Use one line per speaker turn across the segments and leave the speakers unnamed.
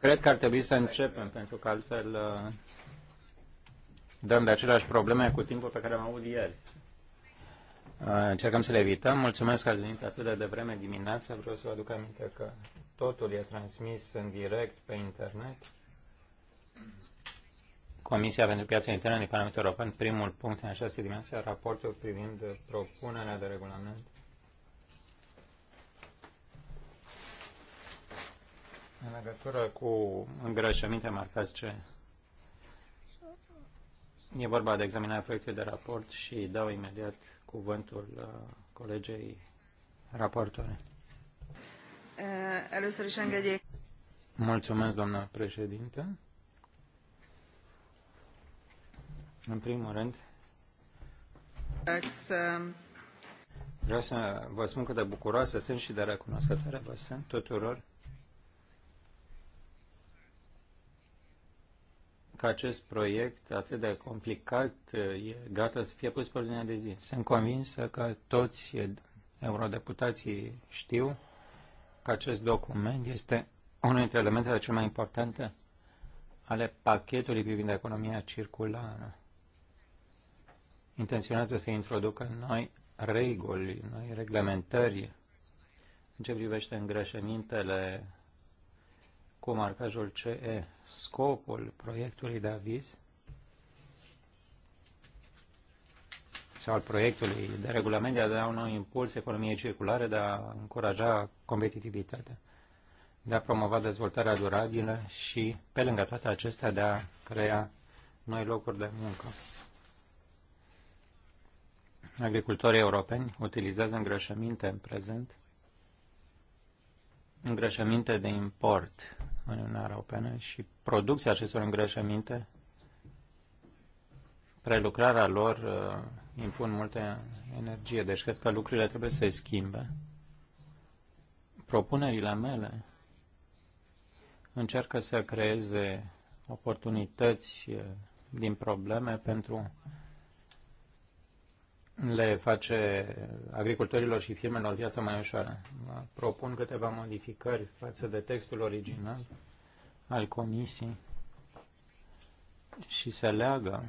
Cred că
ar trebui să începem, pentru că altfel uh, dăm de aceleași probleme cu timpul pe care am avut ieri. Uh, încercăm să le evităm. Mulțumesc că ați venit atât de devreme dimineața. Vreau să vă aduc aminte că totul e transmis în direct pe internet. Comisia pentru Piața Internă din Parlamentul European, primul punct în această dimineață, raportul privind propunerea de regulament În legătură cu îngrășăminte marcați ce e vorba de examinarea proiectului de raport și dau imediat cuvântul uh, colegei raportoare.
Uh,
Mulțumesc, doamna președinte. În primul rând,
uh,
vreau să vă spun cât de bucuroasă sunt și de recunoscătoare vă sunt tuturor că acest proiect atât de complicat e gata să fie pus pe ordinea de zi. Sunt convinsă că toți eurodeputații știu că acest document este unul dintre elementele cele mai importante ale pachetului privind economia circulară. Intenționează să introducă noi reguli, noi reglementări în ce privește îngrășămintele cu marcajul CE. Scopul proiectului de aviz sau al proiectului de regulament de a da un impuls economiei circulare, de a încuraja competitivitatea, de a promova dezvoltarea durabilă și, pe lângă toate acestea, de a crea noi locuri de muncă. Agricultorii europeni utilizează îngrășăminte în prezent, îngrășăminte de import în Uniunea Europeană și producția acestor îngrășăminte, prelucrarea lor uh, impun multă energie, deci cred că lucrurile trebuie să se schimbe. Propunerile mele încearcă să creeze oportunități uh, din probleme pentru le face agricultorilor și firmelor viața mai ușoară. Propun câteva modificări față de textul original al comisiei și se leagă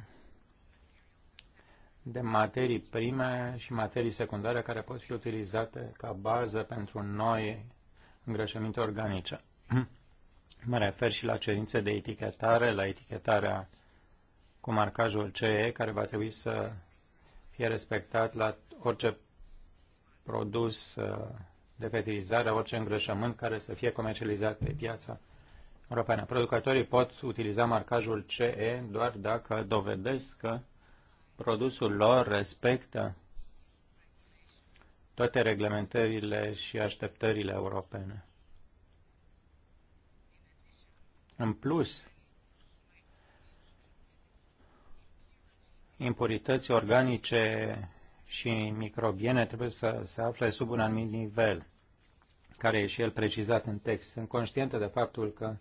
de materii prime și materii secundare care pot fi utilizate ca bază pentru noi îngrășăminte organice. Mă refer și la cerințe de etichetare, la etichetarea cu marcajul CE, care va trebui să fie respectat la orice produs uh, de fertilizare, orice îngrășământ care să fie comercializat pe piața europeană. Producătorii pot utiliza marcajul CE doar dacă dovedesc că produsul lor respectă toate reglementările și așteptările europene. În plus, impurități organice și microbiene trebuie să se afle sub un anumit nivel, care e și el precizat în text. Sunt conștientă de faptul că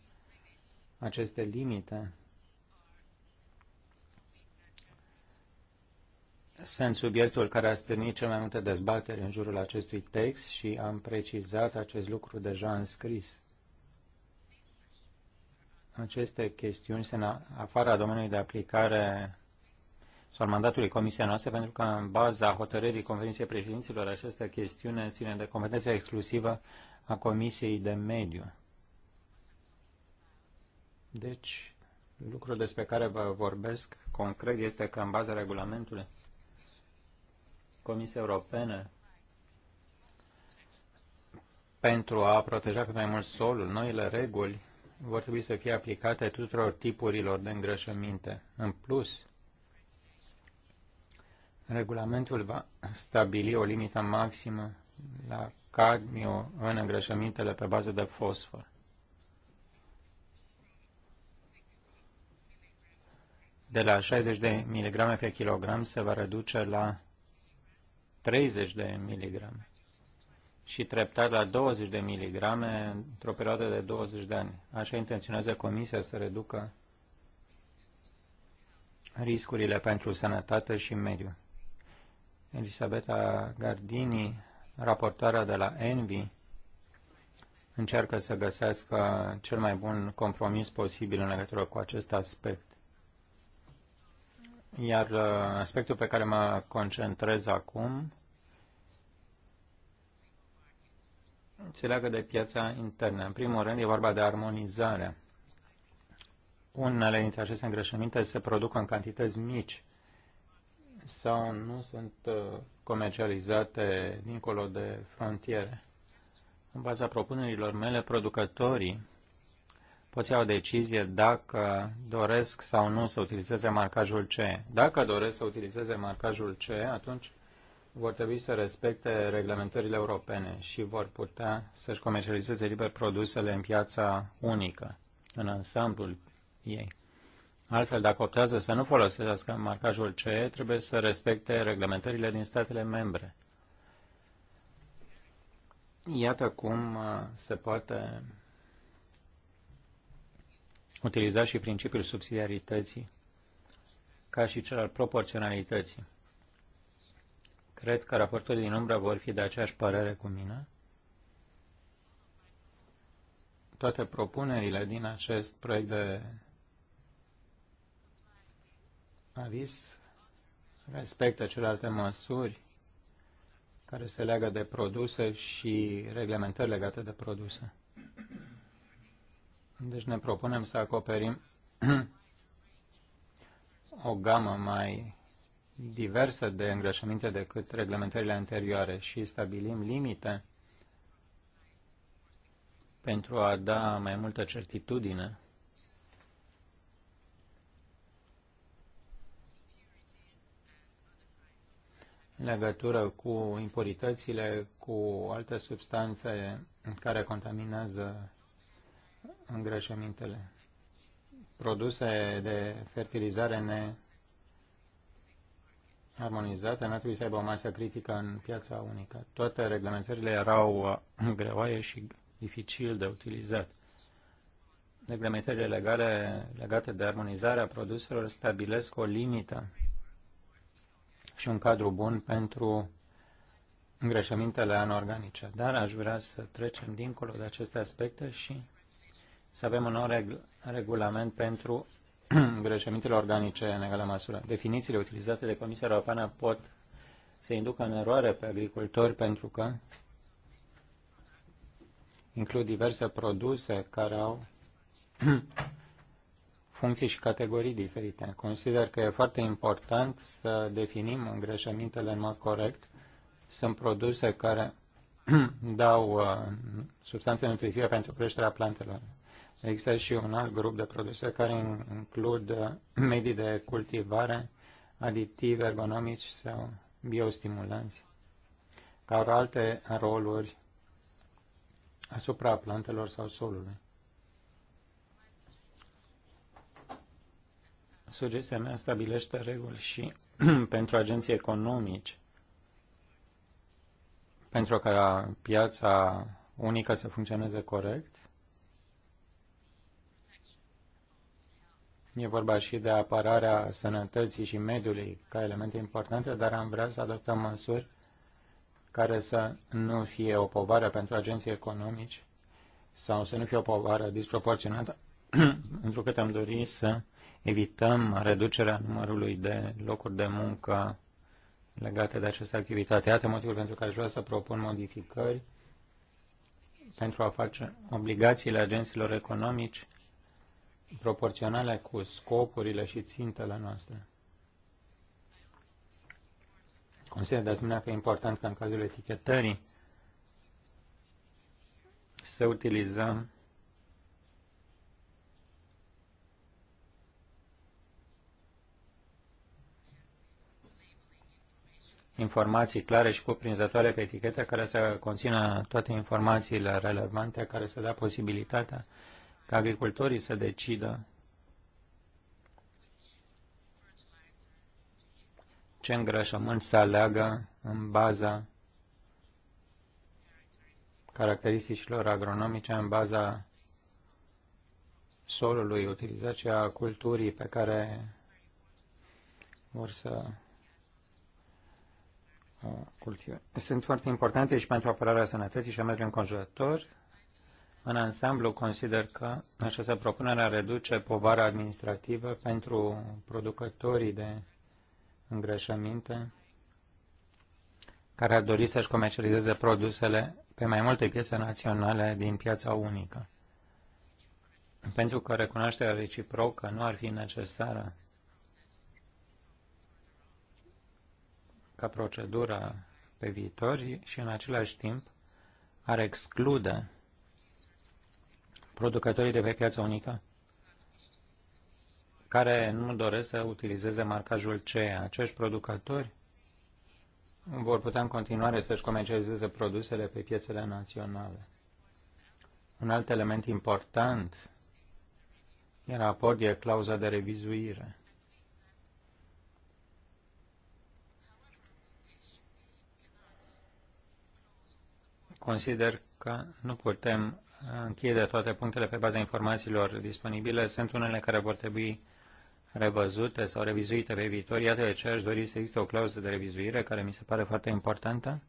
aceste limite sunt subiectul care a stârnit cel mai multe dezbateri în jurul acestui text și am precizat acest lucru deja în scris. Aceste chestiuni sunt afara domeniului de aplicare sau al mandatului comisiei noastre, pentru că în baza hotărârii Conferinței Președinților această chestiune ține de competența exclusivă a Comisiei de Mediu. Deci, lucrul despre care vă vorbesc concret este că în baza regulamentului Comisiei Europene pentru a proteja cât mai mult solul, noile reguli vor trebui să fie aplicate tuturor tipurilor de îngrășăminte. În plus, Regulamentul va stabili o limită maximă la cadmiu în îngrășămintele pe bază de fosfor. De la 60 de mg pe kilogram se va reduce la 30 de mg și treptat la 20 de mg într-o perioadă de 20 de ani. Așa intenționează Comisia să reducă riscurile pentru sănătate și mediu. Elisabeta Gardini, raportoarea de la Envi, încearcă să găsească cel mai bun compromis posibil în legătură cu acest aspect. Iar uh, aspectul pe care mă concentrez acum se leagă de piața internă. În primul rând, e vorba de armonizare. Unele dintre aceste îngrășăminte se produc în cantități mici sau nu sunt uh, comercializate dincolo de frontiere. În baza propunerilor mele, producătorii pot ia o decizie dacă doresc sau nu să utilizeze marcajul C. Dacă doresc să utilizeze marcajul C, atunci vor trebui să respecte reglementările europene și vor putea să-și comercializeze liber produsele în piața unică, în ansamblul ei. Altfel, dacă optează să nu folosească marcajul CE, trebuie să respecte reglementările din statele membre. Iată cum uh, se poate utiliza și principiul subsidiarității ca și cel al proporționalității. Cred că raportul din umbră vor fi de aceeași părere cu mine. Toate propunerile din acest proiect de avis respectă celelalte măsuri care se leagă de produse și reglementări legate de produse. Deci ne propunem să acoperim o gamă mai diversă de îngrășăminte decât reglementările anterioare și stabilim limite pentru a da mai multă certitudine în legătură cu impuritățile, cu alte substanțe care contaminează îngrășămintele. Produse de fertilizare ne armonizate, n-ar trebui să aibă o masă critică în piața unică. Toate reglementările erau uh, greoaie și dificil de utilizat. Reglementările legale legate de armonizarea produselor stabilesc o limită și un cadru bun pentru îngrășămintele anorganice. Dar aș vrea să trecem dincolo de aceste aspecte și să avem un nou reg regulament pentru îngrășămintele organice în egală măsură. Definițiile utilizate de Comisia Europeană pot să inducă în eroare pe agricultori pentru că includ diverse produse care au funcții și categorii diferite. Consider că e foarte important să definim îngreșămintele în mod corect. Sunt produse care dau uh, substanțe nutritive pentru creșterea plantelor. Există și un alt grup de produse care includ uh, medii de cultivare, aditivi ergonomici sau biostimulanți, care au alte roluri asupra plantelor sau solului. Sugestia mea stabilește reguli și pentru agenții economici, pentru ca piața unică să funcționeze corect. E vorba și de apărarea sănătății și mediului ca elemente importante, dar am vrea să adoptăm măsuri care să nu fie o povară pentru agenții economici sau să nu fie o povară disproporționată, pentru că am dorit să evităm reducerea numărului de locuri de muncă legate de această activitate. Iată motivul pentru care aș vrea să propun modificări pentru a face obligațiile agenților economici proporționale cu scopurile și țintele noastre. Consider de asemenea că e important ca în cazul etichetării să utilizăm informații clare și cuprinzătoare pe etichetă care să conțină toate informațiile relevante, care să dea posibilitatea ca agricultorii să decidă ce îngrășământ să aleagă în baza caracteristicilor agronomice, în baza solului utilizat și a culturii pe care vor să cultive. Sunt foarte importante și pentru apărarea sănătății și a mediului înconjurător. În ansamblu, consider că această propunere reduce povara administrativă pentru producătorii de îngrășăminte care ar dori să-și comercializeze produsele pe mai multe piețe naționale din piața unică. Pentru că recunoașterea reciprocă nu ar fi necesară ca procedură pe viitor și în același timp ar exclude producătorii de pe piața unică care nu doresc să utilizeze marcajul CE. Acești producători vor putea în continuare să-și comercializeze produsele pe piețele naționale. Un alt element important era raport e clauza de revizuire. consider că nu putem închide toate punctele pe baza informațiilor disponibile. Sunt unele care vor trebui revăzute sau revizuite pe viitor. Iată de ce aș dori să existe o clauză de revizuire care mi se pare foarte importantă.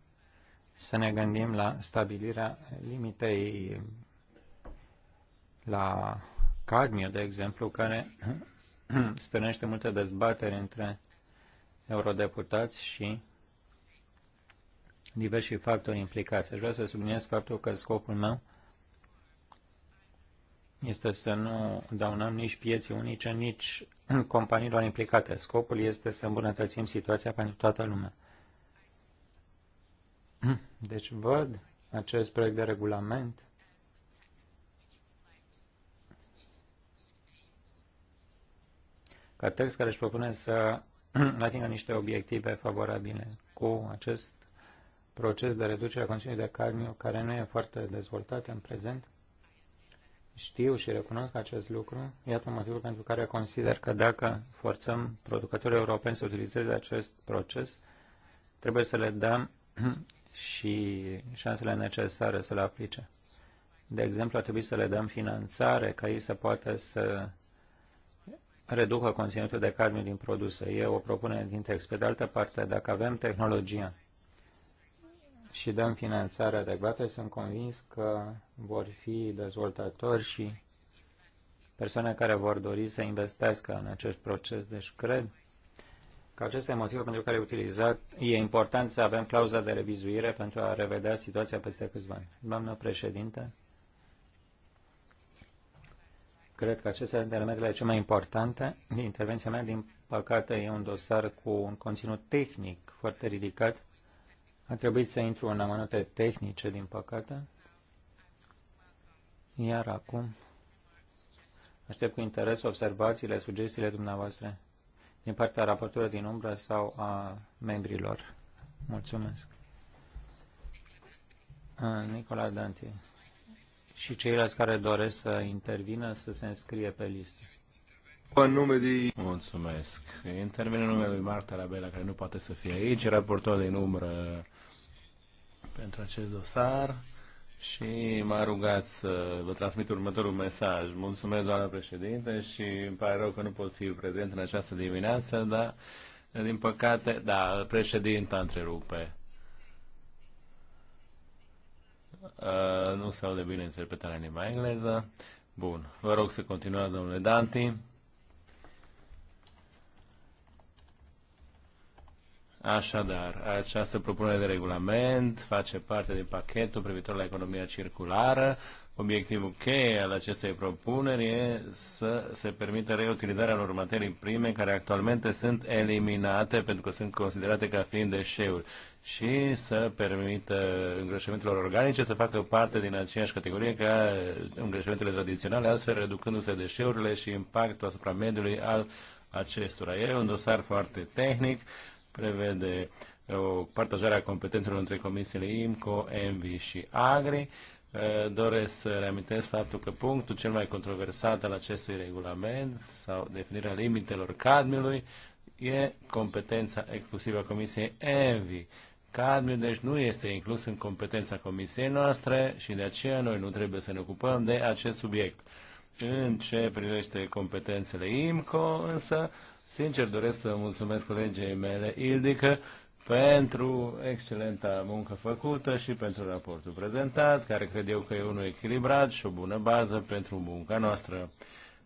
Să ne gândim la stabilirea limitei la cadmiu, de exemplu, care stârnește multe dezbatere între eurodeputați și diversi factori implicați. Aș vrea să subliniez faptul că scopul meu este să nu daunăm nici pieții unice, nici companiilor implicate. Scopul este să îmbunătățim situația pentru toată lumea. Deci văd acest proiect de regulament ca text care își propune să atingă niște obiective favorabile. Cu acest proces de reducere a conținutului de cadmiu care nu e foarte dezvoltat în prezent. Știu și recunosc acest lucru. Iată motivul pentru care consider că dacă forțăm producătorii europeni să utilizeze acest proces, trebuie să le dăm și șansele necesare să le aplice. De exemplu, ar trebui să le dăm finanțare ca ei să poată să reducă conținutul de cadmiu din produse. E o propunere din text. Pe de altă parte, dacă avem tehnologia și dăm finanțare adecvată, sunt convins că vor fi dezvoltatori și persoane care vor dori să investească în acest proces. Deci cred că acesta e motivul pentru care utilizat, e important să avem clauza de revizuire pentru a revedea situația peste câțiva ani. Doamnă președinte, cred că acestea sunt elementele cele mai importante intervenția mea. Din păcate, e un dosar cu un conținut tehnic foarte ridicat a trebuit să intru în amănunte tehnice, din păcate. Iar acum aștept cu interes observațiile, sugestiile dumneavoastră din partea raporturilor din umbră sau a membrilor. Mulțumesc. Nicola Danti. Și ceilalți care doresc să intervină să se înscrie pe listă. În nume de...
Mulțumesc. Intervine numele lui Marta Rabela, care nu poate să fie aici, raportor din umbră pentru acest dosar și m-a rugat să vă transmit următorul mesaj. Mulțumesc, doamna președinte, și îmi pare rău că nu pot fi prezent în această dimineață, dar, din păcate, da, președinta întrerupe. Uh, nu se aude bine interpretarea în limba engleză. Bun, vă rog să continuați, domnule Danti. Așadar, această propunere de regulament face parte din pachetul privitor la economia circulară. Obiectivul cheie al acestei propuneri e să se permită reutilizarea unor materii prime care actualmente sunt eliminate pentru că sunt considerate ca fiind deșeuri și să permită îngrășămintelor organice să facă parte din aceeași categorie ca îngrășămintele tradiționale, astfel reducându-se deșeurile și impactul asupra mediului al acestora. E un dosar foarte tehnic prevede uh, o partajare a competențelor între comisiile IMCO, ENVI și AGRI. Uh, doresc să reamintesc faptul că punctul cel mai controversat al acestui regulament sau definirea limitelor cadmiului e competența exclusivă a Comisiei ENVI. Cadmiul deci nu este inclus în competența Comisiei noastre și de aceea noi nu trebuie să ne ocupăm de acest subiect. În ce privește competențele IMCO, însă, Sincer doresc să mulțumesc colegei mele, Ildică, pentru excelenta muncă făcută și pentru raportul prezentat, care cred eu că e unul echilibrat și o bună bază pentru munca noastră.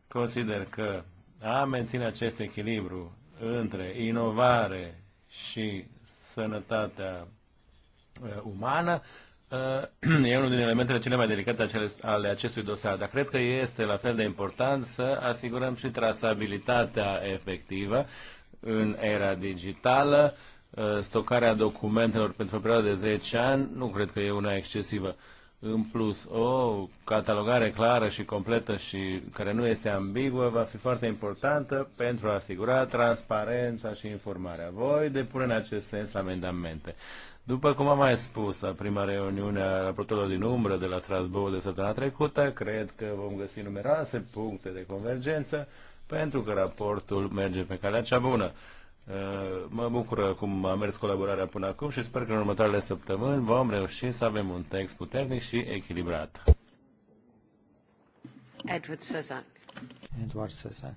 Consider că a menține acest echilibru între inovare și sănătatea uh, umană Uh, e unul din elementele cele mai delicate ale acestui dosar, dar cred că este la fel de important să asigurăm și trasabilitatea efectivă în era digitală. Uh, stocarea documentelor pentru o perioadă de 10 ani nu cred că e una excesivă. În plus, o catalogare clară și completă și care nu este ambiguă va fi foarte importantă pentru a asigura transparența și informarea. Voi depune în acest sens amendamente. După cum am mai spus la prima reuniune a raportorilor din umbră de la Strasbourg de săptămâna trecută, cred că vom găsi numeroase puncte de convergență pentru că raportul merge pe calea cea bună. Uh, mă bucură cum a mers colaborarea până acum și sper că în următoarele săptămâni vom reuși să avem un text puternic și echilibrat.
Edward Sazak.
Edward Sazak.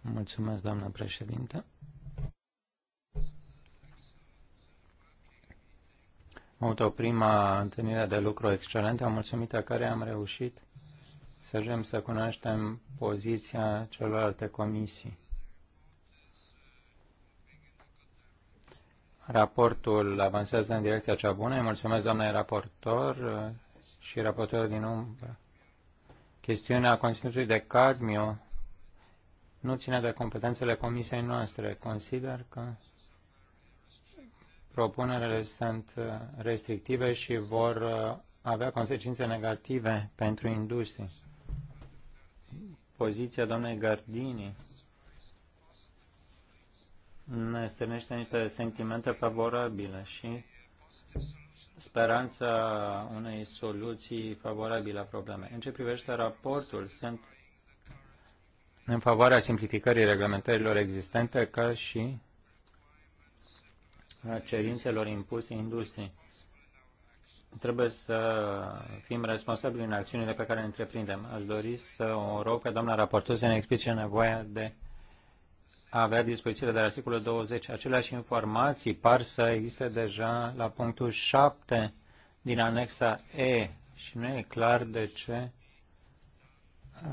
Mulțumesc, doamnă președintă. avut o prima întâlnire de lucru excelentă, a care am reușit să ajungem să cunoaștem poziția celorlalte comisii. Raportul avansează în direcția cea bună. Îi mulțumesc, doamnei raportor și raportor din umbră. Chestiunea conținutului de cadmiu nu ține de competențele comisiei noastre. Consider că propunerele sunt uh, restrictive și vor uh, avea consecințe negative pentru industrie. Poziția doamnei Gardini ne stârnește niște sentimente favorabile și speranța unei soluții favorabile a problemei. În ce privește raportul, sunt în favoarea simplificării reglementărilor existente ca și cerințelor impuse industriei. Trebuie să fim responsabili în acțiunile pe care le întreprindem. Aș dori să o rog pe doamna raportor să ne explice nevoia de a avea dispozițiile de articolul 20. Aceleași informații par să existe deja la punctul 7 din anexa E și nu e clar de ce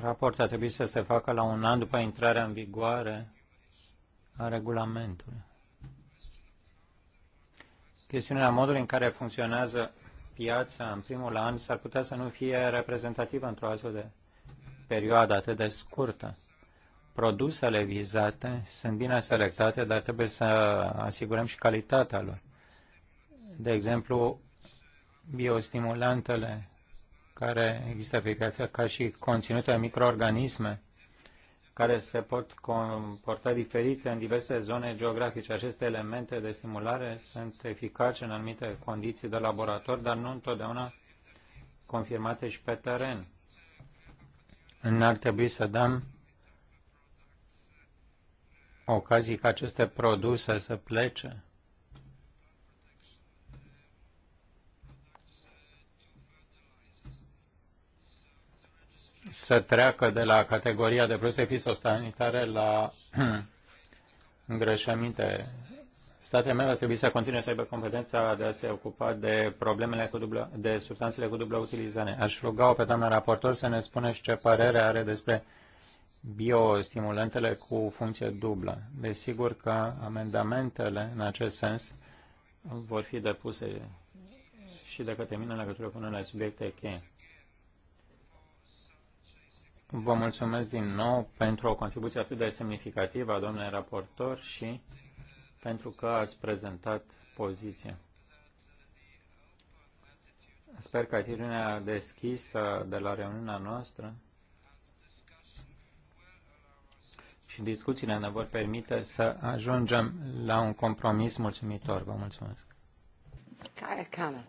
raportul a trebuit să se facă la un an după intrarea în vigoare a regulamentului chestiunea modului în care funcționează piața în primul an s-ar putea să nu fie reprezentativă într-o astfel de perioadă atât de scurtă. Produsele vizate sunt bine selectate, dar trebuie să asigurăm și calitatea lor. De exemplu, biostimulantele care există pe piață ca și conținute microorganisme care se pot comporta diferit în diverse zone geografice. Aceste elemente de simulare sunt eficace în anumite condiții de laborator, dar nu întotdeauna confirmate și pe teren. N-ar trebui să dăm ocazii ca aceste produse să plece să treacă de la categoria de produse fisosanitare la îngrășăminte. Statele membre trebuie să continue să aibă competența de a se ocupa de problemele cu dublă, de substanțele cu dublă utilizare. Aș ruga-o pe doamna raportor să ne spună și ce părere are despre biostimulantele cu funcție dublă. Desigur că amendamentele în acest sens vor fi depuse și de către mine în legătură cu unele subiecte cheie. Vă mulțumesc din nou pentru o contribuție atât de semnificativă a domnului raportor și pentru că ați prezentat poziția. Sper că atitudinea deschisă de la reuniunea noastră și discuțiile ne vor permite să ajungem la un compromis mulțumitor. Vă mulțumesc.
Caia Cala.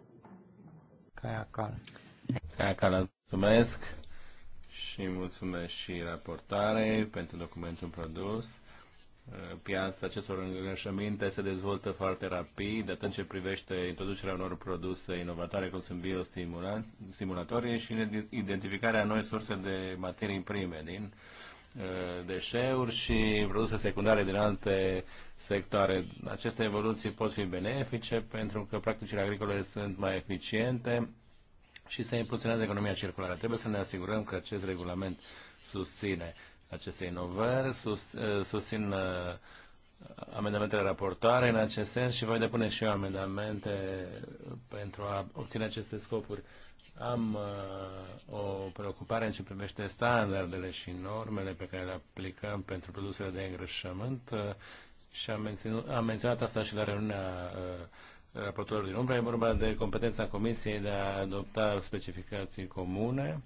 Caia Cala.
Caia Cala, Mulțumesc și mulțumesc și raportare pentru documentul produs. Uh, piața acestor îngrășăminte se dezvoltă foarte rapid, atât ce privește introducerea unor produse inovatoare, cum sunt biostimulatorii, și identificarea noi surse de materii prime din uh, deșeuri și produse secundare din alte sectoare. Aceste evoluții pot fi benefice pentru că practicile agricole sunt mai eficiente, și să impulsioneze economia circulară. Trebuie să ne asigurăm că acest regulament susține aceste inovări, sus, uh, susțin uh, amendamentele raportoare în acest sens și voi depune și eu amendamente pentru a obține aceste scopuri. Am uh, o preocupare în ce privește standardele și normele pe care le aplicăm pentru produsele de îngrășământ uh, și am, menționat, am menționat asta și la reuniunea uh, raportorul din Umbra, E vorba de competența Comisiei de a adopta specificații comune,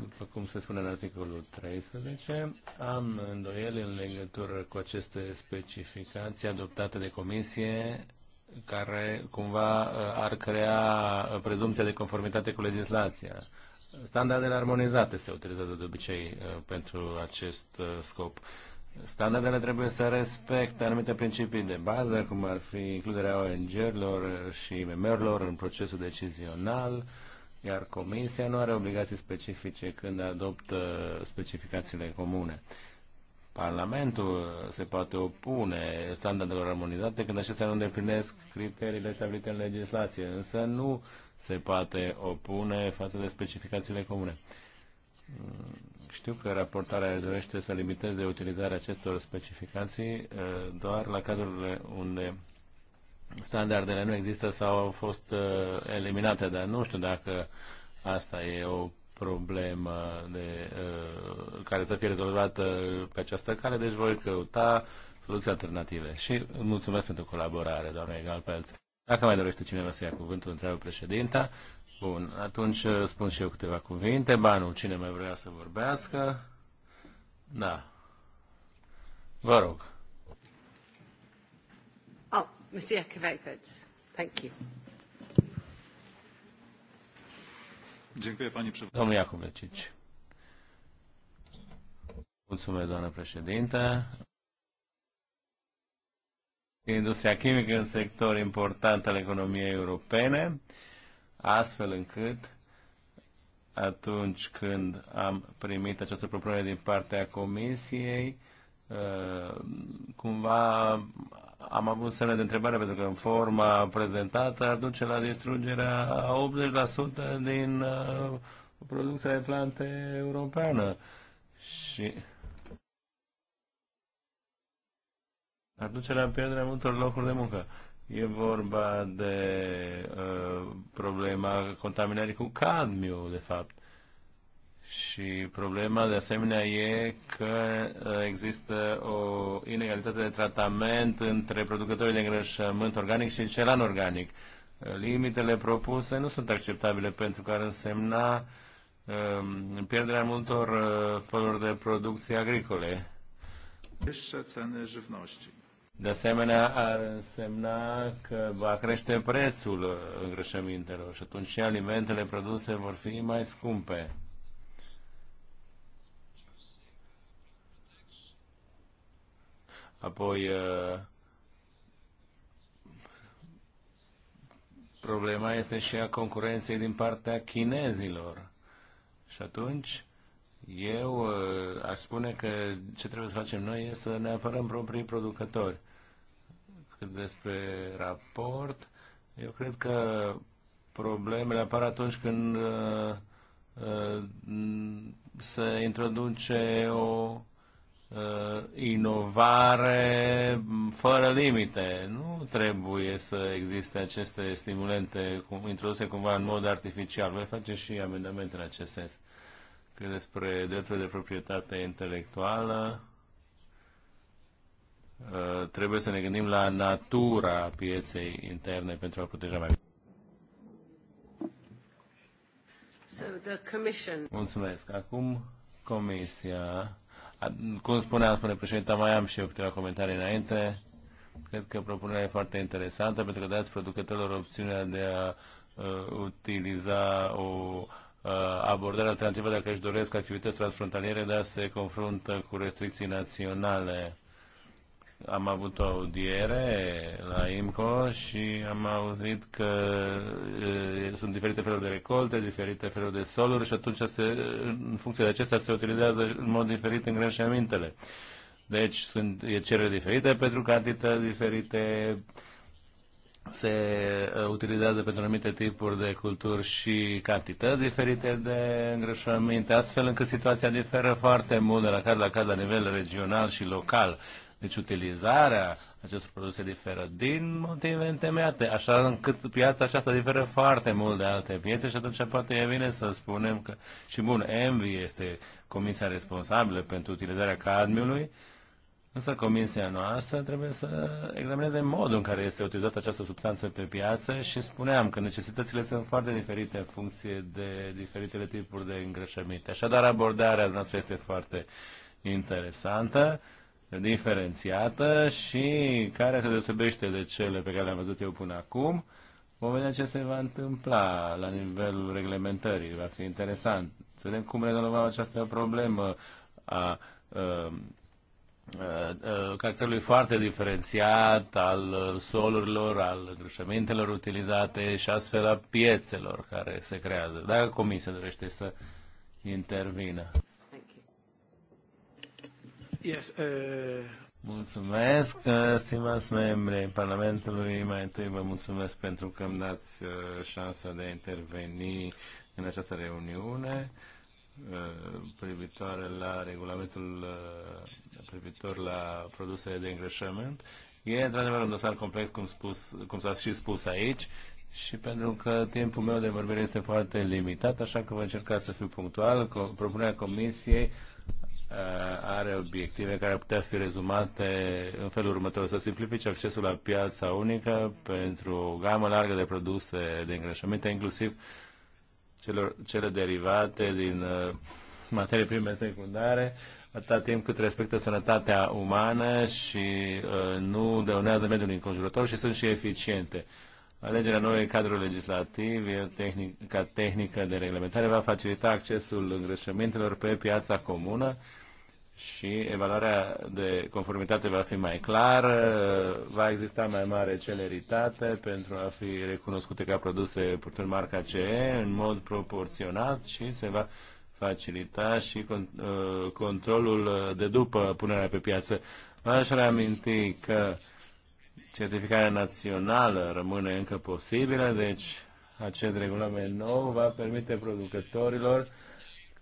după cum se spune în articolul 13. Am îndoieli în legătură cu aceste specificații adoptate de Comisie care cumva uh, ar crea prezumția de conformitate cu legislația. Standardele armonizate se utilizează de obicei uh, pentru acest uh, scop. Standardele trebuie să respecte anumite principii de bază, cum ar fi includerea ONG-urilor și mmr urilor în procesul decizional, iar Comisia nu are obligații specifice când adoptă specificațiile comune. Parlamentul se poate opune standardelor armonizate când acestea nu îndeplinesc criteriile stabilite în legislație, însă nu se poate opune față de specificațiile comune. Știu că raportarea dorește să limiteze utilizarea acestor specificații eh, doar la cazurile unde standardele nu există sau au fost eh, eliminate, dar nu știu dacă asta e o problemă de, eh, care să fie rezolvată pe această cale, deci voi căuta soluții alternative. Și mulțumesc pentru colaborare, doamne Egal Pelț. Dacă mai dorește cineva să ia cuvântul, întreabă președinta. Bun, atunci uh, spun și eu câteva cuvinte. Banul, cine mai vrea să vorbească? Da. Vă rog.
Oh, Mr. Jakovec, thank you.
Dziękuję Pani Przewodnicząca. Domnul Jakubecic. Mulțumesc, doamnă președinte. Industria chimică, în sector important al economiei europene astfel încât atunci când am primit această propunere din partea Comisiei, uh, cumva am avut semne de întrebare pentru că în forma prezentată ar duce la distrugerea 80% din uh, producția de plante europeană. Și ar duce la pierderea multor locuri de muncă. E vorba de uh, problema contaminării cu cadmiu, de fapt. Și problema, de asemenea, e că uh, există o inegalitate de tratament între producătorii de îngrășământ organic și cel anorganic. Uh, limitele propuse nu sunt acceptabile pentru că ar însemna um, pierderea multor uh, feluri de producție agricole.
Wyższe ceny żywności.
De asemenea, ar însemna că va crește prețul îngrășămintelor și atunci și alimentele produse vor fi mai scumpe. Apoi, ă, problema este și a concurenței din partea chinezilor. Și atunci, eu uh, aș spune că ce trebuie să facem noi este să ne apărăm proprii producători. Cât despre raport, eu cred că problemele apar atunci când uh, uh, se introduce o uh, inovare fără limite. Nu trebuie să existe aceste stimulente introduse cumva în mod artificial. Voi face și amendamente în acest sens cât despre drepturile de proprietate intelectuală, uh, trebuie să ne gândim la natura pieței interne pentru a proteja mai bine.
So the commission.
Mulțumesc. Acum Comisia. Cum spuneam, spune președinta, mai am și eu câteva comentarii înainte. Cred că propunerea e foarte interesantă pentru că dați producătorilor opțiunea de a uh, utiliza o Uh, abordare alternativă dacă își doresc activități transfrontaliere, dar se confruntă cu restricții naționale. Am avut o audiere la IMCO și am auzit că e, uh, sunt diferite feluri de recolte, diferite feluri de soluri și atunci, se, în funcție de acestea, se utilizează în mod diferit îngrășămintele. Deci sunt e cereri diferite pentru cantități diferite, uh, se uh, utilizează pentru anumite tipuri de culturi și cantități diferite de îngrășăminte, astfel încât situația diferă foarte mult de la caz la caz la nivel regional și local. Deci utilizarea acestor produse diferă din motive întemeiate, așa încât piața aceasta diferă foarte mult de alte piețe și atunci poate e bine să spunem că, și bun, Envy este comisia responsabilă pentru utilizarea cadmiului, Însă comisia noastră trebuie să examineze modul în care este utilizată această substanță pe piață și spuneam că necesitățile sunt foarte diferite în funcție de diferitele tipuri de îngrășăminte. Așadar, abordarea noastră este foarte interesantă, diferențiată și care se deosebește de cele pe care le-am văzut eu până acum. Vom vedea ce se va întâmpla la nivelul reglementării. Va fi interesant. Să vedem cum rezolvăm această problemă a, a ă, Uh, caracterului foarte diferențiat al solurilor, al îngrășămintelor utilizate și astfel a piețelor care se creează. Dacă Comisia dorește să intervină. Yes, uh... Mulțumesc, uh, stimați membri ai Parlamentului. Mai întâi vă mulțumesc pentru că îmi dați uh, șansa de a interveni în această reuniune. Uh, privitoare la regulamentul uh, privitor la produsele de îngrășământ. E într-adevăr un dosar complex, cum, spus, cum s-a și spus aici, și pentru că timpul meu de vorbire este foarte limitat, așa că voi încerca să fiu punctual. Propunerea Comisiei uh, are obiective care ar putea fi rezumate în felul următor. Să simplifice accesul la piața unică pentru o gamă largă de produse de îngrășăminte, inclusiv uh, celor, cele derivate din uh, materii prime secundare, atâta timp cât respectă sănătatea umană și uh, nu dăunează mediul înconjurător și sunt și eficiente. Alegerea noului cadru legislativ tehnic, ca tehnică de reglementare va facilita accesul îngrășămintelor pe piața comună și evaluarea de conformitate va fi mai clară, va exista mai mare celeritate pentru a fi recunoscute ca produse purtând marca CE în mod proporționat și se va facilita și uh, controlul de după punerea pe piață. Aș reaminti că certificarea națională rămâne încă posibilă, deci acest regulament nou va permite producătorilor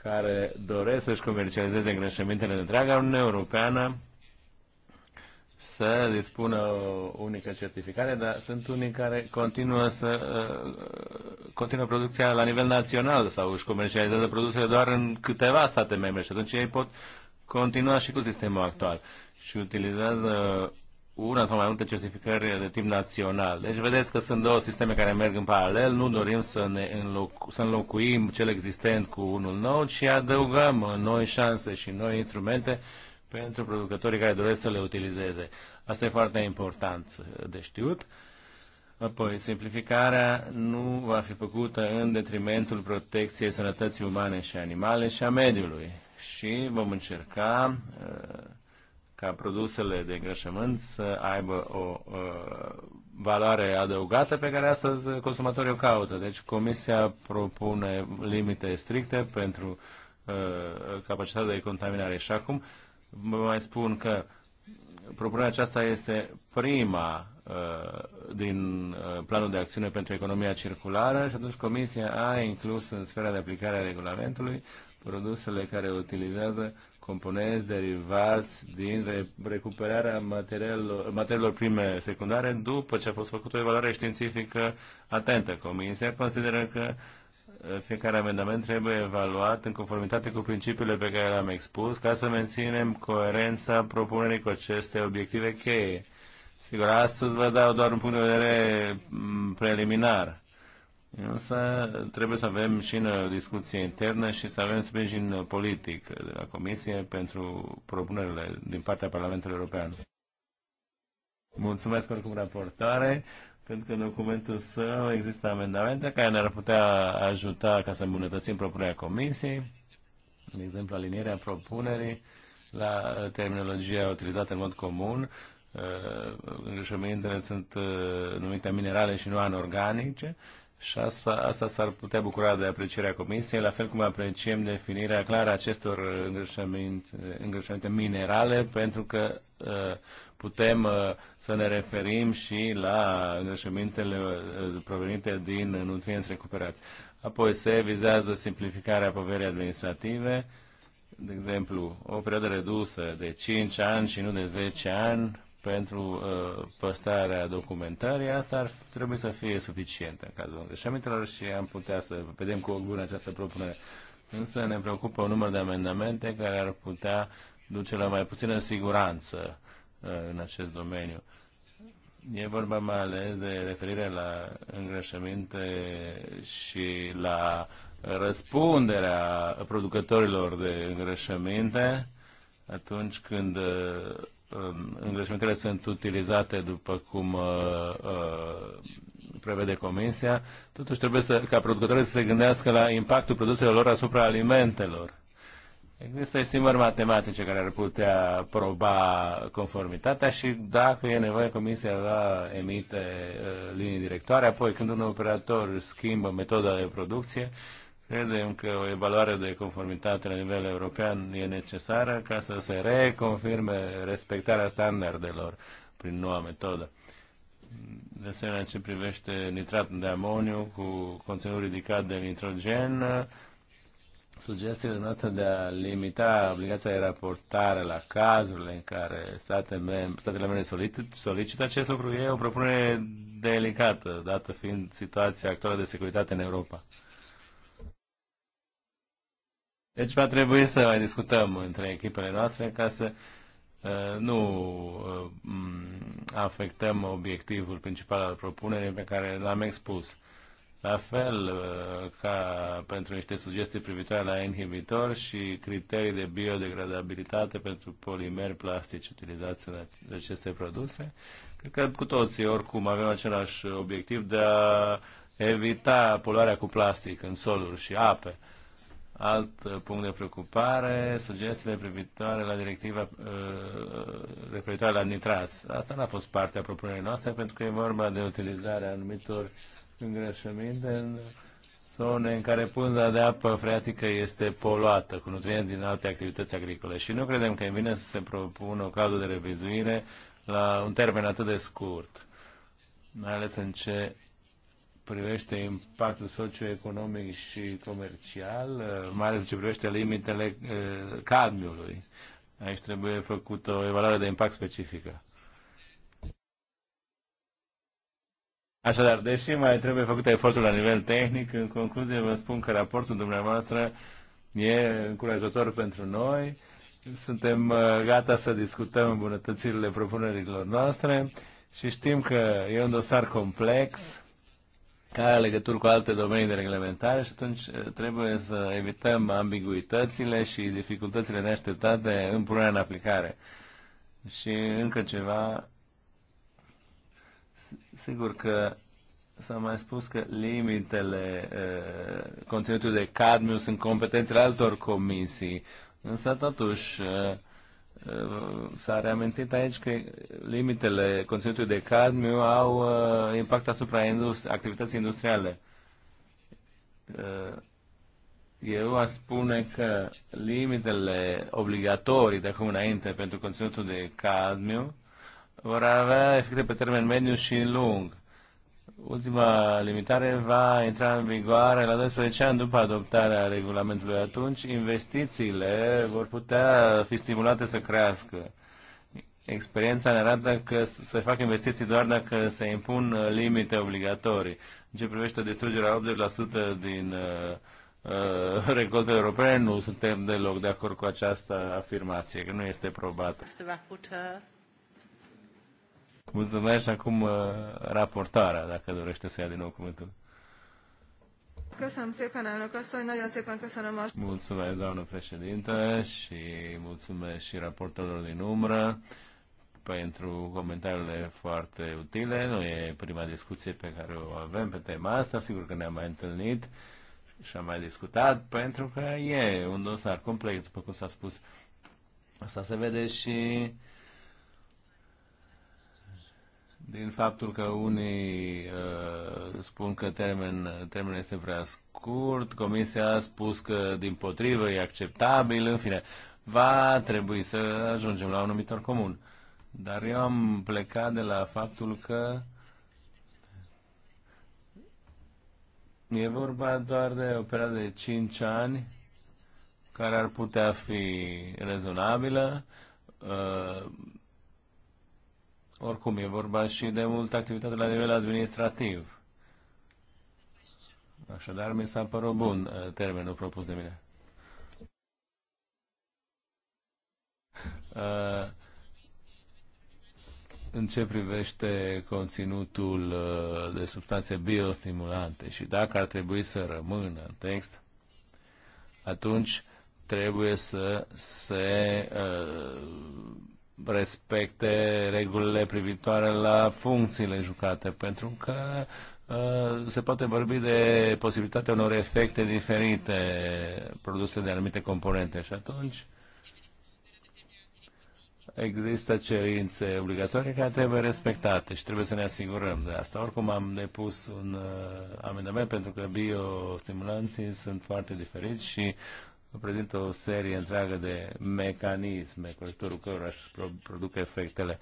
care doresc să-și comercializeze îngrășămintele de întreaga Uniune Europeană să dispună o unică certificare, dar sunt unii care continuă să uh, continuă producția la nivel național sau își comercializează produsele doar în câteva state membre și atunci ei pot continua și cu sistemul actual și utilizează una sau mai multe certificări de timp național. Deci vedeți că sunt două sisteme care merg în paralel, nu dorim să, ne înlocu- să înlocuim cel existent cu unul nou, ci adăugăm noi șanse și noi instrumente pentru producătorii care doresc să le utilizeze. Asta e foarte important de știut. Apoi, simplificarea nu va fi făcută în detrimentul protecției sănătății umane și animale și a mediului. Și vom încerca uh, ca produsele de îngrășământ să aibă o uh, valoare adăugată pe care astăzi consumatorii o caută. Deci Comisia propune limite stricte pentru uh, capacitatea de contaminare. Și acum vă mai spun că propunerea aceasta este prima uh, din uh, planul de acțiune pentru economia circulară și atunci Comisia a inclus în sfera de aplicare a regulamentului produsele care utilizează componenți derivați din recuperarea materialelor, materialelor prime secundare după ce a fost făcută o evaluare științifică atentă. Comisia consideră că uh, fiecare amendament trebuie evaluat în conformitate cu principiile pe care le-am expus ca să menținem coerența propunerii cu aceste obiective cheie. Sigur, astăzi vă dau doar un punct de vedere mm, preliminar Însă trebuie să avem și în discuție internă și să avem sprijin politic de la Comisie pentru propunerile din partea Parlamentului European. Mulțumesc oricum raportare, pentru că în documentul său există amendamente care ne-ar putea ajuta ca să îmbunătățim propunerea Comisiei, de exemplu alinierea propunerii la terminologia utilizată în mod comun, uh, îngrășămintele sunt uh, numite minerale și nu anorganice și asta, asta s-ar putea bucura de aprecierea Comisiei, la fel cum apreciem definirea clară a acestor îngrășăminte minerale, pentru că uh, putem uh, să ne referim și la îngrășămintele uh, provenite din nutrienți recuperați. Apoi se vizează simplificarea poverii administrative, de exemplu, o perioadă redusă de 5 ani și nu de 10 ani pentru uh, păstrarea documentării, asta ar trebui să fie suficientă în cazul înveșămintelor și am putea să vedem cu o gură această propunere. Însă ne preocupă un număr de amendamente care ar putea duce la mai puțină siguranță uh, în acest domeniu. E vorba mai ales de referire la îngrășăminte și la răspunderea producătorilor de îngrășăminte atunci când uh, Um, îngrășmintele sunt utilizate după cum uh, uh, prevede Comisia, totuși trebuie să, ca producătorii să se gândească la impactul produselor lor asupra alimentelor. Există estimări matematice care ar putea proba conformitatea și dacă e nevoie Comisia va emite uh, linii directoare, apoi când un operator schimbă metoda de producție, uh, Credem că o evaluare de conformitate la nivel european e necesară ca să se reconfirme respectarea standardelor prin noua metodă. De asemenea, ce privește nitratul de amoniu cu conținut ridicat de nitrogen, sugestia noastră de a limita obligația de raportare la cazurile în care state mem- statele membre solicită acest lucru e o propunere delicată, dată fiind situația actuală de securitate în Europa. Deci va trebui să mai discutăm între echipele noastre ca să uh, nu uh, afectăm obiectivul principal al propunerii pe care l-am expus. La fel uh, ca pentru niște sugestii privitoare la inhibitor și criterii de biodegradabilitate pentru polimeri plastici utilizați în aceste produse, cred că cu toții oricum avem același obiectiv de a evita poluarea cu plastic în soluri și ape. Alt uh, punct de preocupare, sugestiile privitoare la directiva uh, referitoare la nitras. Asta n-a fost parte a propunerii noastre pentru că e vorba de utilizarea anumitor îngrășăminte în zone în care punza de apă freatică este poluată cu nutrienți din alte activități agricole și nu credem că e bine să se propună o cadru de revizuire la un termen atât de scurt, mai ales în ce privește impactul socioeconomic și comercial, uh, mai ales ce privește limitele uh, cadmiului. Aici trebuie făcută o evaluare de impact specifică. Așadar, deși mai trebuie făcut efortul la nivel tehnic, în concluzie vă spun că raportul dumneavoastră e încurajator pentru noi. Suntem uh, gata să discutăm îmbunătățirile propunerilor noastre și știm că e un dosar complex care are legătură cu alte domenii de reglementare și atunci eh, trebuie să evităm ambiguitățile și dificultățile neașteptate în punerea în aplicare. Și încă ceva, sigur că s-a mai spus că limitele eh, conținutului de cadmiu sunt competențele altor comisii, însă totuși eh, Uh, s-a reamintit aici că limitele conținutului de cadmiu au uh, impact asupra industri- activității industriale. Uh, eu aș spune că limitele obligatorii de acum înainte pentru conținutul de cadmiu vor avea efecte pe termen mediu și lung. Ultima limitare va intra în vigoare la 12 ani după adoptarea regulamentului. Atunci investițiile vor putea fi stimulate să crească. Experiența ne arată că se fac investiții doar dacă se impun limite obligatorii. În ce privește distrugerea 80% din uh, uh, recoltele europene, nu suntem deloc de acord cu această afirmație, că nu este probată. Mulțumesc și acum uh, raportarea, dacă dorește să ia din nou cuvântul. Mulțumesc, doamnă președintă, și mulțumesc și raportorilor din umbră pentru comentariile foarte utile. Nu e prima discuție pe care o avem pe tema asta, sigur că ne-am mai întâlnit și am mai discutat, pentru că e un dosar complex, după cum s-a spus. Asta se vede și din faptul că unii uh, spun că termen, termenul este prea scurt, Comisia a spus că din potrivă e acceptabil, în fine, va trebui să ajungem la un numitor comun. Dar eu am plecat de la faptul că e vorba doar de o perioadă de 5 ani care ar putea fi rezonabilă. Uh, oricum, e vorba și de multă activitate la nivel administrativ. Așadar, mi s-a părut bun uh, termenul propus de mine. Uh, în ce privește conținutul uh, de substanțe biostimulante și dacă ar trebui să rămână în text, atunci trebuie să se uh, respecte regulile privitoare la funcțiile jucate, pentru că uh, se poate vorbi de posibilitatea unor efecte diferite produse de anumite componente și atunci există cerințe obligatorii care trebuie respectate și trebuie să ne asigurăm de asta. Oricum am depus un uh, amendament pentru că biostimulanții sunt foarte diferiți și reprezintă o serie întreagă de mecanisme cu ajutorul cărora își produc efectele.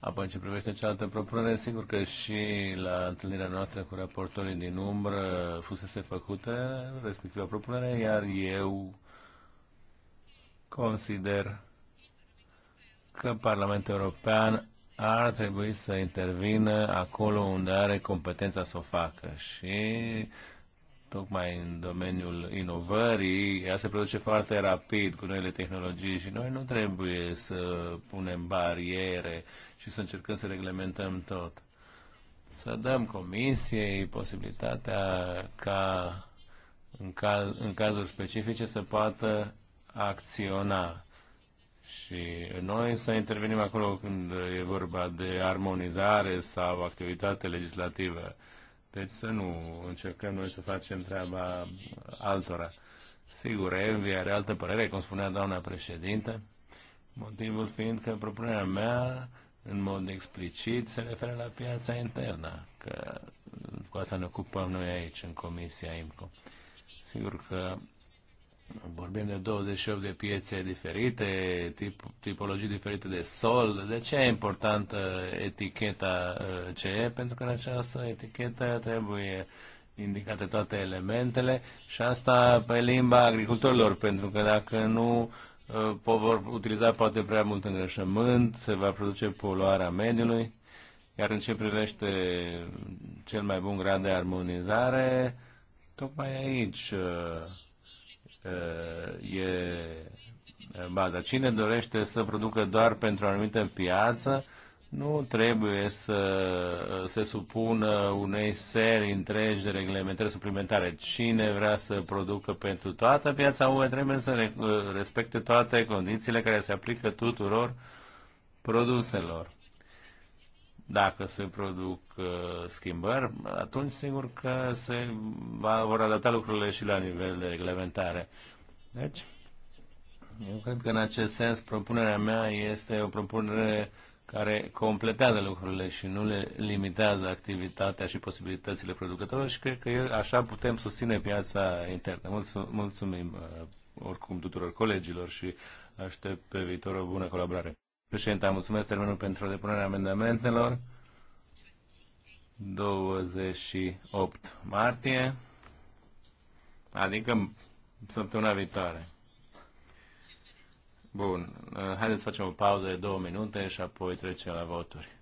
Apoi, în ce privește cealaltă propunere, sigur că și la întâlnirea noastră cu raportorii din umbră fusese făcută respectiva propunere, iar eu consider că Parlamentul European ar trebui să intervină acolo unde are competența să o facă și tocmai în domeniul inovării, ea se produce foarte rapid cu noile tehnologii și noi nu trebuie să punem bariere și să încercăm să reglementăm tot. Să dăm comisiei posibilitatea ca în, caz, în cazuri specifice să poată acționa. Și noi să intervenim acolo când e vorba de armonizare sau activitate legislativă. Deci să nu încercăm noi să facem treaba altora. Sigur, Envi are altă părere, cum spunea doamna președintă, motivul fiind că propunerea mea, în mod explicit, se referă la piața internă, că cu asta ne ocupăm noi aici, în Comisia IMCO. Sigur că Vorbim de 28 de piețe diferite, tip, tipologii diferite de sol. De ce e importantă eticheta uh, CE? Pentru că în această etichetă trebuie indicate toate elementele și asta pe limba agricultorilor, pentru că dacă nu uh, vor utiliza poate prea mult îngrășământ, se va produce poluarea mediului, iar în ce privește cel mai bun grad de armonizare, tocmai aici uh, e baza. Cine dorește să producă doar pentru o anumită piață, nu trebuie să se supună unei serii întregi de reglementări suplimentare. Cine vrea să producă pentru toată piața UE trebuie să respecte toate condițiile care se aplică tuturor produselor. Dacă se produc uh, schimbări, atunci sigur că se va, vor adapta lucrurile și la nivel de reglementare. Deci, eu cred că în acest sens propunerea mea este o propunere care completează lucrurile și nu le limitează activitatea și posibilitățile producătorilor și cred că așa putem susține piața internă. Mulțumim uh, oricum tuturor colegilor și aștept pe viitor o bună colaborare. Președinte, mulțumesc termenul pentru depunerea amendamentelor. 28 martie, adică săptămâna viitoare. Bun, haideți să facem o pauză de două minute și apoi trecem la voturi.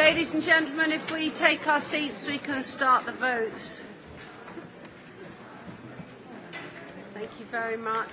ladies and gentlemen, if we take our seats, we can start the votes. Thank you very much.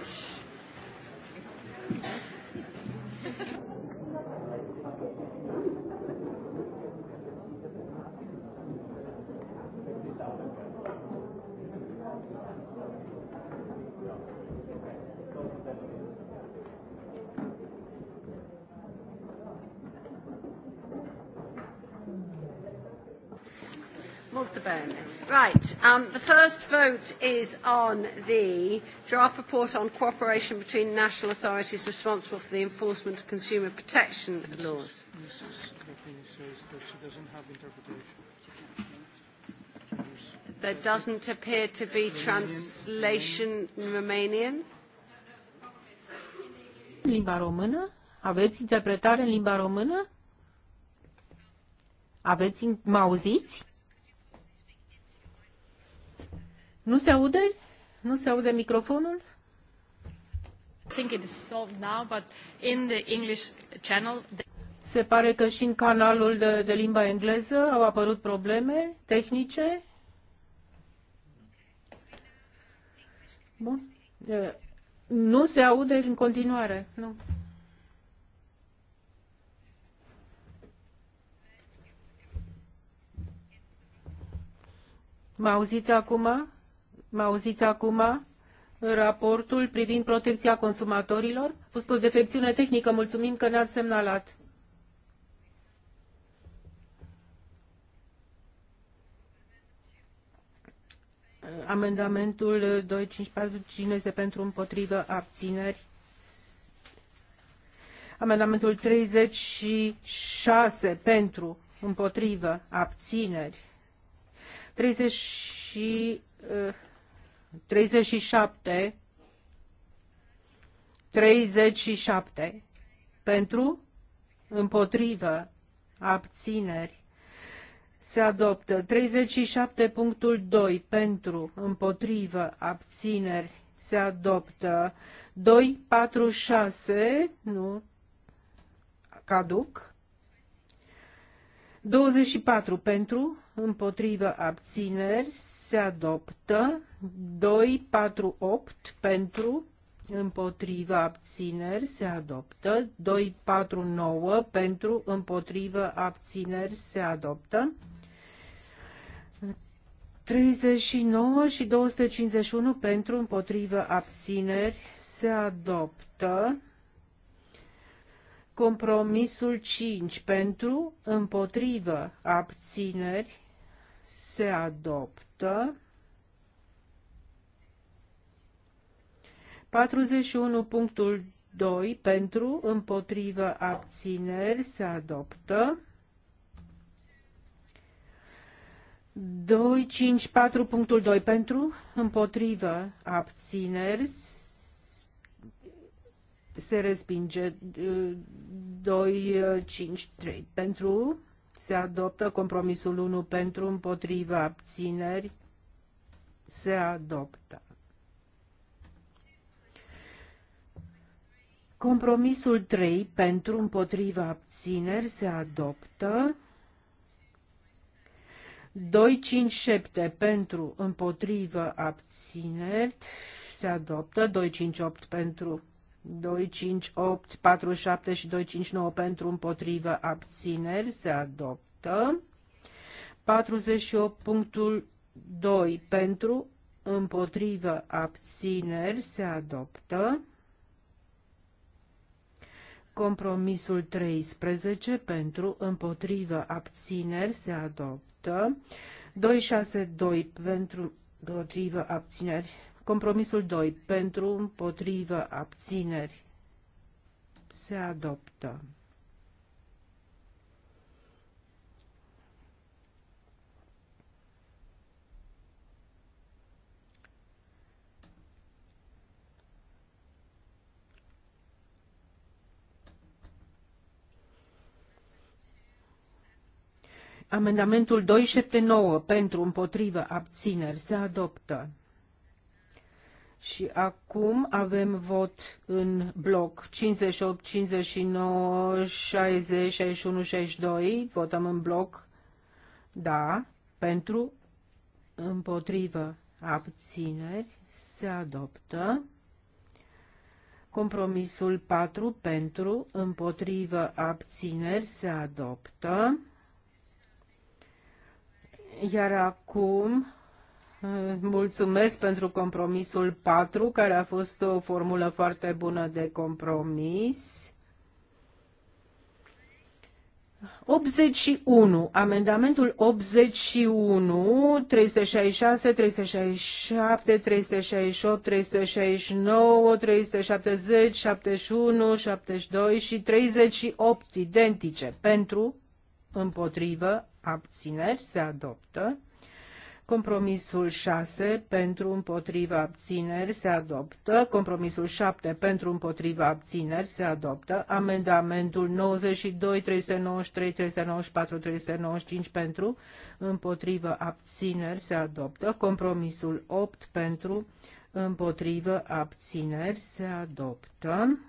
Right. Um, the first vote is on the draft report on cooperation between national authorities responsible for the enforcement of consumer protection laws. There doesn't appear to be translation in Romanian.
Limba română? Aveți interpretare în limba română? Aveți, mă auziți? Nu se aude? Nu se aude microfonul? Se pare că și în canalul de, de limba engleză au apărut probleme tehnice. Bun. Nu se aude în continuare. Nu. Mă auziți acum? Mă auziți acum? Raportul privind protecția consumatorilor? A fost o defecțiune tehnică, mulțumim că ne-ați semnalat. Amendamentul 254, cine este pentru împotrivă abțineri? Amendamentul 36 pentru împotrivă abțineri. 36 și uh, 37. 37. Pentru, împotrivă, abțineri. Se adoptă 37.2 pentru, împotrivă, abțineri. Se adoptă 246, nu, caduc. 24 pentru, împotrivă, abțineri se adoptă 248 pentru împotriva abțineri se adoptă 249 pentru împotriva abțineri se adoptă 39 și 251 pentru împotriva abțineri se adoptă compromisul 5 pentru împotriva abțineri se adoptă 41.2 pentru, împotrivă, abțineri se adoptă. 254.2 pentru, împotrivă, abțineri se respinge 253 pentru, se adoptă. Compromisul 1 pentru, împotriva, abțineri, se adoptă. Compromisul 3 pentru, împotriva, abțineri, se adoptă. 257 pentru, împotriva abțineri, se adoptă. 258 pentru, 258, 47 și 259 pentru împotrivă abțineri se adoptă. 48 punctul 2 pentru împotrivă abțineri se adoptă. Compromisul 13 pentru împotrivă abțineri se adoptă. 262 pentru împotrivă abțineri Compromisul 2. Pentru, împotrivă, abțineri. Se adoptă. Amendamentul 279 pentru împotrivă abțineri se adoptă. Și acum avem vot în bloc 58, 59, 60, 61, 62. Votăm în bloc. Da. Pentru. Împotrivă. Abțineri. Se adoptă. Compromisul 4 pentru, împotrivă, abțineri se adoptă. Iar acum mulțumesc pentru compromisul 4, care a fost o formulă foarte bună de compromis. 81, amendamentul 81, 366, 367, 368, 369, 370, 71, 72 și 38 identice pentru, împotrivă, abțineri, se adoptă. Compromisul 6 pentru împotriva abțineri se adoptă. Compromisul 7 pentru împotriva abțineri se adoptă. Amendamentul 92, 393, 394, 395 pentru împotriva abțineri se adoptă. Compromisul 8 pentru împotriva abțineri se adoptă.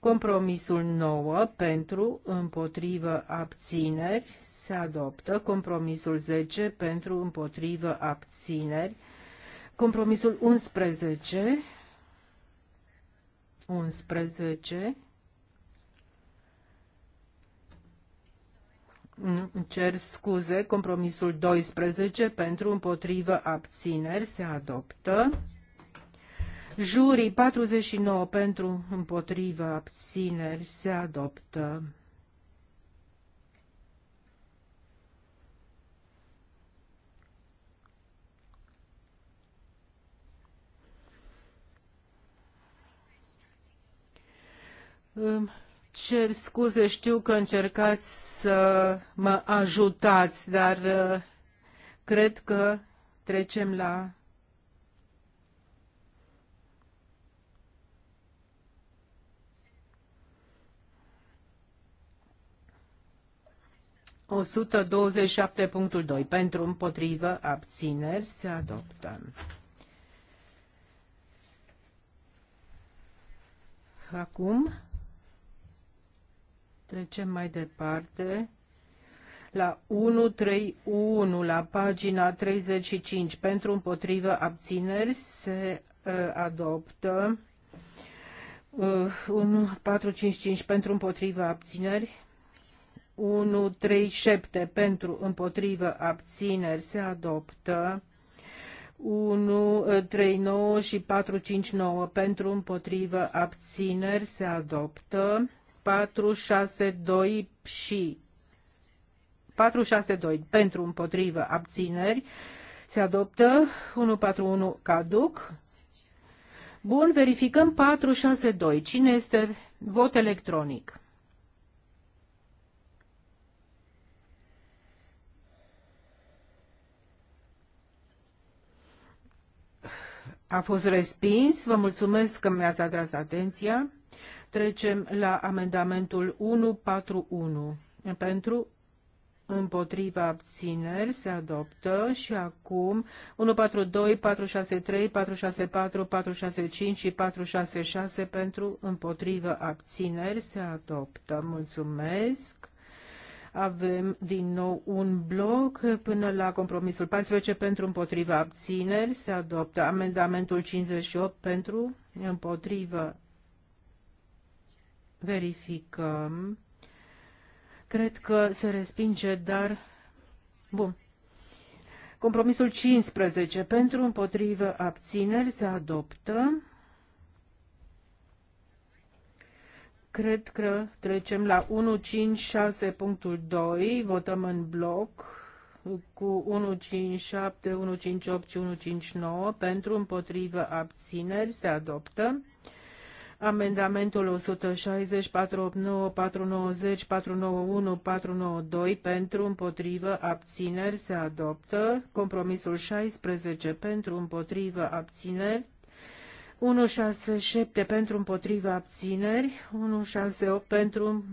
Compromisul 9 pentru împotriva abțineri se adoptă. Compromisul 10 pentru împotrivă abțineri. Compromisul 11. 11. Cer scuze, compromisul 12 pentru împotrivă abțineri se adoptă. Jurii 49 pentru împotrivă abțineri se adoptă. cer scuze, știu că încercați să mă ajutați, dar uh, cred că trecem la o punctul pentru împotrivă abțineri se adoptă. Acum Trecem mai departe la 131, la pagina 35, pentru împotrivă abțineri se uh, adoptă uh, 5 pentru împotrivă abțineri, 7 pentru împotrivă abțineri se adoptă, 9 și 9 pentru împotrivă abțineri se adoptă, 4, 6, 2 și 462 pentru împotrivă abțineri se adoptă 141 caduc. Bun, verificăm 462. Cine este vot electronic? A fost respins. Vă mulțumesc că mi-ați atras atenția. Trecem la amendamentul 141. Pentru împotriva abțineri se adoptă și acum 142, 463, 464, 465 și 466 pentru împotriva abțineri se adoptă. Mulțumesc! Avem din nou un bloc până la compromisul 14 pentru împotriva abțineri. Se adoptă amendamentul 58 pentru împotriva verificăm. Cred că se respinge, dar... Bun. Compromisul 15 pentru împotrivă abțineri se adoptă. Cred că trecem la 156.2, votăm în bloc cu 157, 158 și 159 pentru împotrivă abțineri se adoptă. Amendamentul 160, 489, 490, 491, 492 pentru, împotrivă, abțineri se adoptă. Compromisul 16 pentru, împotrivă, abțineri. 167 pentru, împotrivă, abțineri. 168 pentru,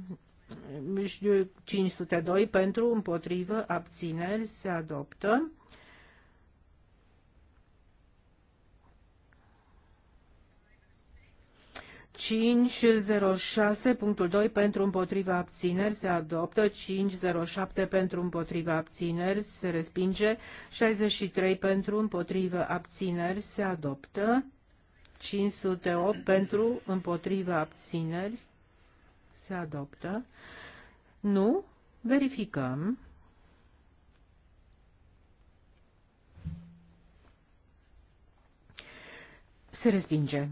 502 pentru, împotrivă, abțineri se adoptă. 506.2 pentru împotriva abțineri se adoptă, 507 pentru împotriva abțineri se respinge, 63 pentru împotriva abțineri se adoptă, 508 pentru împotriva abțineri se adoptă. Nu, verificăm. Se respinge.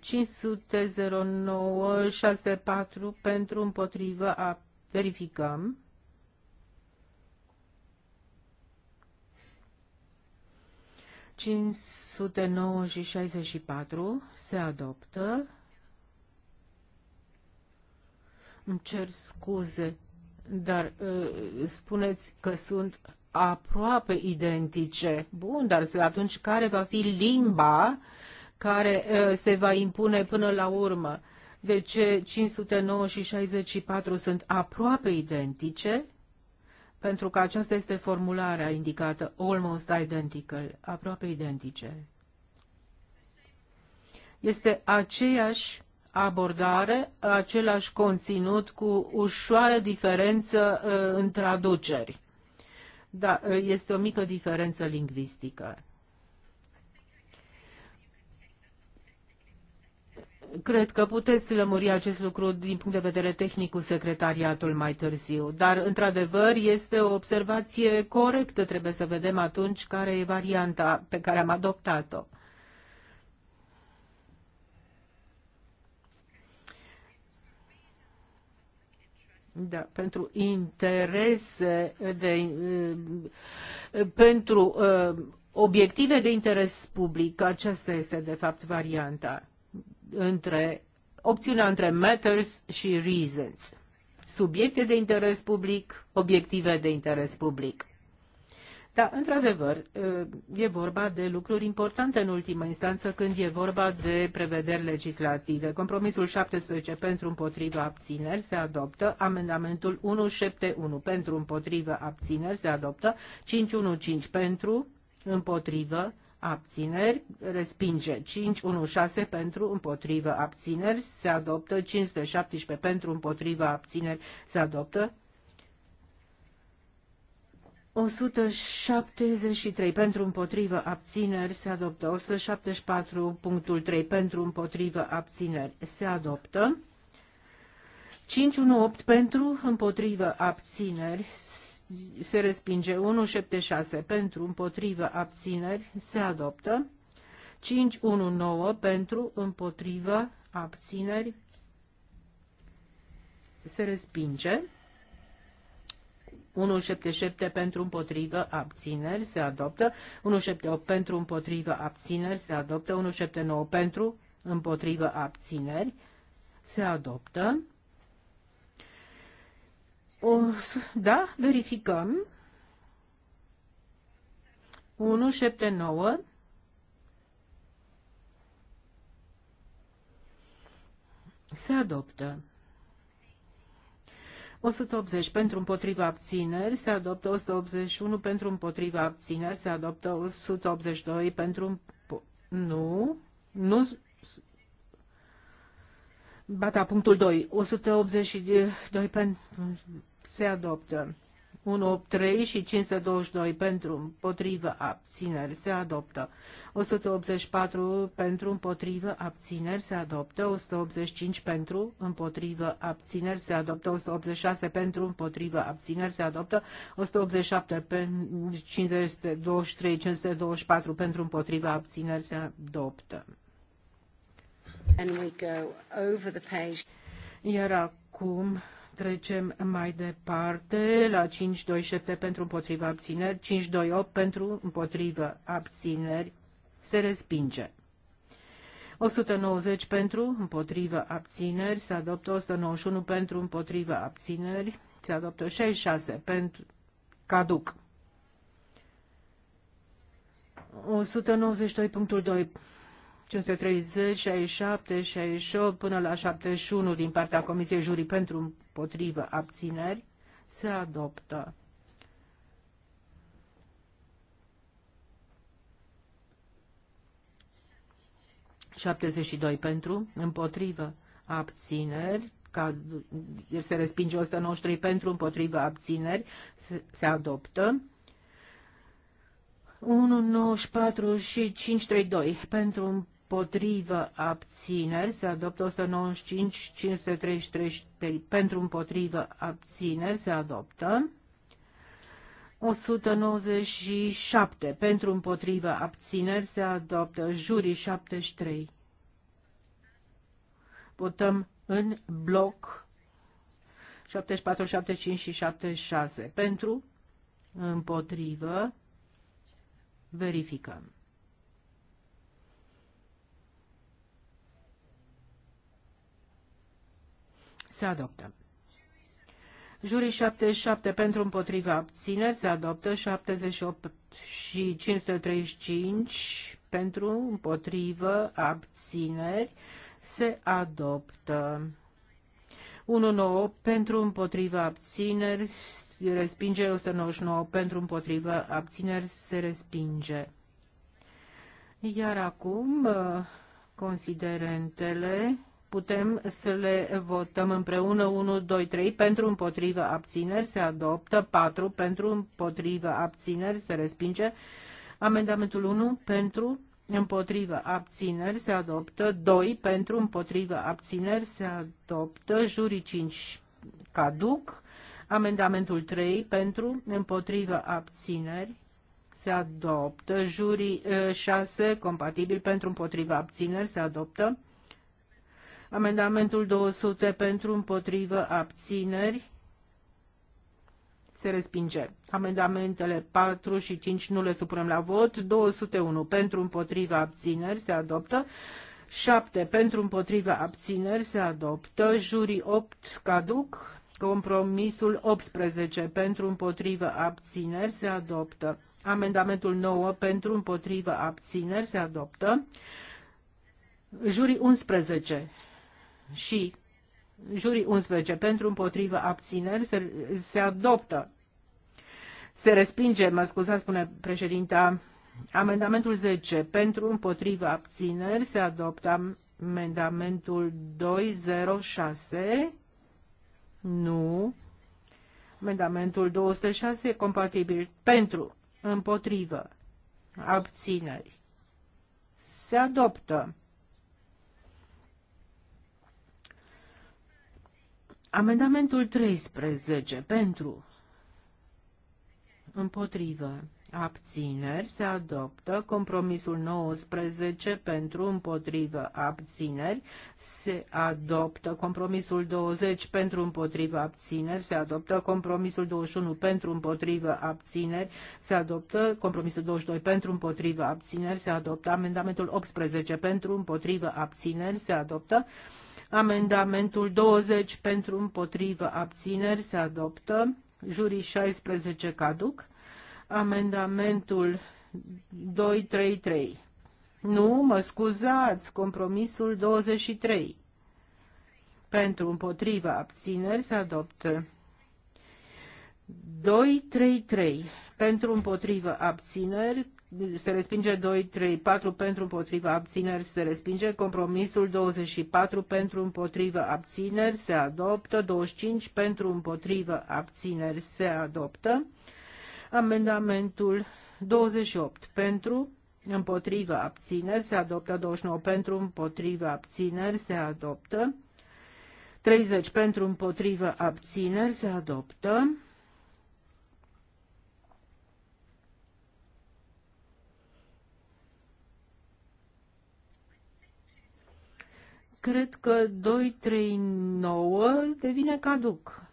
509 64 pentru împotrivă a verificăm. Cinci și șaizeci se adoptă. Îmi cer scuze, dar uh, spuneți că sunt aproape identice. Bun, dar atunci care va fi limba uh, care uh, se va impune până la urmă. De ce 509 și 64 sunt aproape identice? Pentru că aceasta este formularea indicată, almost identical, aproape identice. Este aceeași abordare, același conținut cu ușoară diferență eh, în traduceri. Da, eh, este o mică diferență lingvistică. Cred că puteți lămuri acest lucru din punct de vedere tehnic cu secretariatul mai târziu, dar într-adevăr este o observație corectă, trebuie să vedem atunci care e varianta pe care am adoptat-o. Da, pentru interese de, uh, pentru uh, obiective de interes public, aceasta este de fapt varianta între opțiunea între matters și reasons. Subiecte de interes public, obiective de interes public. Da, într-adevăr, e vorba de lucruri importante în ultima instanță când e vorba de prevederi legislative. Compromisul 17 pentru împotriva abțineri se adoptă, amendamentul 171 pentru împotriva abțineri se adoptă, 515 pentru împotrivă abțineri, respinge 516 pentru împotrivă abțineri, se adoptă 517 pentru împotrivă abțineri, se adoptă 173 pentru împotrivă abțineri se adoptă, 174 punctul 3 pentru împotrivă abțineri se adoptă, 518 pentru împotrivă abțineri se respinge 176 pentru împotrivă abțineri se adoptă 519 pentru împotrivă abțineri se respinge 177 pentru împotrivă abțineri se adoptă 178 pentru împotrivă abțineri se adoptă 179 pentru împotrivă abțineri se adoptă o, da, verificăm. 9. Se adoptă. 180 pentru împotriva abțineri, se adoptă 181 pentru împotriva abțineri, se adoptă 182 pentru nu, nu Bata da, punctul 2. 182 pentru se adoptă. 183 și 522 pentru împotrivă abțineri se adoptă. 184 pentru împotrivă abțineri se adoptă. 185 pentru împotrivă abțineri se adoptă. 186 pentru împotrivă abțineri se adoptă. 187 pentru 523 524 pentru împotrivă abțineri se adoptă.
And we go over the page.
Iar acum Trecem mai departe la 527 pentru împotriva abțineri, 528 pentru împotriva abțineri se respinge. 190 pentru, împotriva abțineri, se adoptă 191 pentru, împotriva abțineri, se adoptă 66 pentru, caduc. 192.2, 530, 67, 68 până la 71 din partea Comisiei Jurii pentru potrivă abțineri, se adoptă. Șaptezeci pentru, împotrivă, abțineri, ca, se respinge 193 pentru, împotrivă, abțineri, se, se adoptă. 1, 9, 4 și 5, 3, 2 pentru împotrivă abțineri, se adoptă 195, 533 pentru împotrivă abțineri, se adoptă. 197 pentru împotrivă abțineri, se adoptă. Jurii 73. Votăm în bloc 74, 75 și 76. Pentru împotrivă verificăm. se adoptă. Jurii 77 pentru împotriva abțineri se adoptă, 78 și 535 pentru împotrivă abțineri se adoptă. 1.9 pentru împotriva abțineri se respinge, 199 pentru împotrivă abțineri se respinge. Iar acum uh, considerentele putem să le votăm împreună 1, 2, 3 pentru împotrivă abțineri se adoptă, 4 pentru împotrivă abțineri se respinge, amendamentul 1 pentru împotrivă abțineri se adoptă, 2 pentru împotrivă abțineri se adoptă, jurii 5 caduc, amendamentul 3 pentru împotrivă abțineri se adoptă, jurii 6 eh, compatibil pentru împotrivă abțineri se adoptă, Amendamentul 200 pentru împotrivă abțineri se respinge. Amendamentele 4 și 5 nu le supunem la vot. 201 pentru împotrivă abțineri se adoptă. 7 pentru împotrivă abțineri se adoptă. Jurii 8 caduc. Compromisul 18 pentru împotrivă abțineri se adoptă. Amendamentul 9 pentru împotrivă abțineri se adoptă. Jurii 11 și jurii 11 pentru împotrivă abțineri se, se adoptă. Se respinge, mă scuzați, spune președinta, amendamentul 10 pentru împotrivă abțineri se adoptă amendamentul 206. Nu. Amendamentul 206 e compatibil pentru împotrivă abțineri. Se adoptă. Amendamentul 13 pentru împotrivă abțineri se adoptă. Compromisul 19 pentru împotrivă abțineri se adoptă. Compromisul 20 pentru împotrivă abțineri se adoptă. Compromisul 21 pentru împotrivă abțineri se adoptă. Compromisul 22 pentru împotrivă abțineri se adoptă. Amendamentul 18 pentru împotrivă abțineri se adoptă. Amendamentul 20 pentru împotrivă abțineri se adoptă. Jurii 16 caduc. Amendamentul 233. Nu, mă scuzați, compromisul 23. Pentru împotriva abțineri se adoptă 233. Pentru împotriva abțineri se respinge 2, 3, 4 pentru împotriva abțineri, se respinge compromisul 24 pentru împotriva abțineri, se adoptă 25 pentru împotriva abțineri, se adoptă amendamentul 28 pentru împotriva abțineri, se adoptă 29 pentru împotriva abțineri, se adoptă 30 pentru împotriva abțineri, se adoptă cred că 239 devine caduc.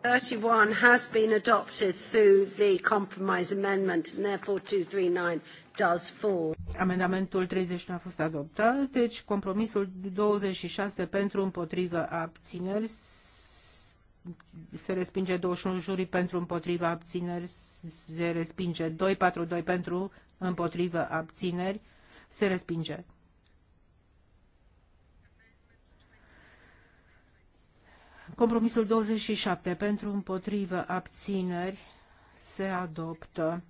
Thirty one has been adopted through the compromise amendment and therefore two three nine does fall.
Amendamentul 30 nu a fost adoptat, deci compromisul 26 pentru împotrivă abțineri se respinge 21 juri pentru împotriva abțineri, se respinge 242 pentru împotriva abțineri, se respinge. Compromisul 27 pentru împotriva abțineri se adoptă.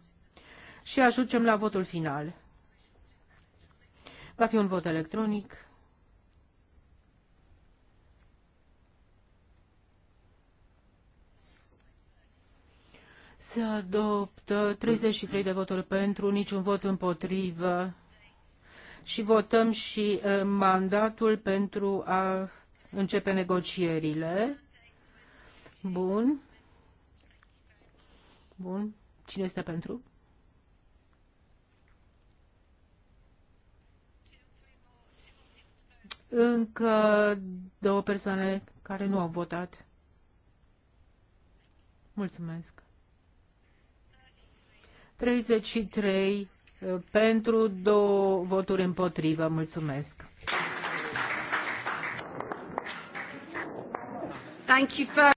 Și ajungem la votul final. Va fi un vot electronic. Se adoptă 33 de voturi pentru, niciun vot împotrivă și votăm și uh, mandatul pentru a începe negocierile. Bun. Bun. Cine este pentru? Încă două persoane care nu au votat. Mulțumesc. 33 uh, pentru, două voturi împotrivă. Mulțumesc.
Thank you for...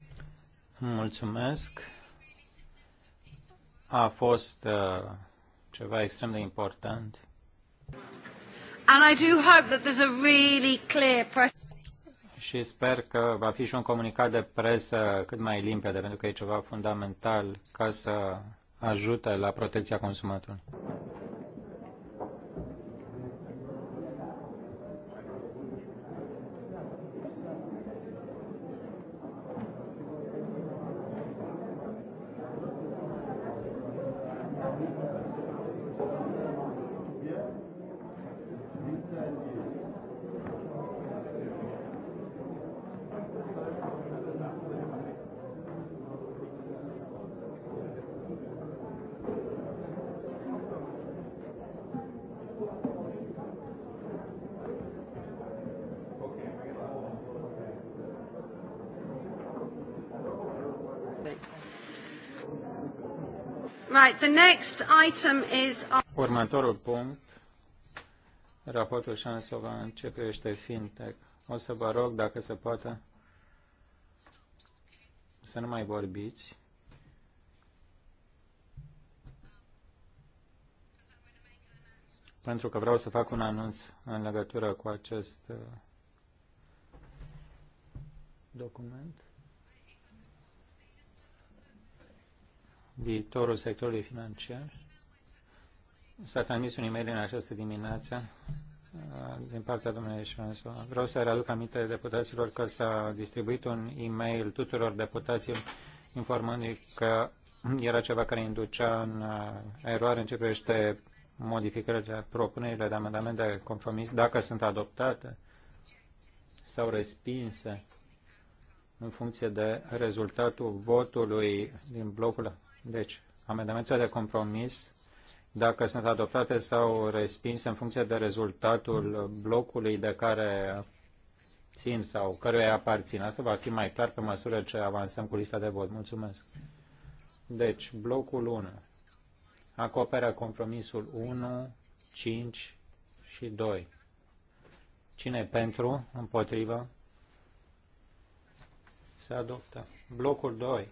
Mulțumesc. A fost uh, ceva extrem de important.
And I do hope that there's a really clear press
și sper că va fi și un comunicat de presă cât mai limpede, pentru că e ceva fundamental ca să ajută la protecția consumatorului.
Right, the next item is...
Următorul punct, raportul Șansova în ce privește fintech. O să vă rog, dacă se poate, să nu mai vorbiți. Pentru că vreau să fac un anunț în legătură cu acest uh, document. viitorul sectorului financiar. S-a transmis un e-mail în această dimineață uh, din partea domnului Șansua. Vreau să readuc aminte deputaților că s-a distribuit un e-mail tuturor deputaților informându-i că era ceva care inducea în uh, eroare în ce privește modificările, propunerile de amendament de compromis, dacă sunt adoptate sau respinse în funcție de rezultatul votului din blocul deci, amendamentele de compromis, dacă sunt adoptate sau respinse în funcție de rezultatul blocului de care țin sau căruia aparțin. Asta va fi mai clar pe măsură ce avansăm cu lista de vot. Mulțumesc. Deci, blocul 1 acoperă compromisul 1, 5 și 2. Cine pentru, împotrivă, se adoptă. Blocul 2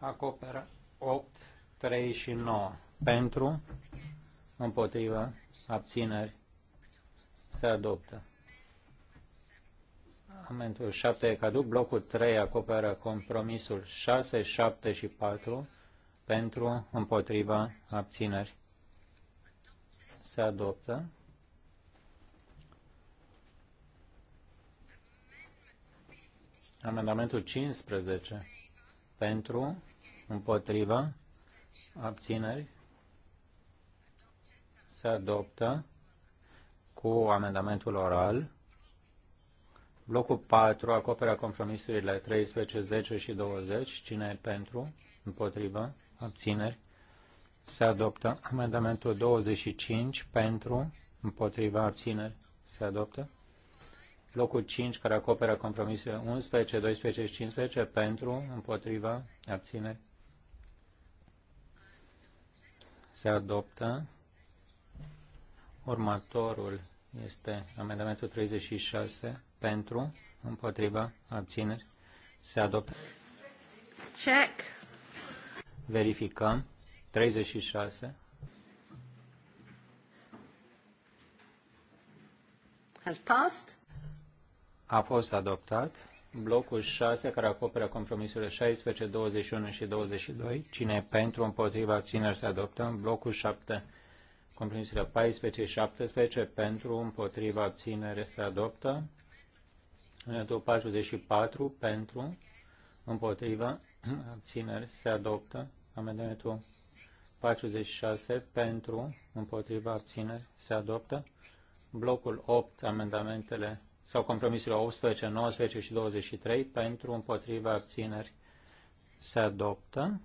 acoperă 8, 3 și 9 pentru, împotrivă, abțineri, se adoptă. Amentul 7 e caduc, blocul 3 acoperă compromisul 6, 7 și 4 pentru, împotriva, abțineri. Se adoptă. Amendamentul 15 pentru, împotriva, abțineri, se adoptă cu amendamentul oral. Blocul 4 acoperă compromisurile 13, 10 și 20. Cine e pentru? Împotrivă? Abțineri? Se adoptă. Amendamentul 25 pentru? Împotriva? Abțineri? Se adoptă. Blocul 5 care acoperă compromisurile 11, 12 și 15 pentru? Împotriva? Abțineri? se adoptă. Următorul este amendamentul 36 pentru, împotriva, abțineri, se adoptă. Check. Verificăm. 36.
Has passed.
A fost adoptat blocul 6 care acoperă compromisurile 16, 21 și 22. Cine e pentru, împotriva, abțineri se adoptă. Blocul 7, compromisurile 14 și 17, pentru, împotriva, abținere se adoptă. Amendamentul 44, pentru, împotriva, abțineri se adoptă. Amendamentul 46, pentru, împotriva, abțineri se adoptă. Blocul 8, amendamentele sau compromisurile 18, 19 și 23 pentru împotriva abțineri se adoptă.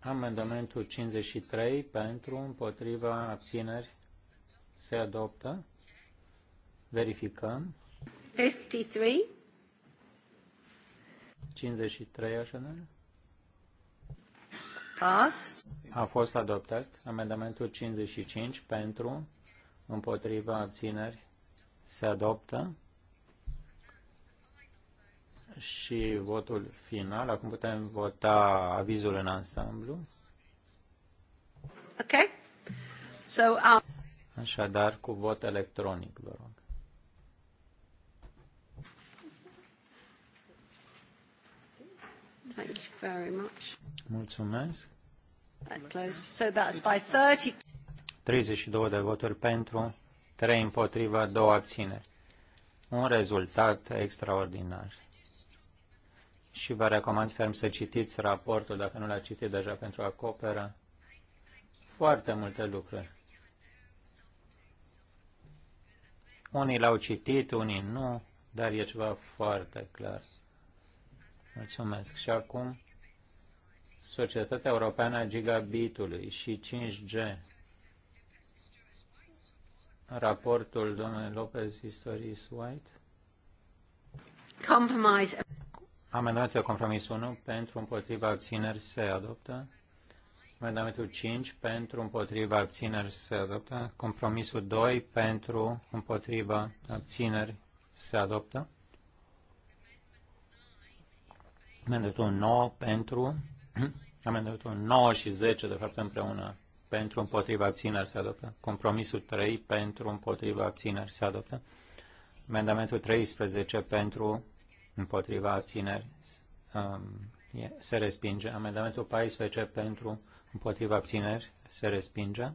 Amendamentul 53 pentru împotriva abțineri se adoptă. Verificăm.
53.
53 așadar passed. A fost adoptat amendamentul 55 pentru, împotriva abțineri, se adoptă și votul final. Acum putem vota avizul în ansamblu.
Ok. So, um...
Așadar, cu vot electronic, vă rog.
Thank you very much.
Mulțumesc.
So that's by 30.
32 de voturi pentru, 3 împotriva, 2 abține. Un rezultat extraordinar. Și vă recomand ferm să citiți raportul, dacă nu l-ați citit deja, pentru a acopera foarte multe lucruri. Unii l-au citit, unii nu, dar e ceva foarte clar. Mulțumesc. Și acum Societatea Europeană a Gigabitului și 5G. Raportul domnului Lopez Historis White.
Compromise.
Amendamentul de compromis 1 pentru împotriva abțineri se adoptă. Amendamentul 5 pentru împotriva abțineri se adoptă. Compromisul 2 pentru împotriva abțineri se adoptă. Amendamentul 9 pentru Amendamentul 9 și 10, de fapt, împreună. Pentru împotriva abțineri se adoptă. Compromisul 3 pentru împotriva abțineri se adoptă. Amendamentul 13 pentru împotriva abțineri um, se respinge. Amendamentul 14 pentru împotriva abțineri se respinge.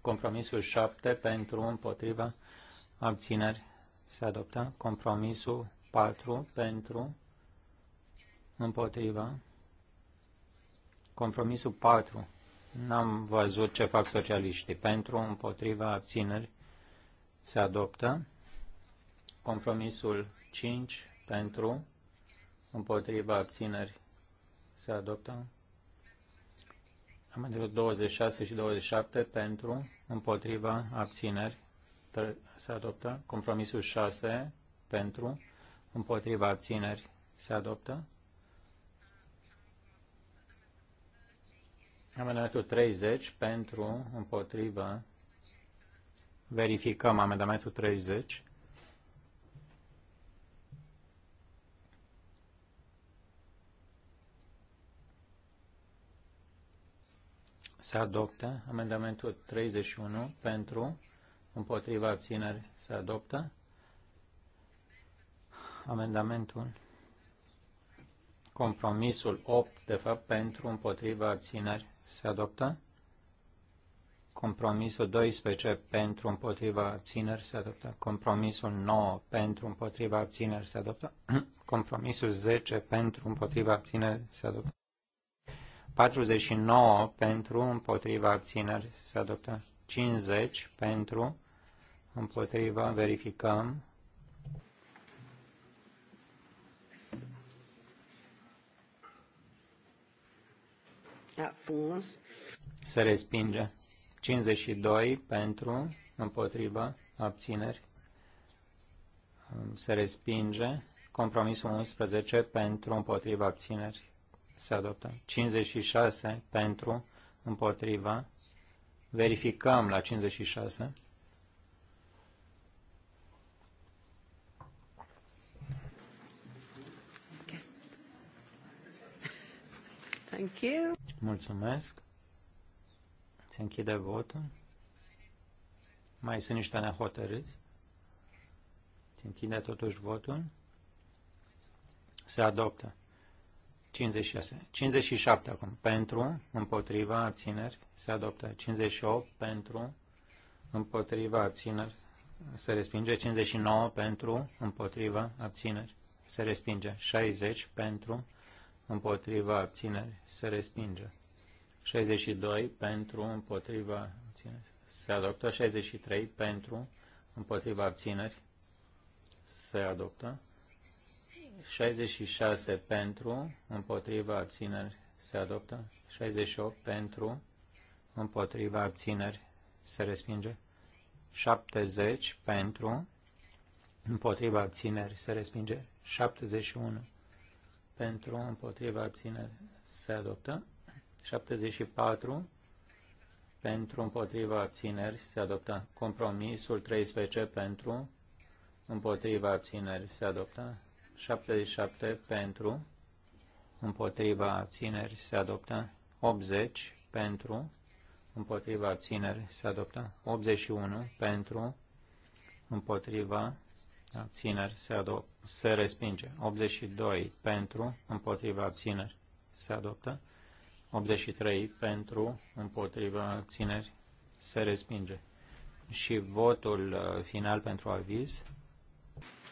Compromisul 7 pentru împotriva abțineri se adoptă. Compromisul 4 pentru împotriva Compromisul 4. N-am văzut ce fac socialiștii. Pentru, împotriva, abțineri se adoptă. Compromisul 5. Pentru, împotriva, abțineri se adoptă. Am întrebat 26 și 27 pentru, împotriva, abțineri se adoptă. Compromisul 6 pentru, împotriva, abțineri se adoptă. Amendamentul 30 pentru, împotrivă. Verificăm amendamentul 30. Se adoptă amendamentul 31 pentru, împotriva abțineri se adoptă. Amendamentul, compromisul 8, de fapt, pentru, împotriva abțineri se adoptă. Compromisul 12 pentru împotriva abțineri se adoptă. Compromisul 9 pentru împotriva abțineri se adoptă. Compromisul 10 pentru împotriva abțineri se adoptă. 49 pentru împotriva abțineri se adoptă. 50 pentru împotriva verificăm se respinge. 52 pentru, împotrivă, abțineri, se respinge. Compromisul 11 pentru, împotrivă, abțineri, se adoptă. 56 pentru, împotrivă. Verificăm la 56.
Thank you.
Mulțumesc. Se închide votul. Mai sunt niște nehotărâți. Se închide totuși votul. Se adoptă. 56. 57 acum. Pentru, împotriva, abțineri, se adoptă. 58 pentru, împotriva, abțineri, se respinge. 59 pentru, împotriva, abțineri, se respinge. 60 pentru, împotriva abțineri se respinge. 62 pentru împotriva abțineri se adoptă. 63 pentru împotriva abțineri se adoptă. 66 pentru împotriva abțineri se adoptă. 68 pentru împotriva abțineri se respinge. 70 pentru împotriva abțineri se respinge. 71 pentru, împotriva, abțineri, se adoptă. 74 pentru, împotriva, abțineri, se adoptă. Compromisul 13 pentru, împotriva, abțineri, se adoptă. 77 pentru, împotriva, abțineri, se adoptă. 80 pentru, împotriva, abțineri, se adoptă. 81 pentru, împotriva, abțineri se, adop- se respinge. 82 pentru, împotriva abțineri se adoptă. 83 pentru, împotriva abțineri se respinge. Și votul uh, final pentru aviz.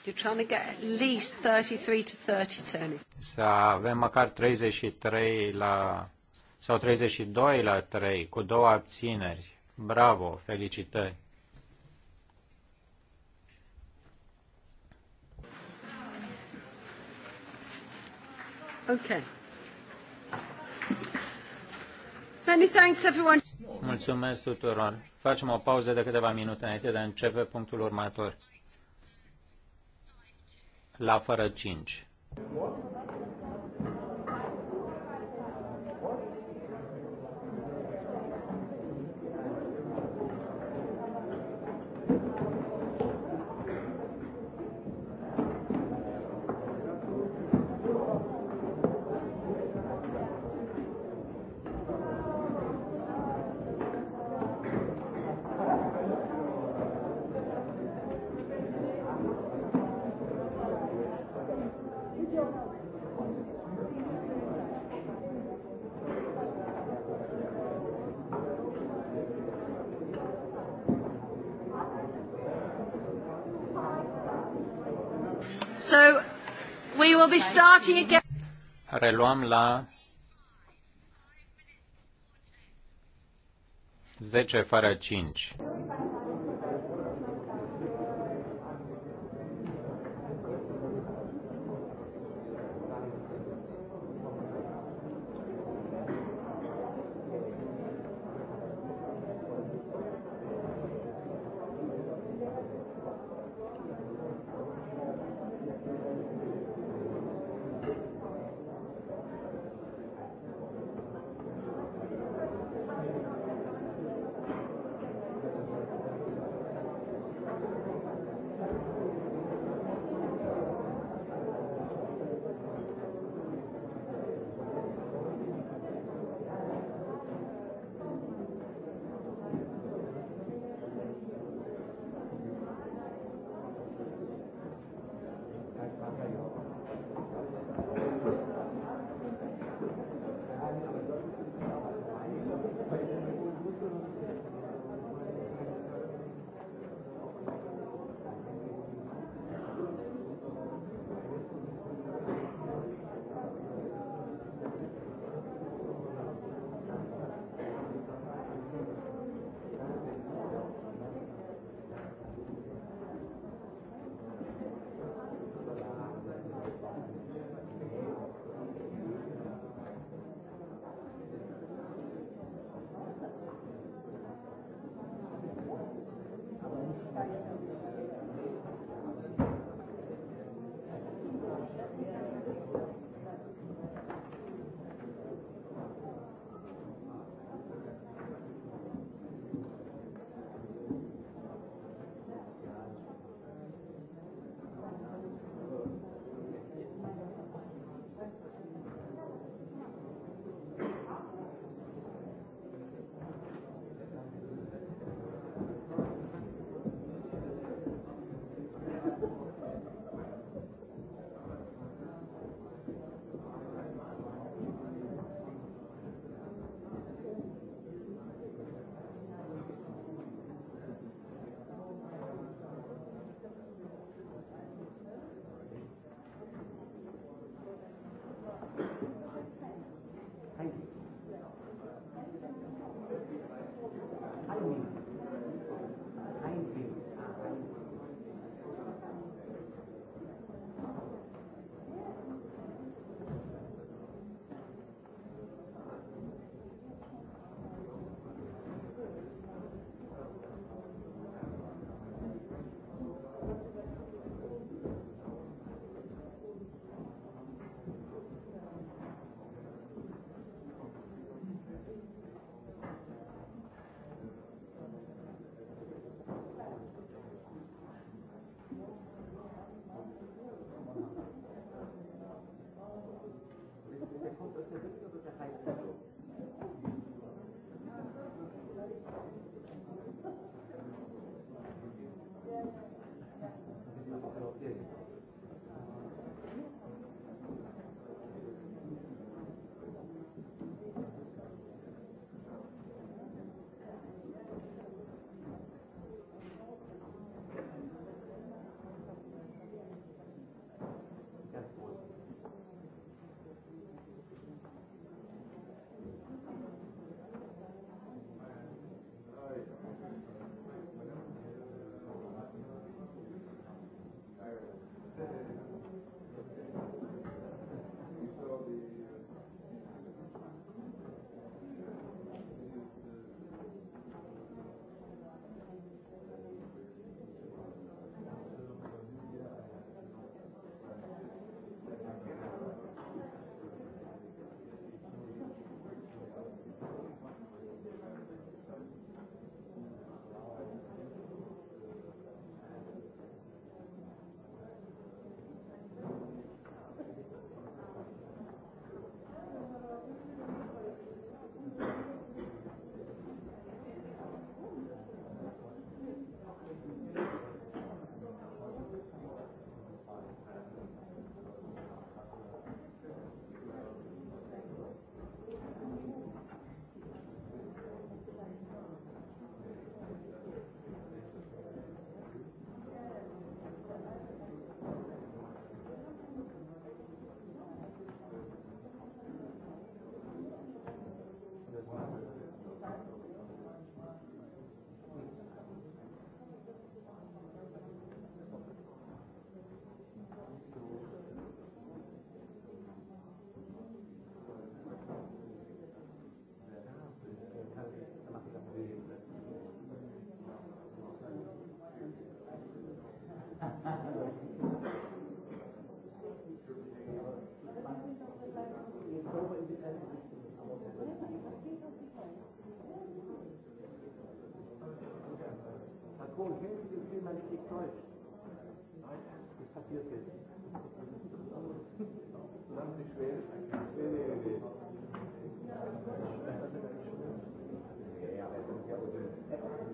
You're trying to get at least 33 to 30, Tony.
Să avem măcar 33 la sau 32 la 3 cu două abțineri. Bravo, felicitări.
Okay. Many thanks everyone.
Mulțumesc tuturor. Facem o pauză de câteva minute înainte de a începe punctul următor. La fără 5. Reluăm la 10 fără 5.
Kohl hilft dem Film ein Stück Deutsch. Nein, das passiert jetzt. Dann ist schwer. Nee, nee, nee. Ja, aber das ist ja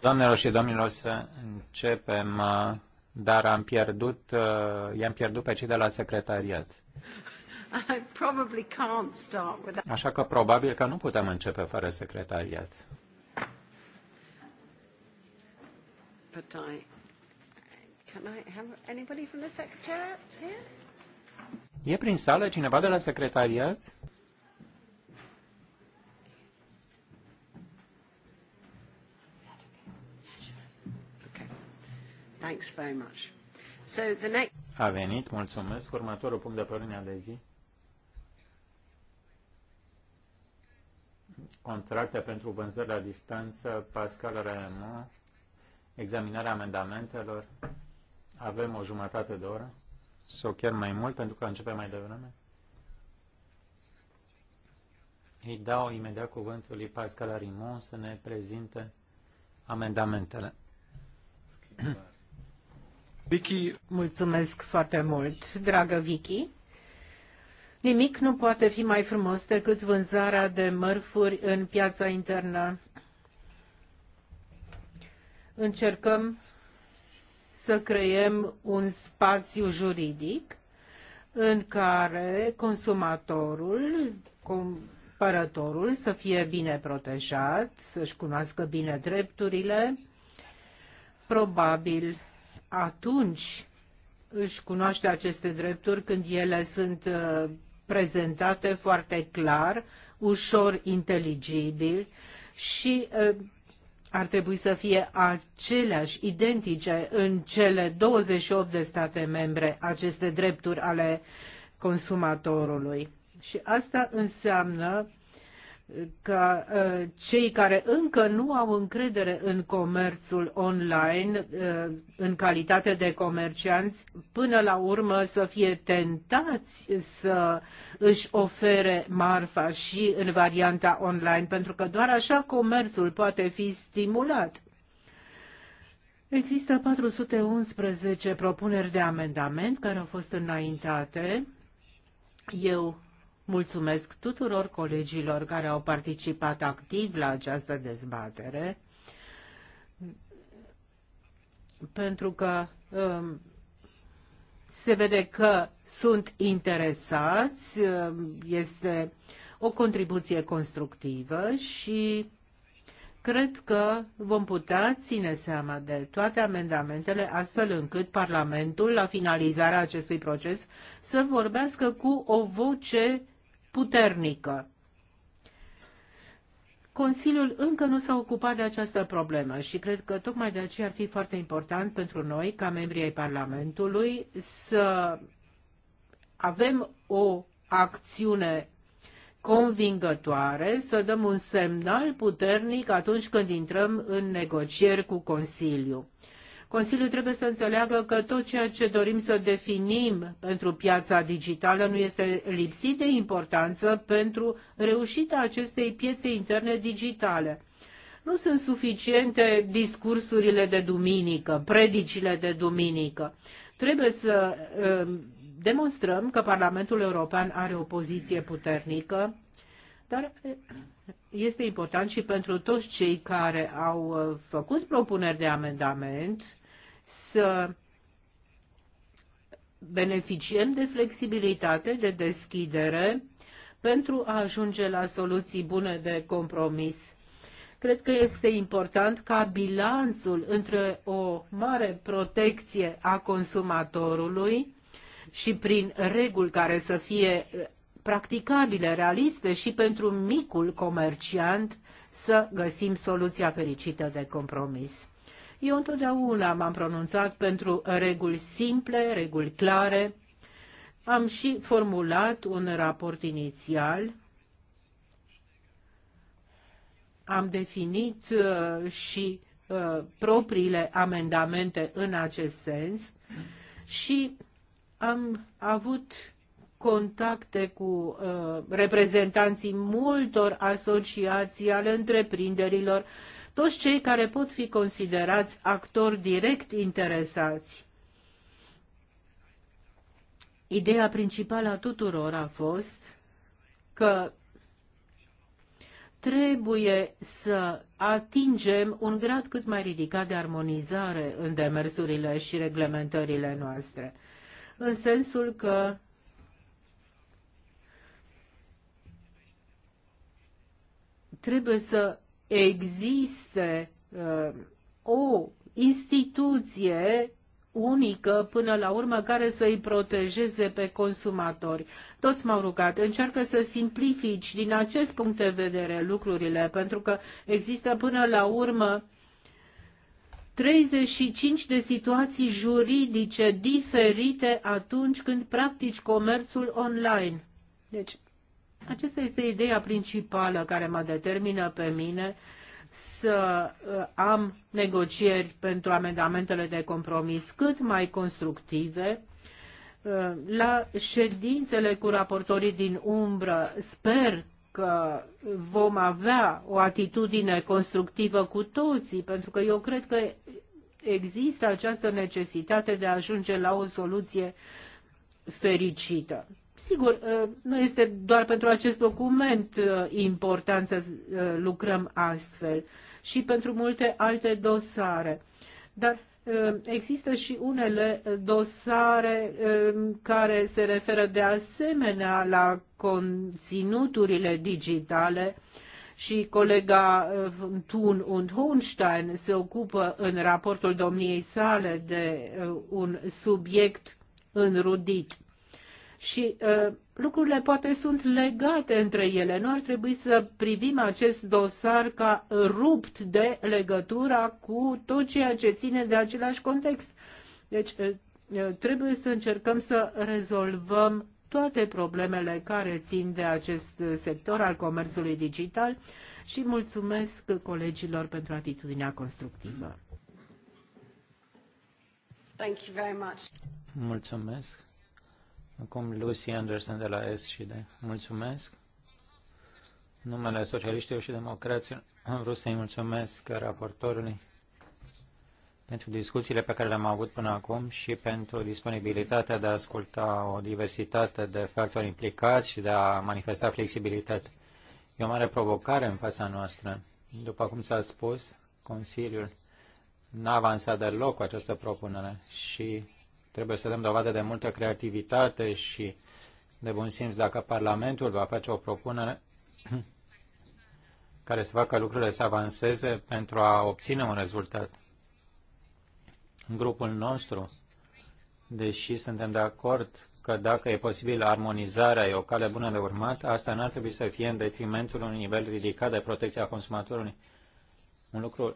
Doamnelor
și domnilor, să începem, uh, dar am pierdut, uh, i-am pierdut pe cei de la secretariat. Așa că probabil că nu putem începe fără secretariat. secretariat E prin sală cineva de la secretariat?
Thanks very much. So the next...
A venit, mulțumesc. Următorul punct de pe ordinea de zi. Contracte pentru vânzări la distanță, Pascal Raymond, examinarea amendamentelor. Avem o jumătate de oră sau chiar mai mult pentru că începe mai devreme. Îi dau imediat cuvântul lui Pascal Arimon să ne prezinte
amendamentele. Vicky. Mulțumesc foarte mult, dragă Vicky. Nimic nu poate fi mai frumos decât vânzarea de mărfuri în piața internă. Încercăm să creăm un spațiu juridic în care consumatorul, cumpărătorul să fie bine protejat, să-și cunoască bine drepturile. Probabil atunci își cunoaște aceste drepturi când ele sunt uh, prezentate foarte clar, ușor inteligibil și uh, ar trebui să fie aceleași, identice în cele 28 de state membre aceste drepturi ale consumatorului. Și asta înseamnă ca ă, cei care încă nu au încredere în comerțul online, ă, în calitate de comercianți, până la urmă să fie tentați să își ofere marfa și în varianta online, pentru că doar așa comerțul poate fi stimulat. Există 411 propuneri de amendament care au fost înaintate. Eu Mulțumesc tuturor colegilor care au participat activ la această dezbatere, pentru că um, se vede că sunt interesați, um, este o contribuție constructivă și cred că vom putea ține seama de toate amendamentele astfel încât Parlamentul, la finalizarea acestui proces, să vorbească cu o voce puternică. Consiliul încă nu s-a ocupat de această problemă și cred că tocmai de aceea ar fi foarte important pentru noi, ca membri ai Parlamentului, să avem o acțiune convingătoare, să dăm un semnal puternic atunci când intrăm în negocieri cu Consiliu. Consiliul trebuie să înțeleagă că tot ceea ce dorim să definim pentru piața digitală nu este lipsit de importanță pentru reușita acestei piețe interne digitale. Nu sunt suficiente discursurile de duminică, predicile de duminică. Trebuie să um, demonstrăm că Parlamentul European are o poziție puternică, dar eh, este important și pentru toți cei care au uh, făcut propuneri de amendament să beneficiem de flexibilitate, de deschidere, pentru a ajunge la soluții bune de compromis. Cred că este important ca bilanțul între o mare protecție a consumatorului și prin reguli care să fie practicabile, realiste și pentru micul comerciant să găsim soluția fericită de compromis. Eu întotdeauna m-am pronunțat pentru reguli simple, reguli clare. Am și formulat un raport inițial. Am definit uh, și uh, propriile amendamente în acest sens și am avut contacte cu uh, reprezentanții multor asociații ale întreprinderilor uh, toți cei care pot fi considerați actori direct interesați. Ideea principală a tuturor a fost că trebuie să atingem un grad cât mai ridicat de armonizare în demersurile și reglementările noastre, în sensul că trebuie să existe uh, o instituție unică până la urmă care să îi protejeze pe consumatori. Toți m-au rugat, încearcă să simplifici din acest punct de vedere lucrurile, pentru că există până la urmă 35 de situații juridice diferite atunci când practici comerțul online. Deci, aceasta este ideea principală care mă determină pe mine să uh, am negocieri pentru amendamentele de compromis cât mai constructive. Uh, la ședințele cu raportorii din umbră sper că vom avea o atitudine constructivă cu toții, pentru că eu cred că există această necesitate de a ajunge la o soluție fericită. Sigur, uh, nu este doar pentru acest document uh, important să uh, lucrăm astfel și pentru multe alte dosare. Dar există și unele dosare care se referă de asemenea la conținuturile digitale și colega Thun und Hohenstein se ocupă în raportul domniei sale de un subiect înrudit și uh, lucrurile poate sunt legate între ele. Nu ar trebui să privim acest dosar ca rupt de legătura cu tot ceea ce ține de același context. Deci uh, uh trebuie să încercăm să rezolvăm toate problemele care țin de acest sector al comerțului digital și mulțumesc colegilor pentru atitudinea constructivă.
Thank you very much.
Mulțumesc. Acum Lucy Anderson de la S și de mulțumesc. Numele socialiștilor și democraților am vrut să-i mulțumesc raportorului pentru discuțiile pe care le-am avut până acum și pentru disponibilitatea de a asculta o diversitate de factori implicați și de a manifesta flexibilitate. E o mare provocare în fața noastră. După cum s-a spus, Consiliul n-a avansat deloc cu această propunere și Trebuie să dăm dovadă de multă creativitate și de bun simț dacă Parlamentul va face o propunere care să facă lucrurile să avanseze pentru a obține un rezultat. În grupul nostru, deși suntem de acord că dacă e posibil armonizarea e o cale bună de urmat, asta n-ar trebui să fie în detrimentul unui nivel ridicat de protecție a consumatorului. Un lucru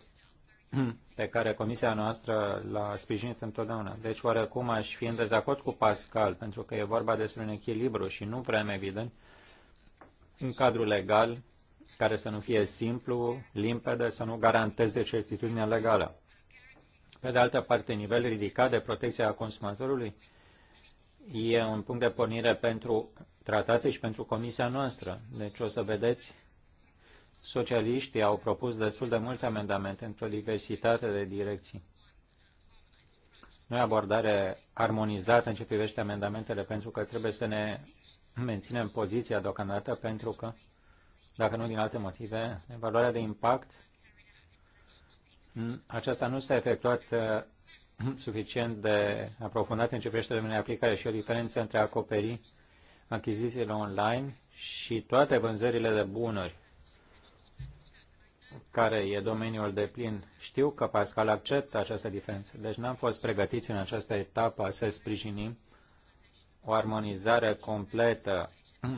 Hmm. pe care comisia noastră l-a sprijinit întotdeauna. Deci, oarecum aș fi în dezacord cu Pascal, pentru că e vorba despre un echilibru și nu prea evident, un cadru legal care să nu fie simplu, limpede, să nu garanteze certitudinea legală. Pe de altă parte, nivel ridicat de protecție a consumatorului e un punct de pornire pentru tratate și pentru comisia noastră. Deci o să vedeți Socialiștii au propus destul de multe amendamente într-o diversitate de direcții. Nu e abordare armonizată în ce privește amendamentele, pentru că trebuie să ne menținem poziția deocamdată, pentru că, dacă nu din alte motive, evaluarea de impact, aceasta nu s-a efectuat uh, suficient de aprofundat în ce privește de aplicare și o diferență între acoperi achizițiile online și toate vânzările de bunuri care e domeniul de plin. Știu că Pascal acceptă această diferență, deci n-am fost pregătiți în această etapă să sprijinim o armonizare completă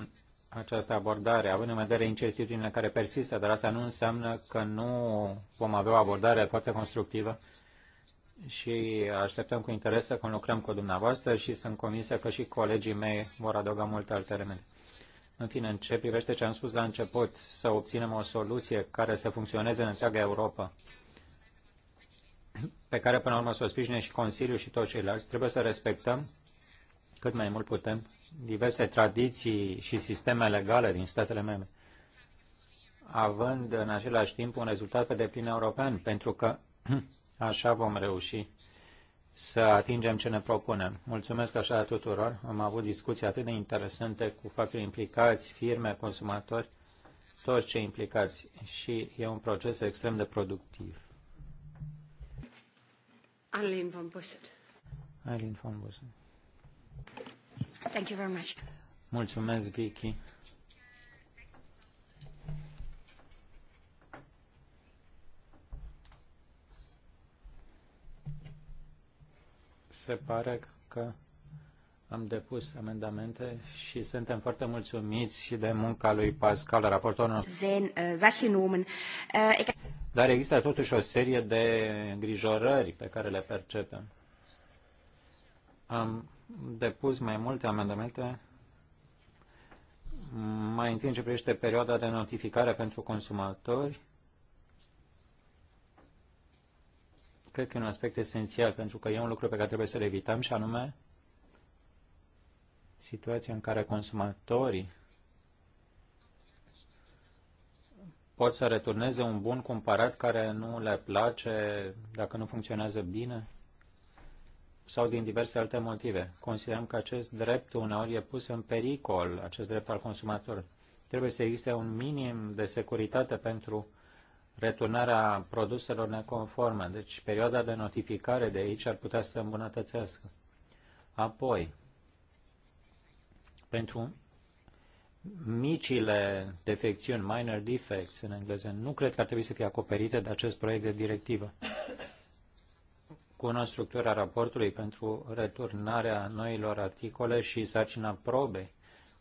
această abordare, având în vedere incertitudinile care persistă, dar asta nu înseamnă că nu vom avea o abordare foarte constructivă și așteptăm cu interes să lucrăm cu dumneavoastră și sunt convinsă că și colegii mei vor adăuga multe alte elemente. În fine, în ce privește ce am spus la început, să obținem o soluție care să funcționeze în întreaga Europa, pe care până la urmă să o sprijine și Consiliul și toți ceilalți, trebuie să respectăm cât mai mult putem diverse tradiții și sisteme legale din statele membre, având în același timp un rezultat pe deplin european, pentru că așa vom reuși să atingem ce ne propunem. Mulțumesc așa tuturor. Am avut discuții atât de interesante cu factorii implicați, firme, consumatori, toți cei implicați și e un proces extrem de productiv.
Alin von Busset.
Alin von Busset.
Thank you very much.
Mulțumesc, Vicky. se pare că am depus amendamente și suntem foarte mulțumiți de munca lui Pascal, raportorul
eh, eh,
Dar există totuși o serie de îngrijorări pe care le percepem. Am depus mai multe amendamente mai întâi în ce privește perioada de notificare pentru consumatori, cred că e un aspect esențial, pentru că e un lucru pe care trebuie să-l evităm, și anume situația în care consumatorii pot să returneze un bun cumpărat care nu le place, dacă nu funcționează bine sau din diverse alte motive. Considerăm că acest drept uneori e pus în pericol, acest drept al consumatorului. Trebuie să existe un minim de securitate pentru returnarea produselor neconforme. Deci perioada de notificare de aici ar putea să se îmbunătățească. Apoi, pentru micile defecțiuni, minor defects în engleză, nu cred că ar trebui să fie acoperite de acest proiect de directivă. Cunosc structura raportului pentru returnarea noilor articole și sarcina probei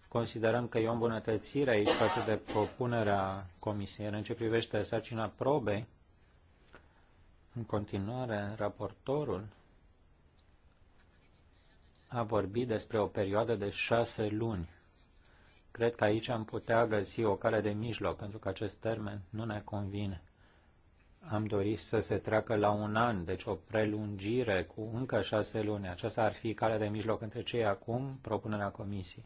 Considerăm că e o îmbunătățire aici față de propunerea Comisiei. În ce privește sarcina probei, în continuare, raportorul a vorbit despre o perioadă de șase luni. Cred că aici am putea găsi o cale de mijloc, pentru că acest termen nu ne convine. Am dorit să se treacă la un an, deci o prelungire cu încă șase luni. Aceasta ar fi calea de mijloc între cei acum, propunerea comisiei.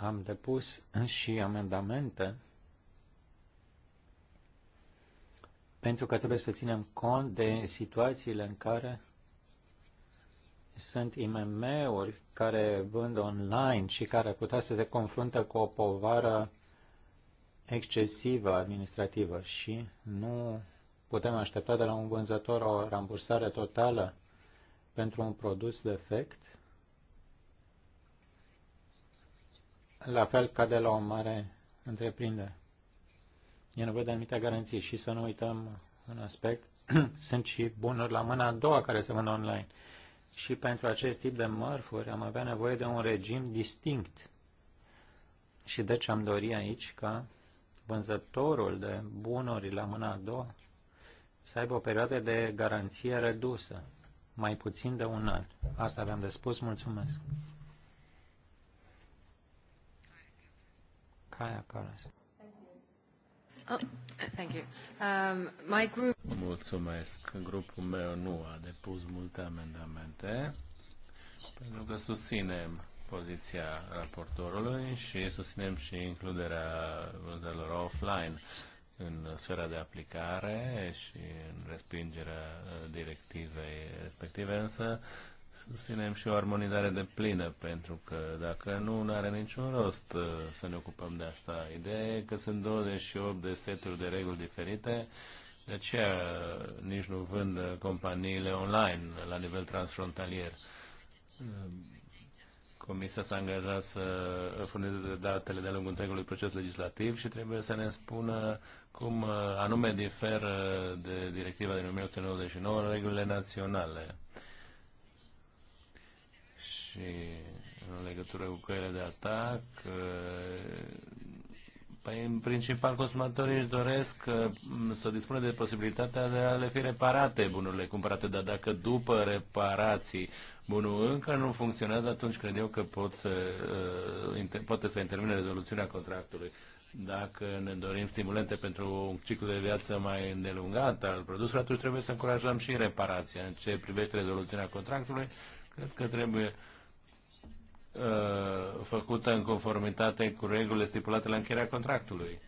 am depus și amendamente pentru că trebuie să ținem cont de situațiile în care sunt IMM-uri care vând online și care putea să se confruntă cu o povară excesivă administrativă și nu putem aștepta de la un vânzător o rambursare totală pentru un produs defect la fel ca de la o mare întreprindere. E nevoie de anumite garanții și să nu uităm un aspect. Sunt și bunuri la mâna a doua care se vând online. Și pentru acest tip de mărfuri am avea nevoie de un regim distinct. Și deci am dori aici ca vânzătorul de bunuri la mâna a doua să aibă o perioadă de garanție redusă, mai puțin de un an. Asta aveam de spus. Mulțumesc! Oh,
thank you. Um, my group...
Mulțumesc.
Grupul meu nu a depus multe amendamente pentru că susținem poziția raportorului și susținem și includerea vânzărilor offline în sfera de aplicare și în respingerea uh, directivei respective, însă susținem și o armonizare de plină, pentru că dacă nu, nu are niciun rost uh, să ne ocupăm de asta. Ideea e că sunt 28 de seturi de reguli diferite, de aceea uh, nici nu vând uh, companiile online la nivel transfrontalier. Comisia s-a angajat să furnizeze datele de-a lungul întregului proces legislativ și trebuie să ne spună cum anume diferă de directiva din 1999 regulile naționale și în legătură cu căile de atac. Păi, în principal, consumatorii își doresc să dispună de posibilitatea de a le fi reparate bunurile cumpărate, dar dacă după reparații bunul încă nu funcționează, atunci cred eu că pot să, uh, poate să intervine rezoluțiunea contractului. Dacă ne dorim stimulente pentru un ciclu de viață mai îndelungat al produsului, atunci trebuie să încurajăm și reparația. În ce privește rezoluțiunea contractului, cred că trebuie uh, Uh, făcută în conformitate cu regulile stipulate la încheierea contractului.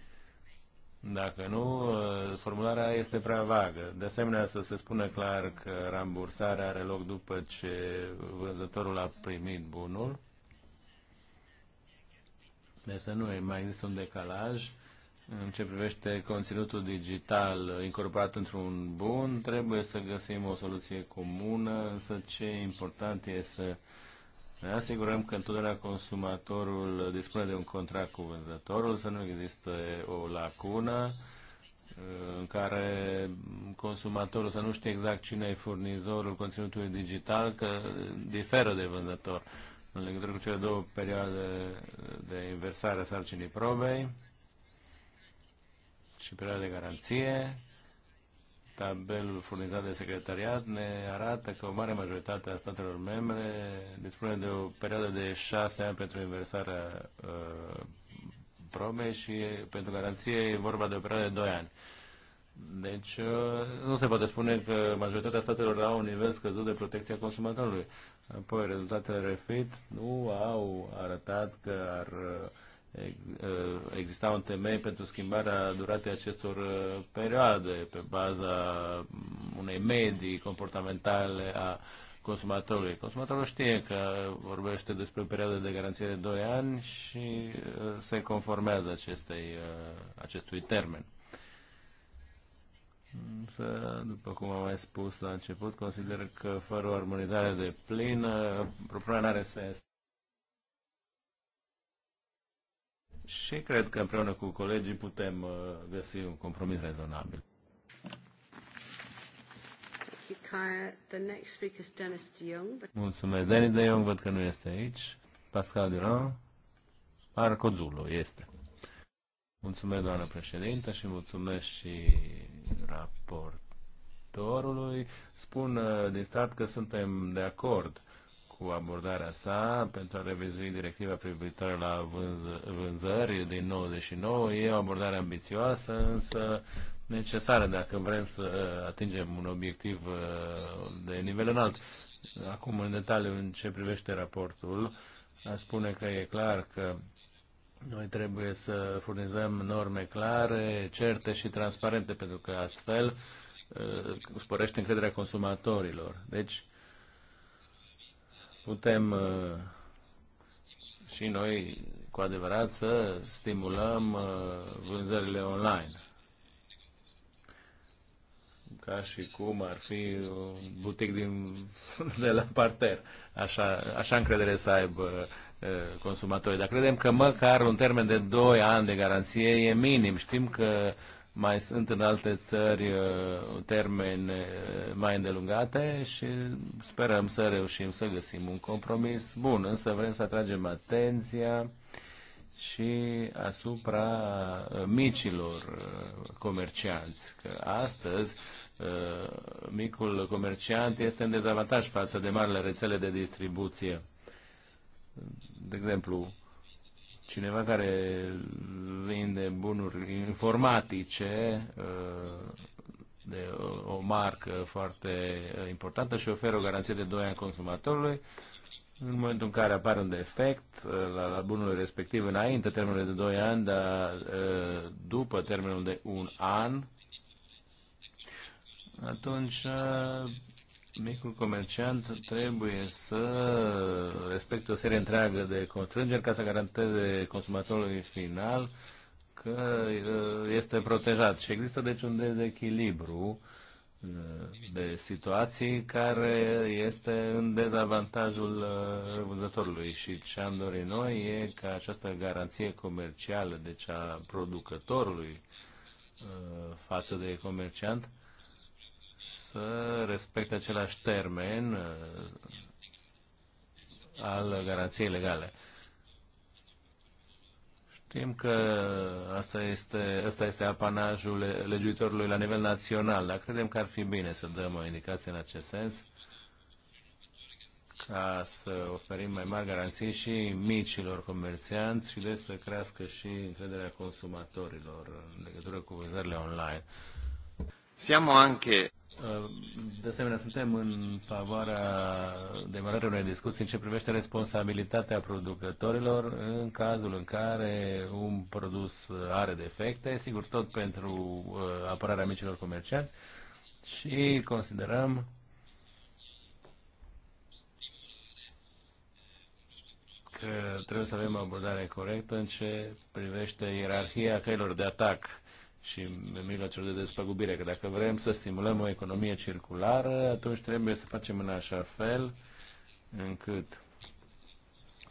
Dacă nu, uh, formularea este prea vagă. De asemenea, să se spună clar că rambursarea are loc după ce vânzătorul a primit bunul. Deci să nu mai există un decalaj. În ce privește conținutul digital incorporat într-un bun, trebuie să găsim o soluție comună, însă ce important e să ne asigurăm că întotdeauna consumatorul dispune de un contract cu vânzătorul, să nu există o lacună uh, în care consumatorul să nu știe exact cine e furnizorul conținutului digital, că diferă de vânzător. În legătură cu cele două perioade de inversare a sarcinii probei și perioada de garanție, tabelul furnizat de secretariat ne arată că o mare majoritate a statelor membre dispune de o perioadă de șase ani pentru inversarea uh, probei și pentru garanție e vorba de o perioadă de doi ani. Deci uh, nu se poate spune că majoritatea statelor au un nivel scăzut de protecția consumatorului. Apoi rezultatele refit nu au arătat că ar uh, exista un temei pentru schimbarea duratei acestor uh, perioade pe baza unei medii comportamentale a consumatorului. Consumatorul știe că vorbește despre o perioadă de garanție de 2 ani și uh, se conformează acestei, uh, acestui termen. Însă, după cum am mai spus la început, consider că fără o armonizare de plină, propunerea nu are sens. și cred că împreună cu colegii putem uh, găsi un compromis rezonabil. Mulțumesc. Denis de Jong văd că nu este aici. Pascal Durand. Marco Zulo este. Mulțumesc, doamnă președintă, și mulțumesc și raportorului. Spun uh, din start că suntem de acord cu abordarea sa pentru a revizui directiva privitoare la vânz- vânzări din 99. E o abordare ambițioasă, însă necesară dacă vrem să uh, atingem un obiectiv uh, de nivel înalt. Acum, în detaliu, în ce privește raportul, a spune că e clar că noi trebuie să furnizăm norme clare, certe și transparente, pentru că astfel uh, sporește încrederea consumatorilor. Deci, putem uh, și noi cu adevărat să stimulăm uh, vânzările online. Ca și cum ar fi un butic din, de la parter. Așa, așa încredere să aibă uh, consumatorii. Dar credem că măcar un termen de 2 ani de garanție e minim. Știm că mai sunt în alte țări uh, termene mai îndelungate și sperăm să reușim să găsim un compromis bun, însă vrem să atragem atenția și asupra uh, micilor uh, comercianți, că astăzi micul comerciant este în dezavantaj față de marile rețele de distribuție. De exemplu, cineva care vinde bunuri informatice uh, de o marcă foarte uh, importantă și oferă o garanție de 2 ani consumatorului. În momentul în care apare un defect uh, la, la bunul respectiv înainte termenului de 2 ani, dar după termenul de 1 an, atunci micul comerciant trebuie să respecte o serie întreagă de constrângeri ca să garanteze consumatorului final că uh, este protejat. Și există deci un dezechilibru uh, de situații care este în dezavantajul uh, vânzătorului și ce am dorit noi e ca această garanție comercială, deci a producătorului față de comerciant, să respecte același termen uh, al garanției legale. Știm că asta este, asta este apanajul legiuitorului la nivel național, dar credem că ar fi bine să dăm o indicație în acest sens ca să oferim mai mari garanții și micilor comercianți și de să crească și încrederea consumatorilor în legătură cu vânzările online. Siamo anche de asemenea, suntem în favoarea demarării unei discuții în ce privește responsabilitatea producătorilor în cazul în care un produs are defecte, sigur tot pentru uh, apărarea micilor comercianți și considerăm că trebuie să avem o abordare corectă în ce privește ierarhia căilor de atac și mijloacelor de despăgubire. Că dacă vrem să stimulăm o economie circulară, atunci trebuie să facem în așa fel încât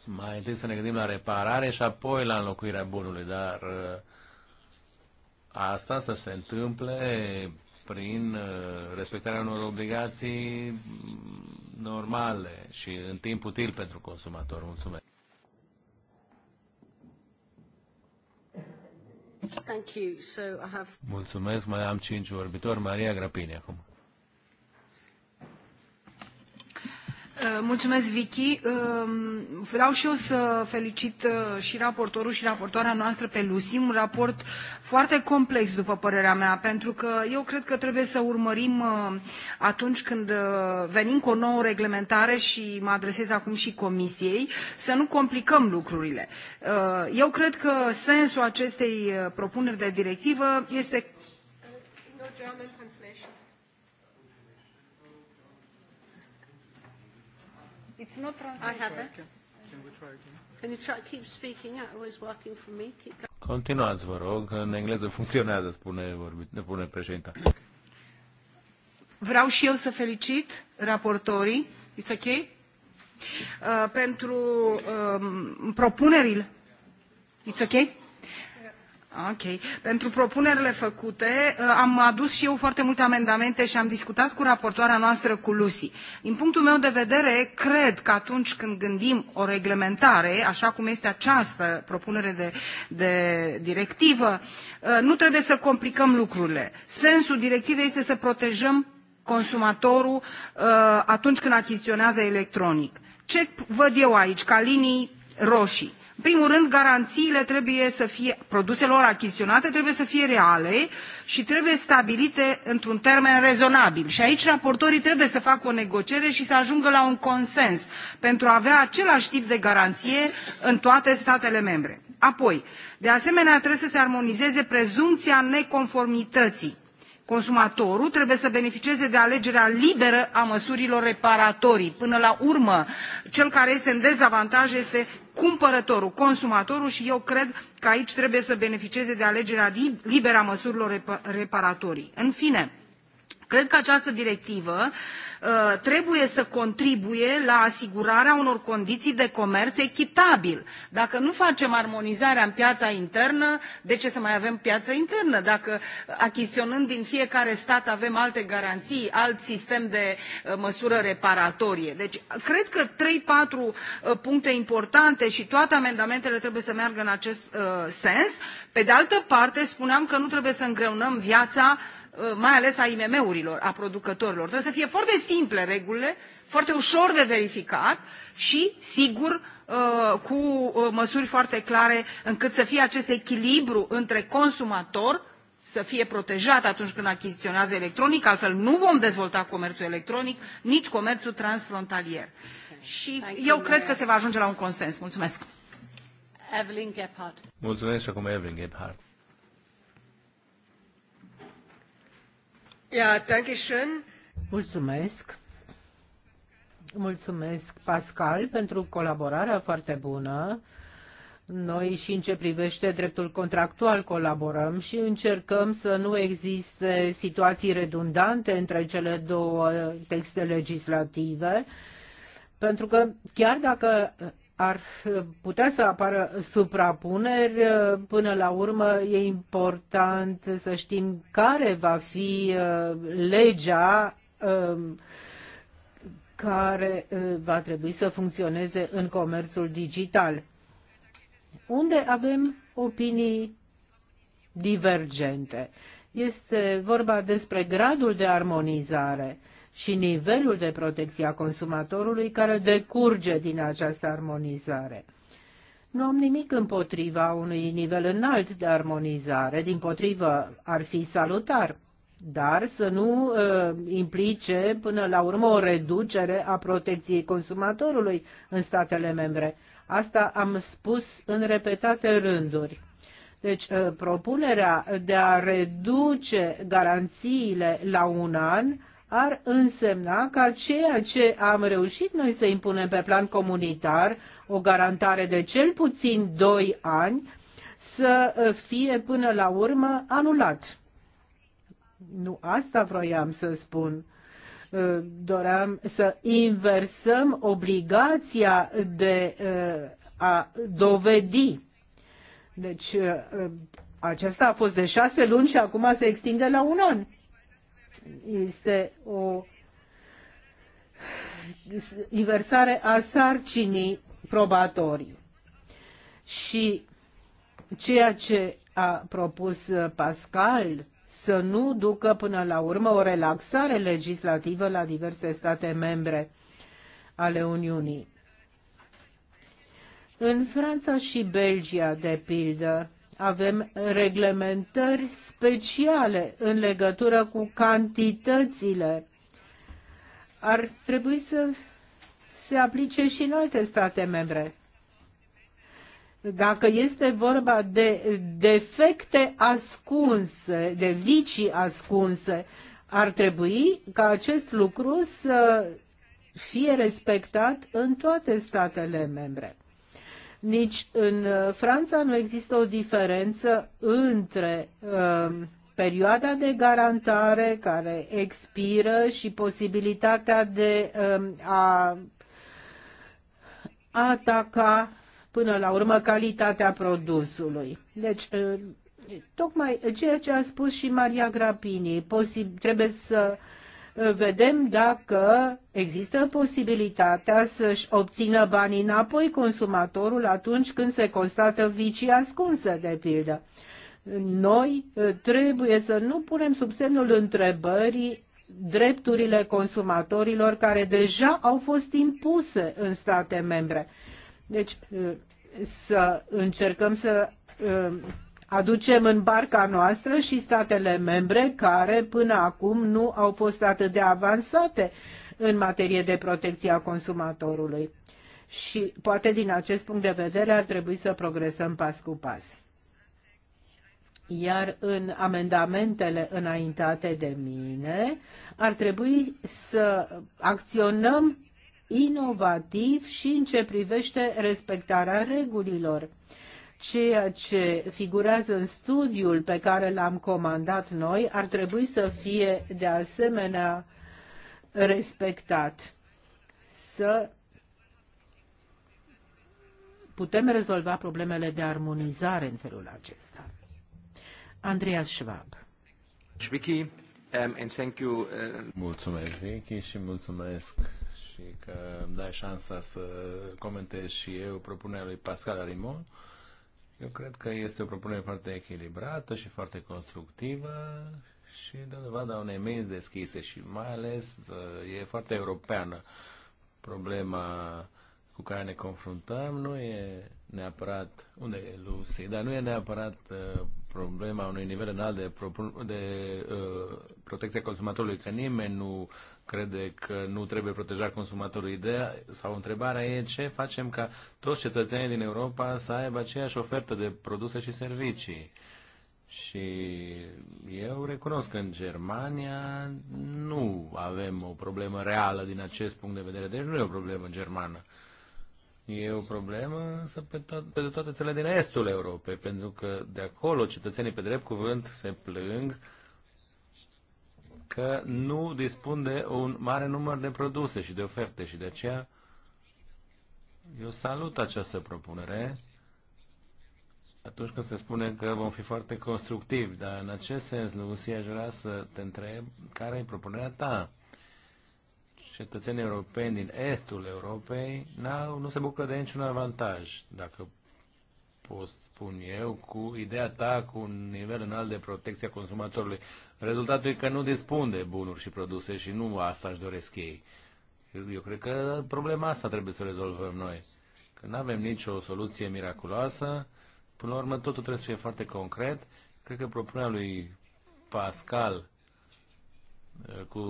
mai întâi să ne gândim la reparare și apoi la înlocuirea bunului, dar uh, asta să se întâmple prin uh, respectarea unor obligații mm, normale și în timp util pentru consumator. Mulțumesc!
Thank you. So I have...
Mulțumesc, mai am cinci vorbitori. Maria Grapini acum.
Uh, mulțumesc, Vicky. Um,
vreau și eu să felicit uh, și raportorul și raportoarea noastră pe Lucy, un raport foarte complex, după părerea mea, pentru că eu cred că trebuie să urmărim uh, atunci când venim cu o nouă reglementare și mă adresez acum și Comisiei, să nu complicăm lucrurile. Eu cred că sensul acestei propuneri de directivă este...
It's not translated. I have it. Can you try, keep speaking? It was working for me. Keep...
Continuați, vă rog, că în engleză funcționează, spune, vorbit, ne spune președinta.
Vreau și eu să felicit raportorii, it's ok, uh, pentru uh, propunerile, it's ok, Ok. Pentru propunerile făcute, uh, am adus și eu foarte multe amendamente și am discutat cu raportoarea noastră, cu Lucy. Din punctul meu de vedere, cred că atunci când gândim o reglementare, așa cum este această propunere de, de directivă, uh, nu trebuie să complicăm lucrurile. Sensul directivei este să protejăm consumatorul uh, atunci când achiziționează electronic. Ce văd eu aici ca linii roșii? în primul rând garanțiile trebuie să fie, produselor achiziționate trebuie să fie reale și trebuie stabilite într un termen rezonabil și aici raportorii trebuie să facă o negociere și să ajungă la un consens pentru a avea același tip de garanție în toate statele membre. apoi de asemenea trebuie să se armonizeze prezumția neconformității consumatorul trebuie să beneficieze de alegerea liberă a măsurilor reparatorii. până la urmă cel care este în dezavantaj este cumpărătorul consumatorul și eu cred că aici trebuie să beneficieze de alegerea liberă a măsurilor reparatorii. în fine Cred că această directivă uh, trebuie să contribuie la asigurarea unor condiții de comerț echitabil. Dacă nu facem armonizarea în piața internă, de ce să mai avem piață internă? Dacă uh, achiziționând din fiecare stat avem alte garanții, alt sistem de uh, măsură reparatorie. Deci, cred că trei patru puncte importante și toate amendamentele trebuie să meargă în acest uh, sens. Pe de altă parte, spuneam că nu trebuie să îngreunăm viața uh, Uh, mai ales a imm urilor a producătorilor. trebuie să fie foarte simple regulile foarte ușor de verificat și sigur uh, cu uh, măsuri foarte clare încât să fie acest echilibru între consumator să fie protejat atunci când achiziționează electronic altfel nu vom dezvolta comerțul electronic nici comerțul transfrontalier. Okay. și Thank eu cred că se va ajunge la un consens. mulțumesc.
Evelyn Gephardt.
Mulțumesc acum Evelyn Gephardt.
Ja, danke schön.
Mulțumesc. Mulțumesc, Pascal, pentru colaborarea foarte bună. Noi și în ce privește dreptul contractual colaborăm și încercăm să nu existe situații redundante între cele două texte legislative, pentru că chiar dacă ar putea să apară suprapuneri. Până la urmă, e important să știm care va fi uh, legea um, care uh, va trebui să funcționeze în comerțul digital. Unde avem opinii divergente? Este vorba despre gradul de armonizare și nivelul de protecție a consumatorului care decurge din această armonizare. Nu am nimic împotriva unui nivel înalt de armonizare, din potrivă ar fi salutar, dar să nu uh, implice până la urmă o reducere a protecției consumatorului în statele membre. Asta am spus în repetate rânduri. Deci, ă, propunerea de a reduce garanțiile la un an ar însemna ca ceea ce am reușit noi să impunem pe plan comunitar, o garantare de cel puțin 2 ani, să fie până la urmă anulat. Nu asta vroiam să spun. Uh, doream să inversăm obligația de uh, a dovedi. Deci uh, aceasta a fost de șase luni și acum se extinde la un an este o inversare a sarcinii probatorii. Și ceea ce a propus uh, Pascal să nu ducă până la urmă o relaxare legislativă la diverse state membre ale Uniunii. În Franța și Belgia, de pildă, avem reglementări speciale în legătură cu cantitățile. Ar trebui să se aplice și în alte state membre. Dacă este vorba de defecte ascunse, de vicii ascunse, ar trebui ca acest lucru să fie respectat în toate statele membre. Nici în uh, Franța nu există o diferență între uh, perioada de garantare care expiră și posibilitatea de uh, a ataca până la urmă calitatea produsului. Deci, uh, tocmai ceea ce a spus și Maria Grapini, trebuie să uh, vedem dacă există posibilitatea să-și obțină banii înapoi consumatorul atunci când se constată vicii ascunsă de pildă. Noi uh, trebuie să nu punem sub semnul întrebării drepturile consumatorilor care deja au fost impuse în state membre. Deci uh, să încercăm să uh, aducem în barca noastră și statele membre care până acum nu au fost atât de avansate în materie de protecție a consumatorului. Și poate din acest punct de vedere ar trebui să progresăm pas cu pas. Iar în amendamentele înaintate de mine ar trebui să acționăm inovativ și în ce privește respectarea regulilor ceea ce figurează în studiul pe care l-am comandat noi ar trebui să fie de asemenea respectat. Să putem rezolva problemele de armonizare în felul acesta. Andreas Schwab.
Vicky, um, and thank you, uh... Mulțumesc, Vicky, și mulțumesc și că îmi dai șansa să comentez și eu propunerea lui Pascal Arimon. Uh, eu cred că este o propunere foarte echilibrată și foarte constructivă și dă dovada unei minți deschise și mai ales uh, e foarte europeană problema cu care ne confruntăm nu e neapărat, unde e Lucy, dar nu e neapărat uh, problema unui nivel înalt de, de uh, protecția consumatorului, că nimeni nu crede că nu trebuie protejat consumatorul. Ideea sau întrebarea e ce facem ca toți cetățenii din Europa să aibă aceeași ofertă de produse și servicii. Și eu recunosc că în Germania nu avem o problemă reală din acest punct de vedere, deci nu e o problemă germană. Uh, E o problemă însă pe, to- pe toate țările din estul Europei, pentru că de acolo cetățenii pe drept cuvânt se plâng că nu dispun de un mare număr de produse și de oferte și de aceea eu salut această propunere atunci când se spune că vom fi foarte constructivi, dar în acest sens, Lucia, aș vrea să te întreb care e propunerea ta cetățenii europeni din estul Europei nu se bucură de niciun avantaj, dacă pot spun eu, cu ideea ta cu un nivel înalt de protecție a consumatorului. Rezultatul e că nu dispun de bunuri și produse și nu asta își doresc ei. Eu cred că problema asta trebuie să o rezolvăm noi. Că nu avem nicio soluție miraculoasă, până la urmă totul trebuie să fie foarte concret. Cred că propunerea lui Pascal cu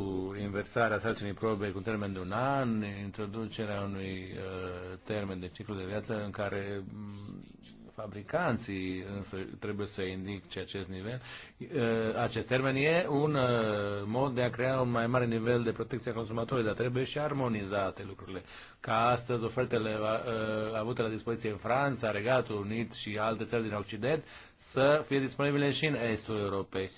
inversarea sarcinii probe cu termen de un an, introducerea unui uh, termen de ciclu de viață în care mm, fabricanții însă trebuie să indice acest nivel. Uh, acest termen e un uh, mod de a crea un mai mare nivel de protecție a consumatorilor, dar trebuie și armonizate lucrurile. Ca astăzi, ofertele avute la dispoziție în Franța, Regatul Unit și alte țări din Occident să fie disponibile și în Estul Europei.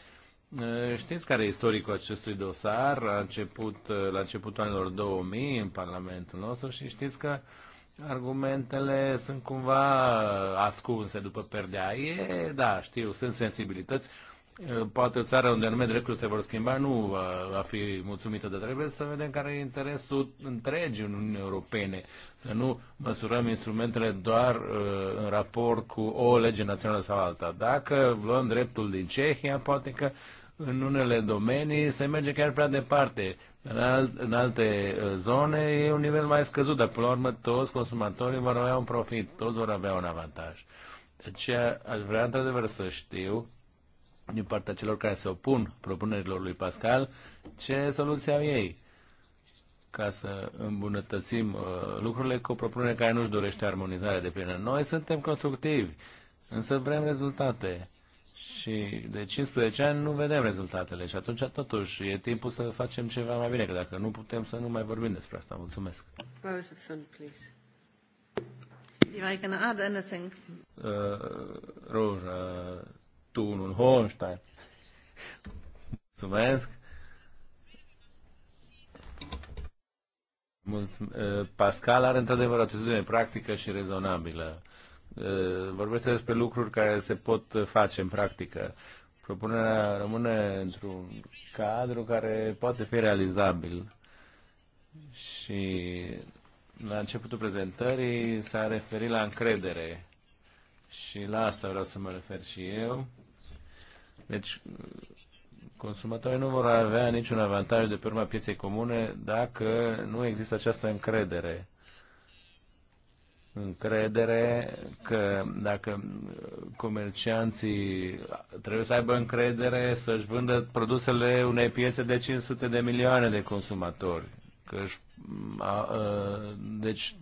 Eh, știți care e istoricul acestui dosar? A început eh, la începutul anilor 2000 în Parlamentul nostru și știți că argumentele sunt cumva eh, ascunse după perdea. E, da, știu, sunt sensibilități. Poate o țară unde anume dreptul se vor schimba nu va, va fi mulțumită, dar trebuie să vedem care e interesul întregii Uniunii Europene. Să nu măsurăm instrumentele doar uh, în raport cu o lege națională sau alta. Dacă luăm dreptul din Cehia, poate că uh, în unele domenii se merge chiar prea departe. În, alt, în alte uh, zone e un nivel mai scăzut, dar până la urmă toți consumatorii vor avea un profit, toți vor avea un avantaj. Deci aș vrea într-adevăr să știu din partea celor care se opun propunerilor lui Pascal, ce soluția au ei ca să îmbunătățim uh, lucrurile cu o propunere care nu-și dorește armonizarea de plină. Noi suntem constructivi, însă vrem rezultate și de 15 ani nu vedem rezultatele și atunci totuși e timpul să facem ceva mai bine, că dacă nu putem să nu mai vorbim despre asta. Mulțumesc.
please. If
I can add anything.
Uh, Roja, uh, nu Hohenstein. Mulțumesc. Mulțumesc. Uh, Pascal are într-adevăr o atitudine practică și rezonabilă Eh, vorbesc despre lucruri care se pot face în practică. Propunerea rămâne într-un cadru care poate fi realizabil. Și la începutul prezentării s-a referit la încredere. Și la asta vreau să mă refer și eu. Deci, consumatorii nu vor avea niciun avantaj de pe urma pieței comune dacă nu există această încredere încredere, că dacă comercianții trebuie să aibă încredere să-și vândă produsele unei piețe de 500 de milioane de consumatori. Că își, a, a, deci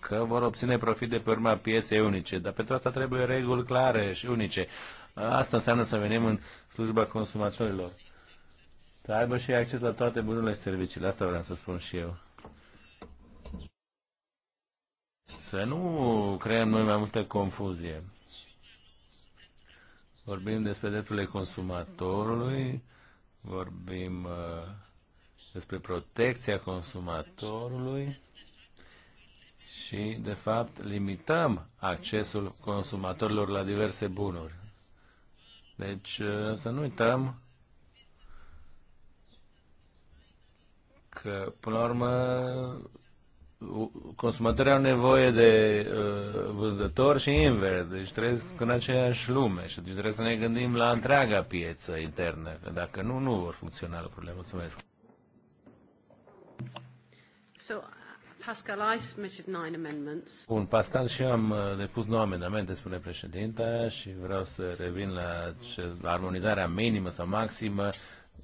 că vor obține profit de pe urma pieței unice, dar pentru asta trebuie reguli clare și unice. Asta înseamnă să venim în slujba consumatorilor. Să aibă și acces la toate bunurile și serviciile. Asta vreau să spun și eu. Să nu creăm noi mai multă confuzie. Vorbim despre drepturile consumatorului, vorbim uh, despre protecția consumatorului și, de fapt, limităm accesul consumatorilor la diverse bunuri. Deci, uh, să nu uităm că, până la urmă, consumatorii au nevoie de uh, vânzător și invers, deci trăiesc în aceeași lume și deci trebuie să ne gândim la întreaga pieță internă, dacă nu, nu vor funcționa lucrurile. Mulțumesc.
So, uh, Pascal, I submitted nine amendments.
Bun, Pascal, și eu am uh, depus nouă amendamente, spune președinta, și vreau să revin la, ce, la armonizarea minimă sau maximă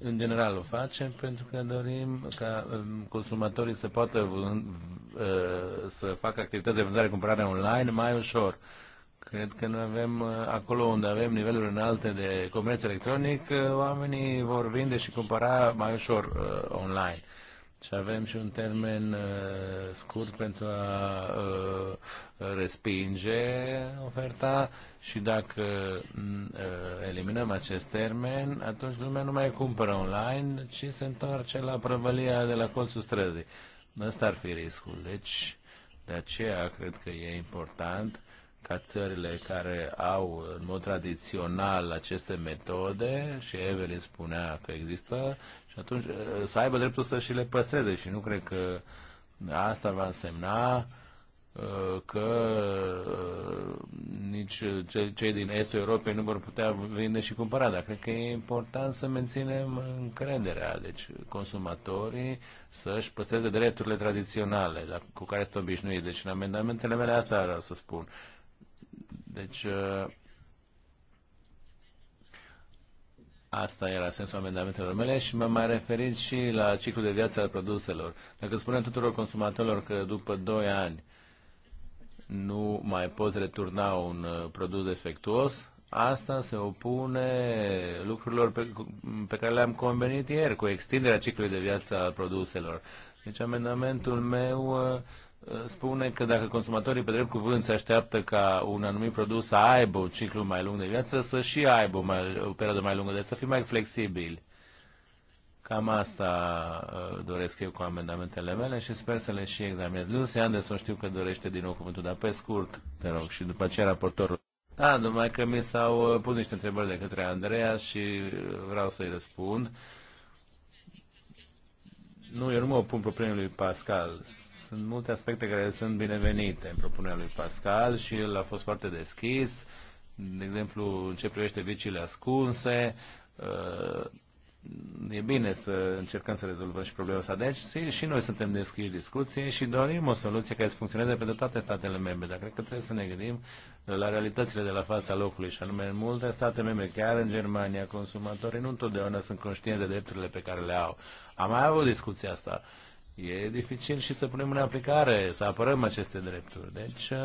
în general o facem pentru că dorim ca um, consumatorii să poată Uh, să facă activități de vânzare-cumpărare online mai ușor. Cred că noi avem, uh, acolo unde avem niveluri înalte de comerț electronic, uh, oamenii vor vinde și cumpăra mai ușor online. Și avem și un termen uh, scurt pentru a uh, respinge oferta și dacă mm, uh, eliminăm acest termen, atunci lumea nu mai cumpără online, ci se întoarce la prăvălia de la colțul străzii. Ăsta ar fi riscul. Deci, de aceea cred că e important ca țările care au în mod tradițional aceste metode, și Evelyn spunea că există, și atunci să aibă dreptul să și le păstreze și nu cred că asta va însemna Uh, că uh, nici cei din Estul Europei nu vor putea vinde și cumpăra, dar cred că e important să menținem încrederea, deci consumatorii să-și păstreze drepturile tradiționale cu care sunt obișnuiți. Deci în amendamentele mele asta vreau să spun. Deci uh, Asta era sensul amendamentelor mele și mă mai referit și la ciclul de viață al produselor. Dacă spunem tuturor consumatorilor că după 2 ani nu mai pot returna un uh, produs defectuos, asta se opune lucrurilor pe, pe care le-am convenit ieri cu extinderea ciclului de viață a produselor. Deci amendamentul meu uh, uh, spune că dacă consumatorii pe drept cuvânt se așteaptă ca un anumit produs să aibă un ciclu mai lung de viață, să și aibă o, mai, o perioadă mai lungă, de să fie mai flexibili. Cam asta uh, doresc eu cu amendamentele mele și sper să le și examinez. Lucy Anderson știu că dorește din nou cuvântul, dar pe scurt, te rog, și după aceea raportorul. Da, numai că mi s-au uh, pus niște întrebări de către Andreea și uh, vreau să-i răspund. Nu, eu nu mă opun propunerii lui Pascal. Sunt multe aspecte care sunt binevenite în propunerea lui Pascal și el a fost foarte deschis. De exemplu, în ce privește viciile ascunse, e bine să încercăm să rezolvăm și problema asta. Deci și noi suntem deschiși discuție și dorim o soluție care să funcționeze pentru toate statele membre. Dar cred că trebuie să ne gândim la realitățile de la fața locului și anume multe state membre, chiar în Germania, consumatorii nu întotdeauna sunt conștienți de drepturile pe care le au. Am mai avut discuția asta. E dificil și să punem în aplicare, să apărăm aceste drepturi. Deci, uh,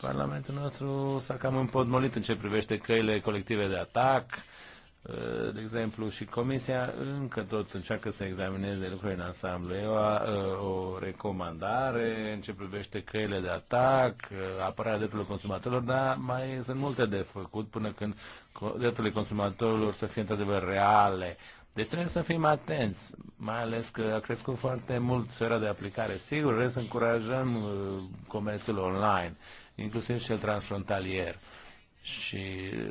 Parlamentul nostru s-a cam împodmolit în ce privește căile colective de atac, Eh, de exemplu, și Comisia încă tot încearcă să examineze lucrurile în ansamblu. E o, eh, o recomandare în ce privește căile de atac, eh, apărarea drepturilor consumatorilor, dar mai sunt multe de făcut până când drepturile consumatorilor să fie într-adevăr reale. Deci trebuie să fim atenți, mai ales că a crescut foarte mult sfera de aplicare. Sigur, trebuie să încurajăm comerțul online, inclusiv cel transfrontalier și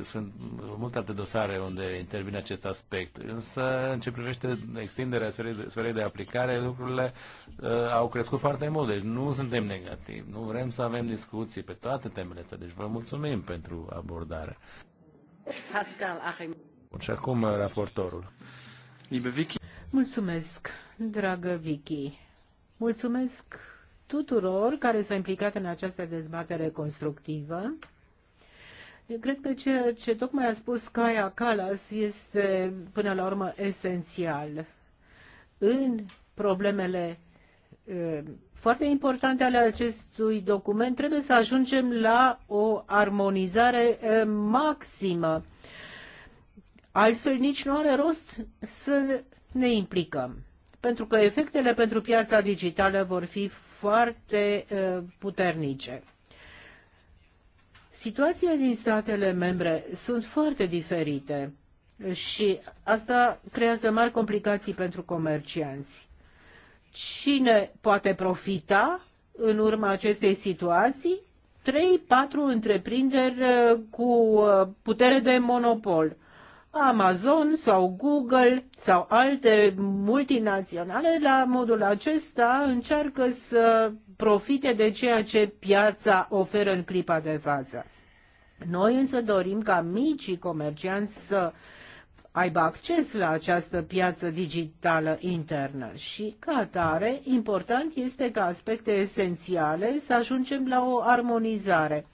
sunt multe alte dosare unde intervine acest aspect. Însă, în ce privește extinderea sferei de aplicare, lucrurile uh, au crescut foarte mult, deci nu suntem negativi. Nu vrem să avem discuții pe toate temele astea, deci vă mulțumim pentru abordare.
Pascal Achim.
Și acum uh, raportorul. Liebe Vicky.
Mulțumesc, dragă Vicky. Mulțumesc tuturor care s-au implicat în această dezbatere constructivă. Eu cred că ceea ce tocmai a spus Kaya Kalas este până la urmă esențial. În problemele foarte importante ale acestui document, trebuie să ajungem la o armonizare maximă. Altfel nici nu are rost să ne implicăm, pentru că efectele pentru piața digitală vor fi foarte puternice. Situațiile din statele membre sunt foarte diferite și asta creează mari complicații pentru comercianți. Cine poate profita în urma acestei situații? Trei, patru întreprinderi uh, cu uh, putere de monopol. Amazon sau Google sau alte multinaționale la modul acesta încearcă să profite de ceea ce piața oferă în clipa de față. Noi însă dorim ca micii comercianți să aibă acces la această piață digitală internă și, ca atare, important este ca aspecte esențiale să ajungem la o armonizare.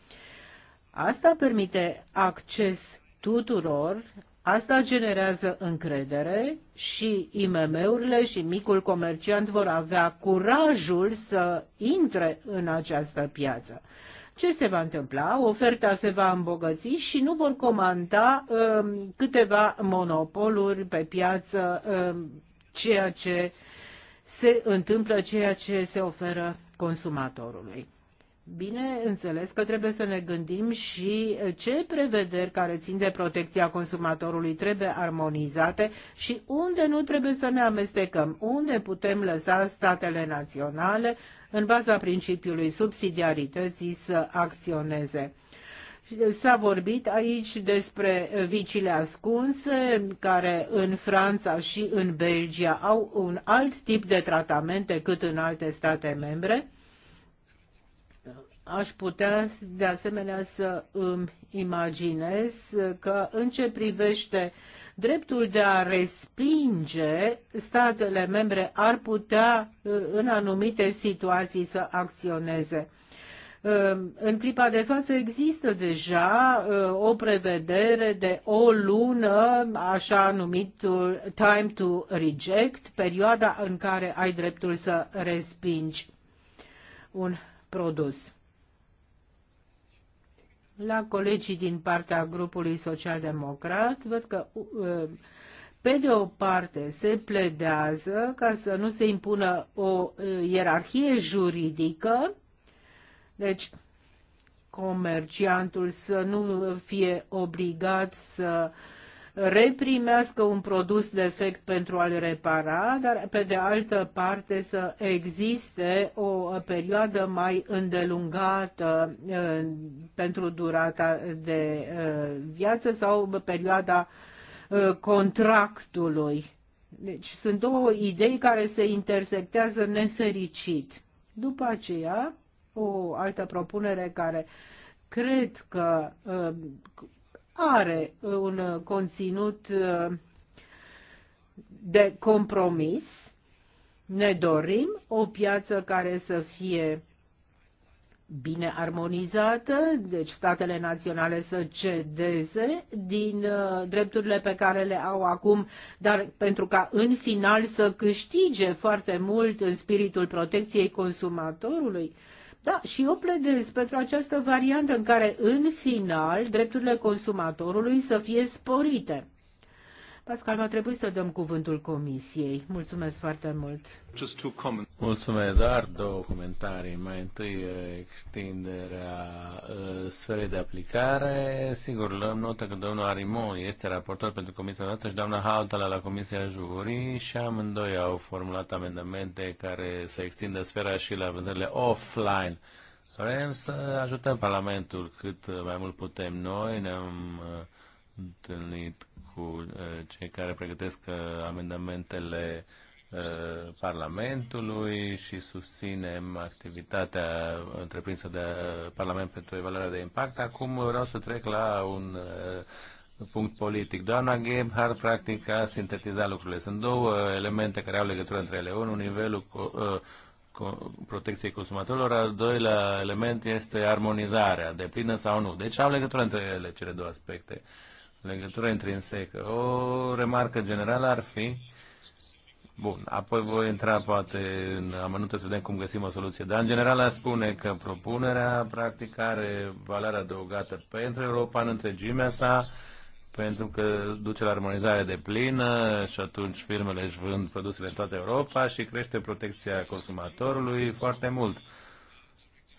Asta permite acces tuturor, asta generează încredere și IMM-urile și micul comerciant vor avea curajul să intre în această piață. Ce se va întâmpla? Oferta se va îmbogăți și nu vor comanda um, câteva monopoluri pe piață, um, ceea ce se întâmplă, ceea ce se oferă consumatorului. Bineînțeles că trebuie să ne gândim și ce prevederi care țin de protecția consumatorului trebuie armonizate și unde nu trebuie să ne amestecăm, unde putem lăsa statele naționale în baza principiului subsidiarității să acționeze. S-a vorbit aici despre vicile ascunse, care în Franța și în Belgia au un alt tip de tratament decât în alte state membre. Aș putea de asemenea să îmi imaginez că în ce privește uh, dreptul de a respinge statele membre ar putea uh, în anumite situații să acționeze. Uh, în clipa de față există deja uh, o prevedere de o lună, așa numitul time to reject, perioada în care ai dreptul să respingi un produs la colegii din partea grupului social-democrat. Văd că, uh, pe de o parte, se pledează ca să nu se impună o uh, ierarhie juridică, deci comerciantul să nu fie obligat să uh, reprimească un produs defect pentru a-l repara, dar pe de altă parte să existe o perioadă mai îndelungată pentru durata de viață sau perioada contractului. Deci sunt două idei care se intersectează nefericit. După aceea, o altă propunere care cred că are uh, un uh, conținut uh, de compromis. Ne dorim o piață care să fie bine armonizată, deci statele naționale să cedeze din drepturile pe care le au acum, dar pentru ca în final să câștige foarte mult în spiritul protecției consumatorului. Da, și eu pledez pentru această variantă în care, în final, drepturile consumatorului să fie sporite. Pascal, va trebui să dăm cuvântul comisiei. Mulțumesc foarte mult. Just two
Mulțumesc, dar două comentarii. Mai întâi, extinderea uh, sferei de aplicare. Sigur, luăm notă că domnul Arimo este raportor pentru comisia noastră și doamna Hautala la comisia jurii și amândoi au formulat amendamente care să extindă sfera și la vânzările offline. Vrem să ajutăm Parlamentul cât mai mult putem noi. Ne-am uh, întâlnit cu uh, cei care pregătesc uh, amendamentele uh, Parlamentului și susținem activitatea întreprinsă de Parlament pentru evaluarea de impact. Acum vreau să trec la un punct politic. Doamna Gebhardt, practic, a sintetizat lucrurile. Sunt două elemente care au legătură între ele. Unul, nivelul protecției consumatorilor, al doilea element este armonizarea, de plină sau nu. Deci au legătură între ele, cele două aspecte. Uh, legătura intrinsecă. O remarcă generală ar fi, bun, apoi voi intra poate în amănuntă să vedem cum găsim o soluție, dar în general a spune că propunerea practic are valoare adăugată pentru Europa în întregimea sa, pentru că duce la armonizare de plină și atunci firmele își vând produsele în toată Europa și crește protecția consumatorului foarte mult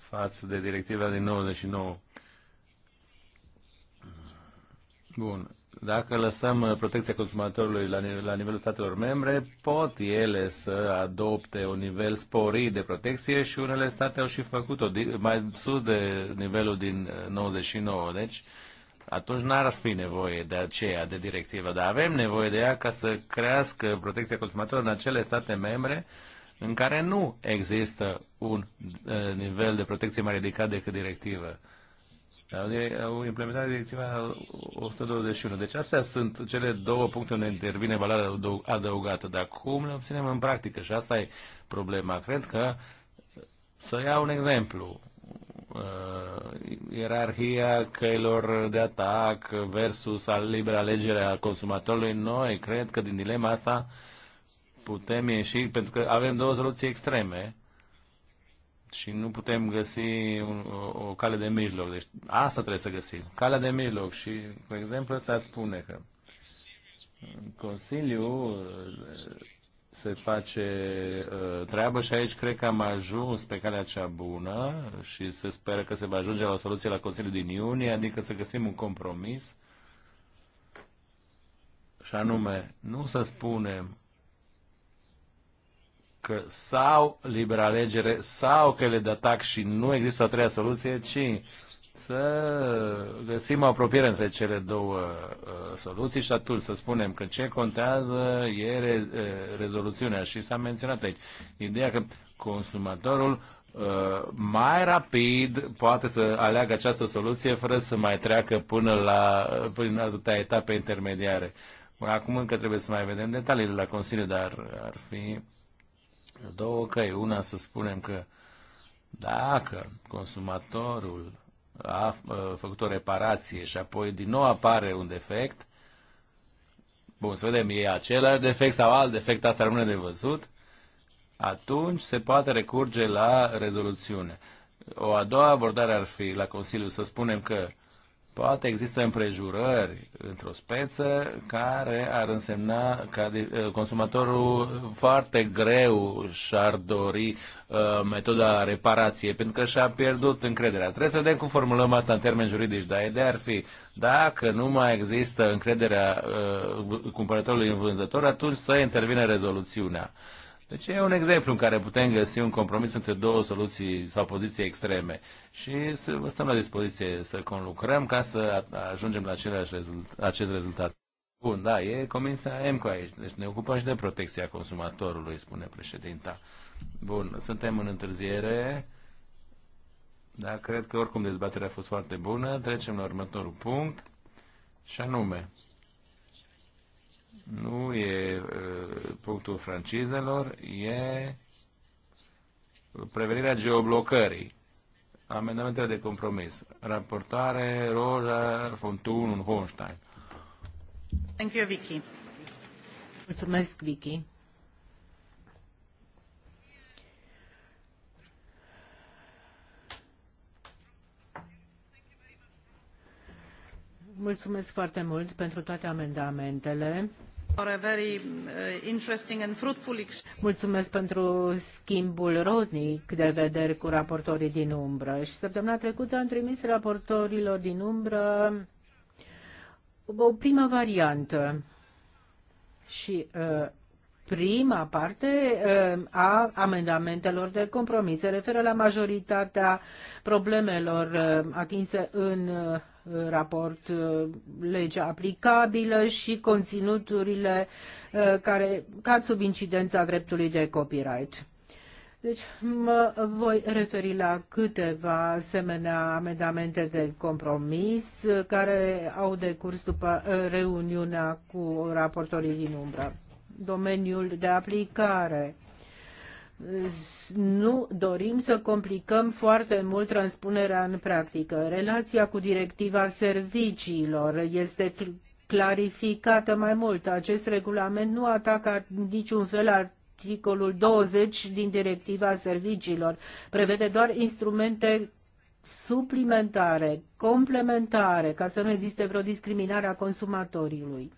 față de directiva din 99. Bun. Dacă lăsăm uh, protecția consumatorului la, nivel, la nivelul statelor membre, pot ele să adopte un nivel sporit de protecție și unele state au și făcut-o mai sus de nivelul din 99. Uh, deci, atunci n-ar fi nevoie de aceea, de directivă, dar avem nevoie de ea ca să crească protecția consumatorilor în acele state membre în care nu există un uh, nivel de protecție mai ridicat decât directivă au implementat directiva 121. Deci astea sunt cele două puncte unde intervine valoarea adăugată. Dar cum le obținem în practică? Și asta e problema. Cred că, să iau un exemplu, uh, ierarhia căilor de atac versus libera alegere a consumatorului, noi cred că din dilema asta putem ieși, pentru că avem două soluții extreme și nu putem găsi un, o, o cale de mijloc. Deci asta trebuie să găsim, calea de mijloc. Și, de exemplu, ăsta spune că Consiliul uh, se face uh, treabă și aici cred că am ajuns pe calea cea bună și se speră că se va ajunge la o soluție la Consiliul din iunie, adică să găsim un compromis și anume, nu să spunem că sau libera alegere sau le de tax și nu există a treia soluție, ci să găsim apropiere între cele două uh, soluții și atunci să spunem că ce contează e re, uh, rezoluțiunea și s-a menționat aici ideea că consumatorul uh, mai rapid poate să aleagă această soluție fără să mai treacă până la uh, prin atâtea etape intermediare. Acum încă trebuie să mai vedem detaliile la Consiliu, dar ar fi două căi. Una să spunem că dacă consumatorul a făcut o reparație și apoi din nou apare un defect, bun, să vedem, e același defect sau alt defect, asta rămâne de văzut, atunci se poate recurge la rezoluțiune. O a doua abordare ar fi la Consiliu să spunem că Poate există împrejurări într-o speță care ar însemna că uh, consumatorul foarte greu și-ar dori uh, metoda reparației pentru că și-a pierdut încrederea. Trebuie să vedem cum formulăm asta în termeni juridici, dar ideea ar fi dacă nu mai există încrederea uh, cumpărătorului în vânzător, atunci să intervine rezoluțiunea. Uh, deci e un exemplu în care putem găsi un compromis între două soluții sau poziții extreme și să vă stăm la dispoziție să conlucrăm ca să ajungem la rezultat, acest rezultat. Bun, da, e comisia MCO aici, deci ne ocupăm și de protecția consumatorului, spune președinta. Bun, suntem în întârziere, Da, cred că oricum dezbaterea a fost foarte bună. Trecem la următorul punct, și anume nu e punctul francizelor, e prevenirea geoblocării. Amendamentele de compromis. Raportare Roja Fontun Hohenstein.
Thank you, Vicky. Mulțumesc, Vicky. Mulțumesc foarte mult pentru toate amendamentele.
Uh,
Mulțumesc pentru schimbul rodnic de vederi cu raportorii din umbră. Și săptămâna trecută am trimis raportorilor din umbră o primă variantă. Și uh, prima parte uh, a amendamentelor de compromis se referă la majoritatea problemelor uh, atinse în uh, raport, uh, legea aplicabilă și conținuturile uh, care cad sub incidența dreptului de copyright. Deci mă voi referi la câteva asemenea amendamente de compromis uh, care au decurs după reuniunea cu raportorii din umbră. Domeniul de aplicare nu dorim să complicăm foarte mult transpunerea în practică. Relația cu directiva serviciilor este clarificată mai mult. Acest regulament nu atacă niciun fel articolul 20 din directiva serviciilor. Prevede doar instrumente suplimentare, complementare, ca să nu existe vreo discriminare a consumatorului.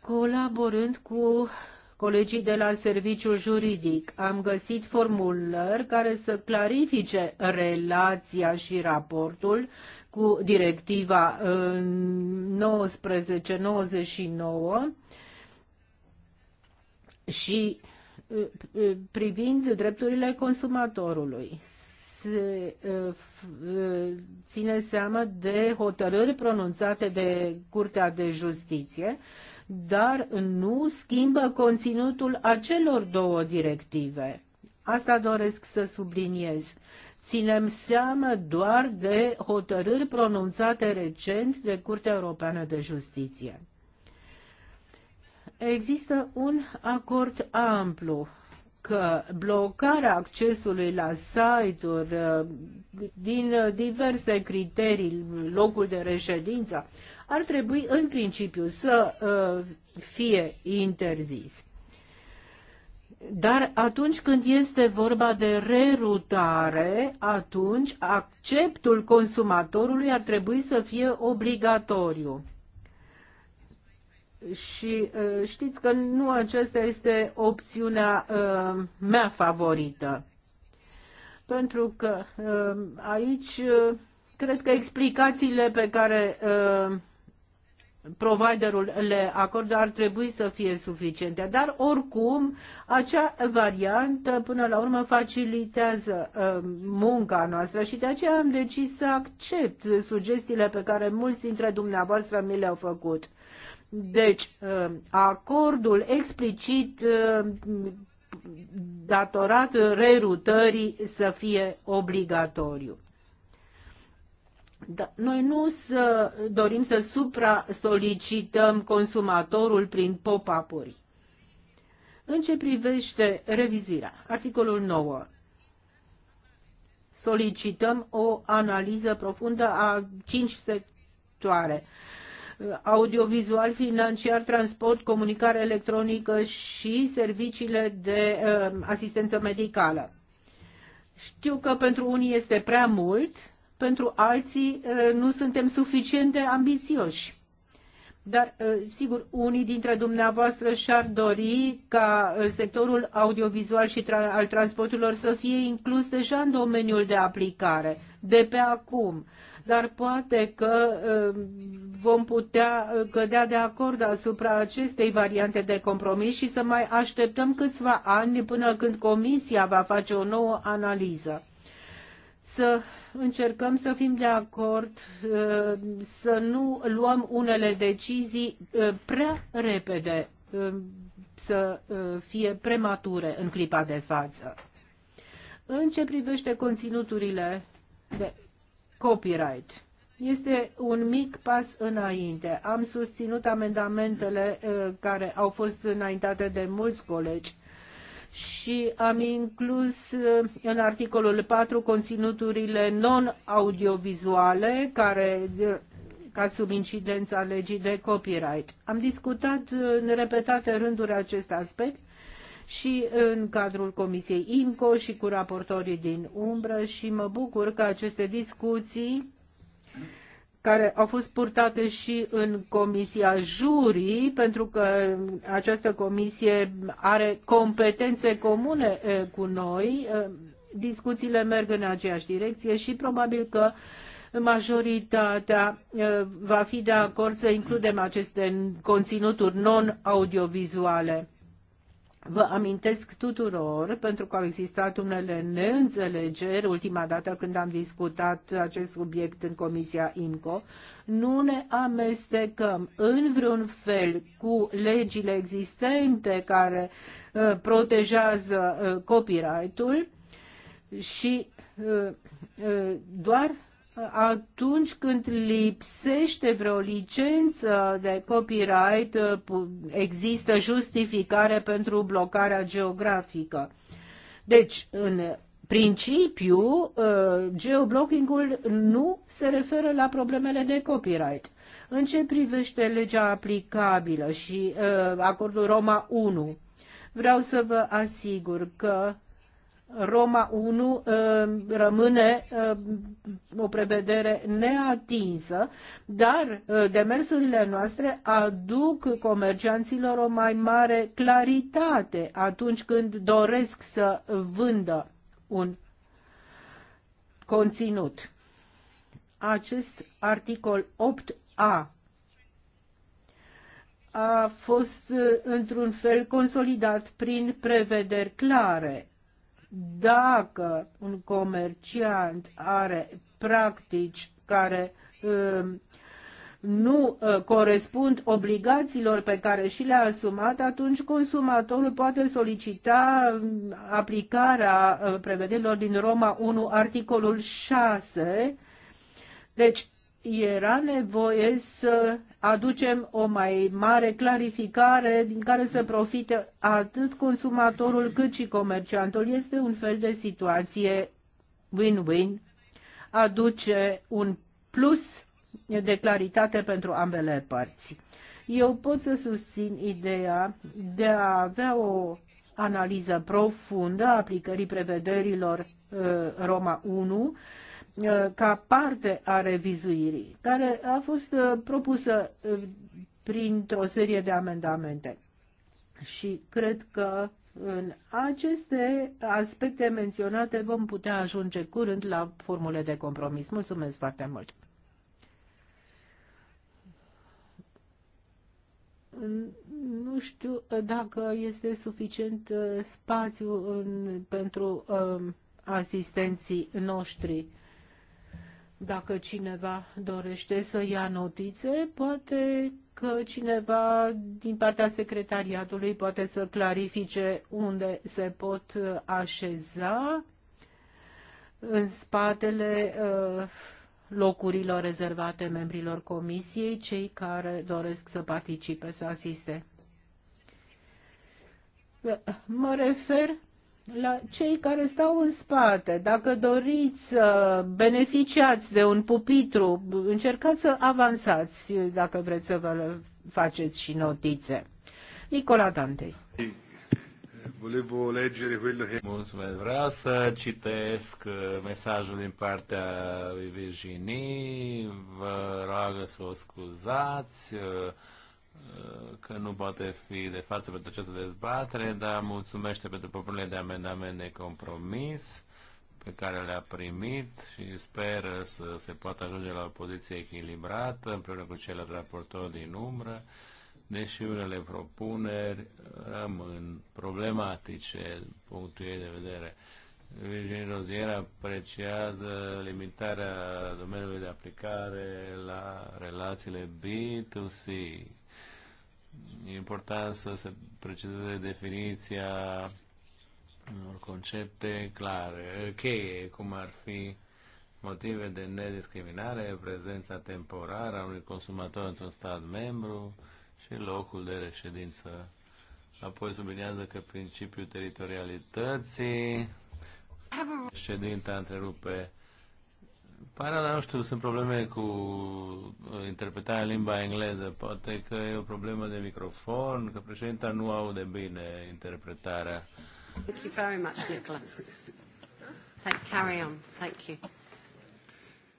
Colaborând cu colegii de la serviciul juridic. Am găsit formulări care să clarifice relația și raportul cu directiva 1999 uh, și uh, uh, privind drepturile consumatorului se ține seama de hotărâri pronunțate de Curtea de Justiție dar nu schimbă conținutul acelor două directive. Asta doresc să subliniez. Ținem seamă doar de hotărâri pronunțate recent de Curtea Europeană de Justiție. Există un acord amplu că blocarea accesului la site-uri uh, din diverse criterii, locul de reședință, ar trebui în principiu să uh, fie interzis. Dar atunci când este vorba de rerutare, atunci acceptul consumatorului ar trebui să fie obligatoriu. Și uh, știți că nu aceasta este opțiunea uh, mea favorită. Pentru că aici cred că explicațiile pe care providerul le acordă ar trebui să fie suficiente. Dar oricum, acea variantă până la urmă facilitează uh, munca noastră și de aceea am decis să accept sugestiile pe care mulți dintre dumneavoastră mi le-au făcut. Deci, uh, acordul explicit uh, datorat rerutării să fie obligatoriu. Da, noi nu să dorim să supra-solicităm consumatorul prin pop-up-uri. În ce privește revizuirea, articolul 9, solicităm o analiză profundă a cinci sectoare audiovizual, financiar, transport, comunicare electronică și serviciile de uh, asistență medicală. Știu că pentru unii este prea mult, pentru alții uh, nu suntem suficient de ambițioși. Dar, uh, sigur, unii dintre dumneavoastră și-ar dori ca uh, sectorul audiovizual și tra- al transporturilor să fie inclus deja în domeniul de aplicare, de pe acum. Dar poate că vom putea cădea de acord asupra acestei variante de compromis și să mai așteptăm câțiva ani până când Comisia va face o nouă analiză. Să încercăm să fim de acord uh, să nu luăm unele decizii uh, prea repede, uh, să fie premature în clipa de față. În ce privește conținuturile de copyright, este un mic pas înainte. Am susținut amendamentele care au fost înaintate de mulți colegi și am inclus uh, în articolul 4 conținuturile non-audiovizuale care uh, ca sub incidența legii de copyright. Am discutat uh, în repetate rânduri acest aspect și în cadrul Comisiei IMCO și cu raportorii din umbră și mă bucur că aceste discuții care au fost purtate și în comisia jurii, pentru că această comisie are competențe comune cu noi. Discuțiile merg în aceeași direcție și probabil că majoritatea va fi de acord să includem aceste conținuturi non-audiovizuale. Vă amintesc tuturor, pentru că au existat unele neînțelegeri ultima dată când am discutat acest subiect în Comisia IMCO, nu ne amestecăm în vreun fel cu legile existente care uh, protejează uh, copyright-ul și uh, uh, doar atunci când lipsește vreo licență de copyright, există justificare pentru blocarea geografică. Deci, în principiu, uh, geoblockingul nu se referă la problemele de copyright. În ce privește legea aplicabilă și uh, acordul Roma 1, vreau să vă asigur că Roma 1 ă, rămâne ă, o prevedere neatinsă, dar ă, demersurile noastre aduc comercianților o mai mare claritate atunci când doresc să vândă un conținut. Acest articol 8a a fost într-un fel consolidat prin prevederi clare dacă un comerciant are practici care um, nu uh, corespund obligațiilor pe care și le-a asumat, atunci consumatorul poate solicita um, aplicarea uh, prevederilor din Roma 1, articolul 6. Deci, era nevoie să aducem o mai mare clarificare din care să profite atât consumatorul cât și comerciantul. Este un fel de situație win-win, aduce un plus de claritate pentru ambele părți. Eu pot să susțin ideea de a avea o analiză profundă a aplicării prevederilor uh, Roma 1 Uh, ca parte a revizuirii, care a fost uh, propusă uh, printr-o serie de amendamente. Și cred că în aceste aspecte menționate vom putea ajunge curând la formule de compromis. Mulțumesc foarte mult! Nu știu dacă este suficient spațiu în, pentru um, asistenții noștri. Dacă cineva dorește să ia notițe, poate că cineva din partea secretariatului poate să clarifice unde se pot uh, așeza în spatele uh, locurilor rezervate membrilor comisiei, cei care doresc să participe, să asiste. Mă refer la cei care stau în spate, dacă doriți să beneficiați de un pupitru, încercați să avansați dacă vreți să vă faceți și notițe. Nicola Dantei. Volevo leggere
quello che... Mulțumesc. Vreau să citesc uh, mesajul din partea lui Virginie. Vă rog să o scuzați. Uh, că nu poate fi de față pentru această dezbatere, dar mulțumește pentru propunerile de amendament de compromis pe care le-a primit și sper să se poată ajunge la o poziție echilibrată împreună cu celălalt raportori din umbră, deși unele propuneri rămân problematice, punctul ei de vedere. Virgin Rozier apreciază limitarea domeniului de aplicare la relațiile B2C, E important să se precizeze definiția unor concepte clare, cheie, cum ar fi motive de nediscriminare, prezența temporară a unui consumator într-un stat membru și locul de reședință. Apoi sublinează că principiul teritorialității, ședinta întrerupe Parada, nu știu, sunt probleme cu uh, interpretarea în limba engleză. Poate că e o problemă de microfon, că președinta nu aude bine interpretarea.
Thank you very much, Nicola. Thank, carry on. Thank you.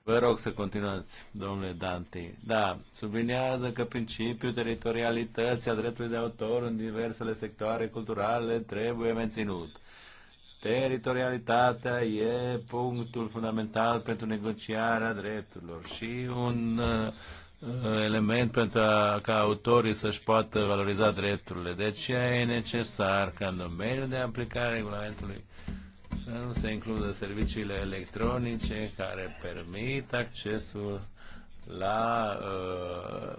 Vă rog să continuați, domnule Dante. Da, sublinează că principiul teritorialității a dreptului de autor în diversele sectoare culturale trebuie menținut. Teritorialitatea e punctul fundamental pentru negociarea drepturilor și un uh, element pentru a, ca autorii să-și poată valoriza drepturile. De deci ce e necesar ca în domeniul de aplicare a regulamentului să nu se includă serviciile electronice care permit accesul la uh,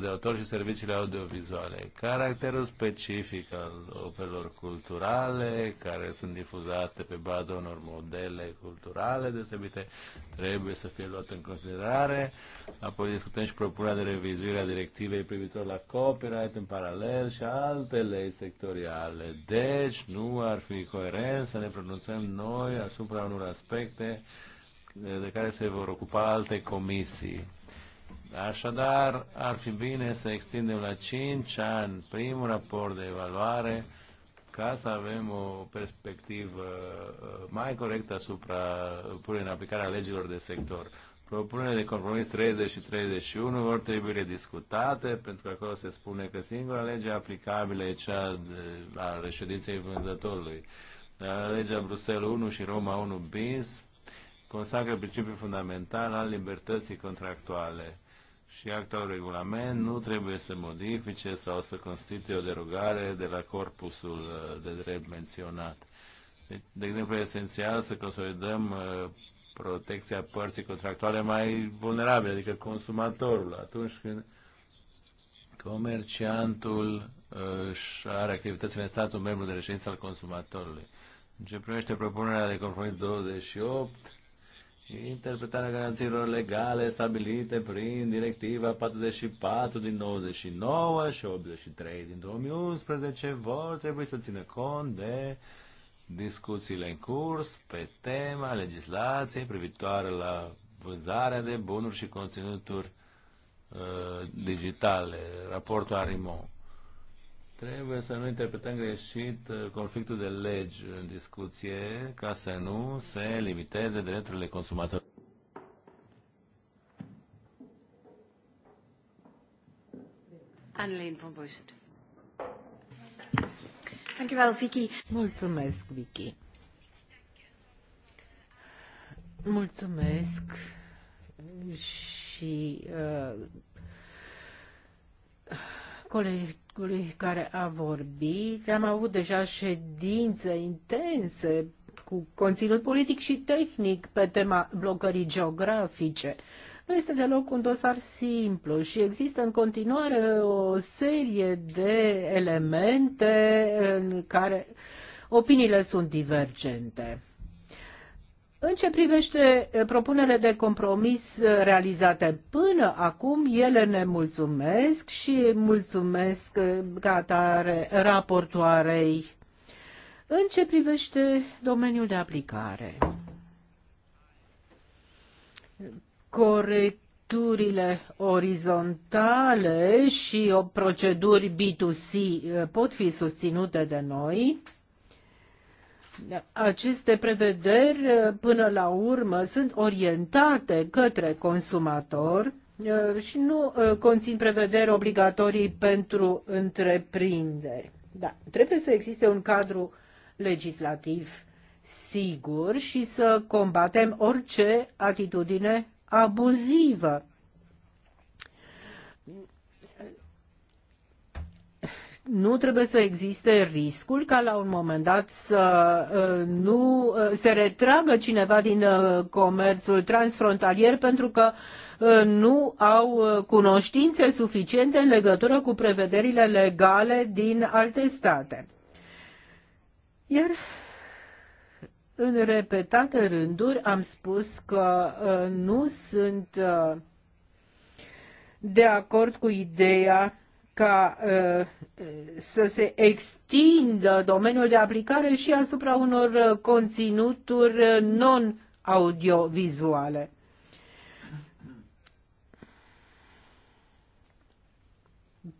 de autor și serviciile audiovizuale. Caracterul specific al operelor culturale, care sunt difuzate pe baza unor modele culturale deosebite, trebuie să fie luat în considerare. Apoi discutăm și propunerea de revizuire a directivei privitor la copyright în paralel și alte lei sectoriale. Deci nu ar fi coerent să ne pronunțăm noi asupra unor aspecte uh, de care se vor ocupa alte comisii. Așadar, ar fi bine să extindem la 5 ani primul raport de evaluare ca să avem o perspectivă uh, mai corectă asupra punerii în aplicare a legilor de sector. Propunerile de compromis 30 și 31 vor trebui rediscutate, pentru că acolo se spune că singura lege aplicabilă e cea de, a reședinței vânzătorului. legea Bruxelles 1 și Roma 1 bis consacră principiul fundamental al libertății contractuale și actul regulament nu trebuie să modifice sau să constituie o derogare de la corpusul uh, de drept menționat. Deci, de exemplu, e esențial să consolidăm uh, protecția părții contractuale mai vulnerabile, adică consumatorul, atunci când comerciantul își uh, are activități în statul membru de reședință al consumatorului. În ce privește propunerea de compromis 28, interpretarea garanțiilor legale stabilite prin Directiva 44 din 99 și 83 din 2011 vor trebui să țină cont de discuțiile în curs pe tema legislației privitoare la vânzarea de bunuri și conținuturi uh, digitale, raportul Arimon. Trebuie să nu interpretăm greșit uh, conflictul de legi în discuție ca să nu se limiteze drepturile consumatorilor.
Anlene von
Vicky. Mulțumesc, Vicky. Mulțumesc și uh, colegului care a vorbit. Am avut deja ședințe intense cu conținut politic și tehnic pe tema blocării geografice. Nu este deloc un dosar simplu și există în continuare o serie de elemente în care opiniile sunt divergente. În ce privește propunerile de compromis realizate până acum, ele ne mulțumesc și mulțumesc ca atare raportoarei. În ce privește domeniul de aplicare, corecturile orizontale și o proceduri B2C pot fi susținute de noi aceste prevederi eh, până la urmă sunt orientate către consumator eh, și nu eh, conțin prevederi obligatorii pentru întreprinderi. Da, trebuie să existe un cadru legislativ sigur și să combatem orice atitudine abuzivă nu trebuie să existe riscul ca la un moment dat să uh, nu uh, se retragă cineva din uh, comerțul transfrontalier pentru că nu au cunoștințe suficiente în legătură cu prevederile legale din alte state. Iar în repetate rânduri am spus că nu sunt de acord cu ideea ca uh, să se extindă domeniul de aplicare și asupra unor uh, conținuturi uh, non-audiovizuale.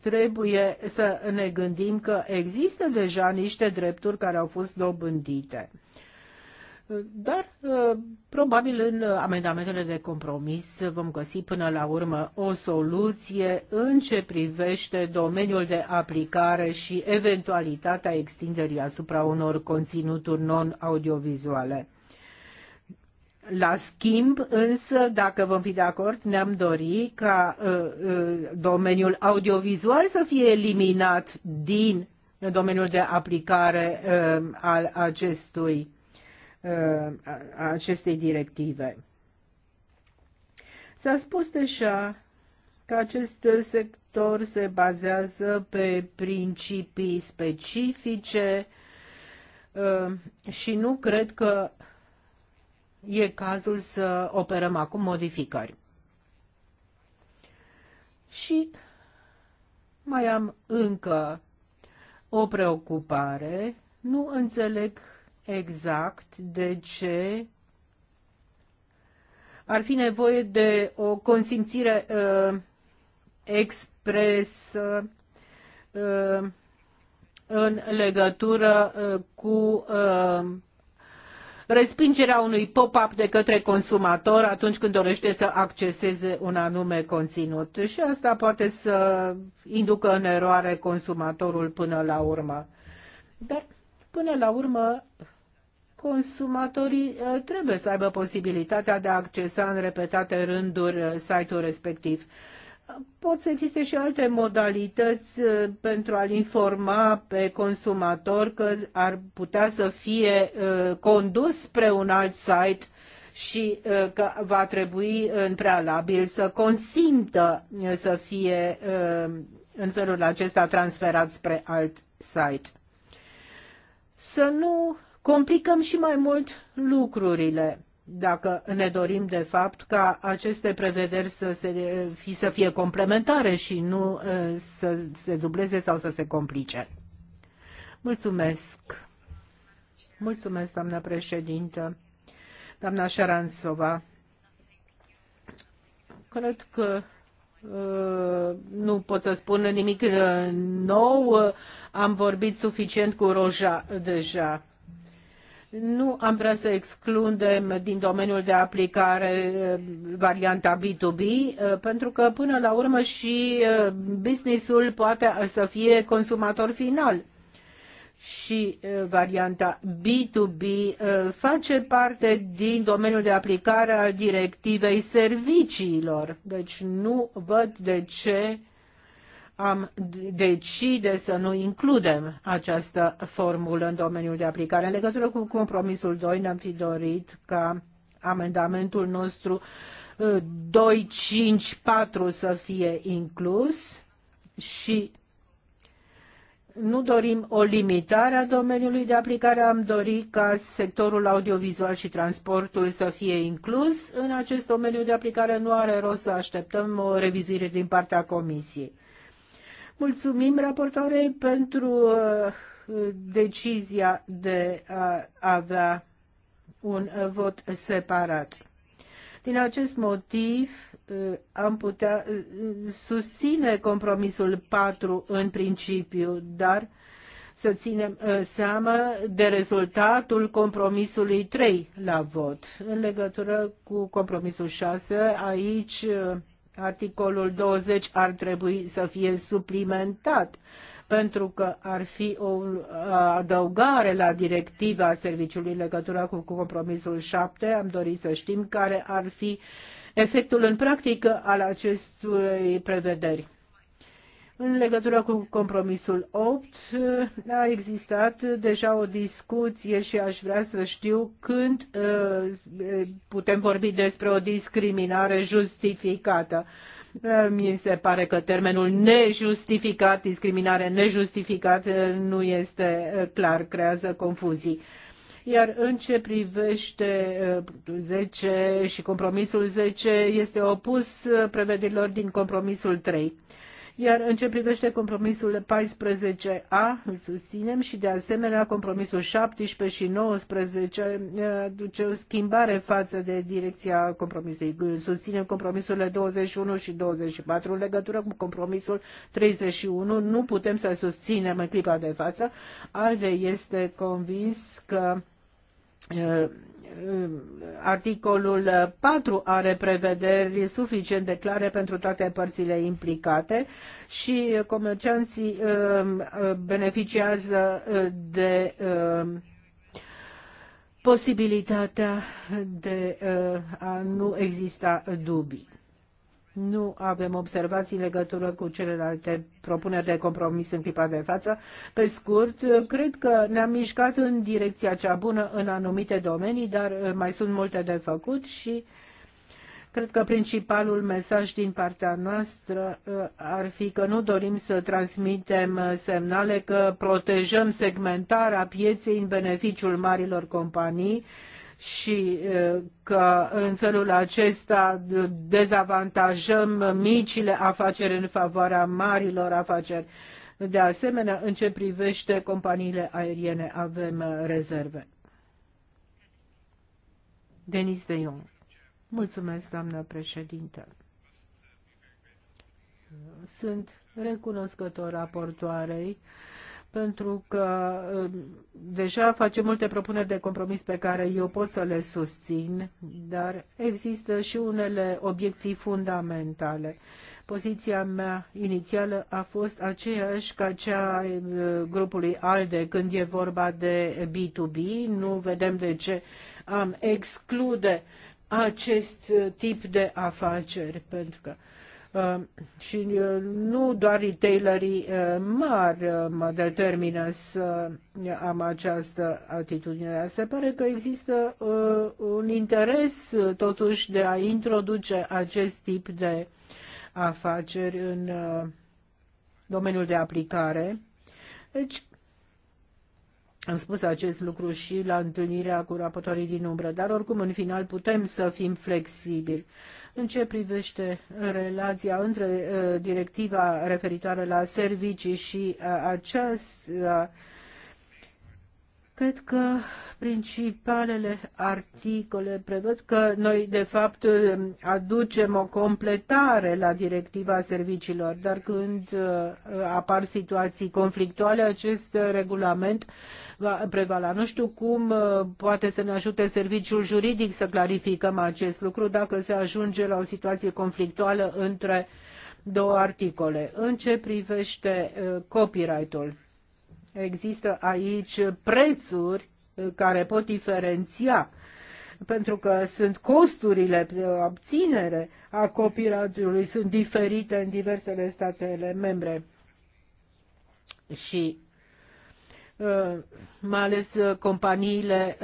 Trebuie să ne gândim că există deja niște drepturi care au fost dobândite. Dar uh, probabil în amendamentele de compromis vom găsi până la urmă o soluție în ce privește domeniul de aplicare și eventualitatea extinderii asupra unor conținuturi non-audiovizuale. La schimb, însă, dacă vom fi de acord, ne-am dori ca uh, uh, domeniul audiovizual să fie eliminat din domeniul de aplicare uh, al acestui Uh, a acestei directive. S-a spus deja că acest sector se bazează pe principii specifice uh, și nu cred că e cazul să operăm acum modificări. Și mai am încă o preocupare. Nu înțeleg exact de ce ar fi nevoie de o consimțire uh, expresă uh, în legătură uh, cu uh, respingerea unui pop-up de către consumator atunci când dorește să acceseze un anume conținut. Și asta poate să inducă în eroare consumatorul până la urmă. Dar Până la urmă, consumatorii uh, trebuie să aibă posibilitatea de a accesa în repetate rânduri uh, site-ul respectiv. Pot să existe și alte modalități uh, pentru a-l informa pe consumator că ar putea să fie condus spre un alt site și că va trebui în prealabil să consimtă să fie în felul acesta transferat spre alt site să nu complicăm și mai mult lucrurile dacă ne dorim de fapt ca aceste prevederi să, se, să fie complementare și nu să se dubleze sau să se complice. Mulțumesc. Mulțumesc, doamna președintă. Doamna Șaranțova, cred că Uh, nu pot să spun nimic uh, nou, uh, am vorbit suficient cu Roja deja. Nu am vrea să excludem din domeniul de aplicare varianta B2B, pentru că până la urmă și businessul poate să fie consumator final și varianta B2B face parte din domeniul de aplicare al directivei serviciilor. Deci nu văd de ce am decide să nu includem această formulă în domeniul de aplicare. În legătură cu compromisul 2 ne-am fi dorit ca amendamentul nostru 254 să fie inclus și nu dorim o limitare a domeniului de aplicare, am dorit ca sectorul audiovizual și transportul să fie inclus în acest domeniu de aplicare. Nu are rost să așteptăm o revizuire din partea Comisiei. Mulțumim raportoarei pentru uh, decizia de a avea un vot separat. Din acest motiv uh, am putea uh, susține compromisul 4 în principiu, dar să ținem uh, seama de rezultatul compromisului 3 la vot. În legătură cu compromisul 6, aici articolul 20 ar trebui să fie suplimentat pentru că ar fi o adăugare la directiva serviciului în legătură cu compromisul 7. Am dorit să știm care ar fi efectul în practică al acestui prevederi. În legătură cu compromisul 8, a existat deja o discuție și aș vrea să știu când putem vorbi despre o discriminare justificată. Eh, mi se pare că termenul nejustificat, discriminare nejustificată, nu este eh, clar, creează confuzii. Iar în ce privește 10 eh, și compromisul 10 este opus prevederilor din compromisul 3. Iar în ce privește compromisul 14A, îl susținem și de asemenea compromisul 17 și 19 eh, duce o schimbare față de direcția compromisului. Susținem compromisurile 21 și 24 în legătură cu compromisul 31. Nu putem să susținem în clipa de față. Alde este convins că Uh, articolul 4 are prevederi suficient de clare pentru toate părțile implicate și comercianții uh, uh, beneficiază de posibilitatea de a nu exista dubii nu avem observații în legătură cu celelalte propuneri de compromis în clipa de față. Pe scurt, cred că ne-am mișcat în direcția cea bună în anumite domenii, dar eh, mai sunt multe de făcut și cred că principalul mesaj din partea noastră eh, ar fi că nu dorim să transmitem eh, semnale că protejăm segmentarea pieței în beneficiul marilor companii, și că în felul acesta dezavantajăm micile afaceri în favoarea marilor afaceri. De asemenea, în ce privește companiile aeriene, avem rezerve. Denis de Jong. Mulțumesc, doamnă președinte. Sunt recunoscător raportoarei pentru că uh, deja face multe propuneri de compromis pe care eu pot să le susțin, dar există și unele obiecții fundamentale. Poziția mea inițială a fost aceeași ca cea a uh, grupului ALDE când e vorba de B2B. Nu vedem de ce am exclude acest uh, tip de afaceri, pentru că uh, Uh, și uh, nu doar retailerii uh, mari mă determină să am această atitudine. Se pare că există un interes totuși de a introduce acest tip de afaceri în domeniul de aplicare. Deci, am spus acest lucru și la întâlnirea cu raportorii din umbră, dar oricum în final putem să fim flexibili. În ce privește uh, relația între uh, directiva referitoare la servicii și uh, această Cred că principalele articole prevăd că noi, de fapt, aducem o completare la directiva serviciilor, dar când uh, apar situații conflictuale, acest regulament va prevala. Nu știu cum uh, poate să ne ajute serviciul juridic să clarificăm acest lucru dacă se ajunge la o situație conflictuală între două articole. În ce privește uh, copyright-ul? Există aici prețuri uh, care pot diferenția pentru că sunt costurile de obținere a copyright-ului sunt diferite în diversele statele membre. Și uh, mai ales uh, companiile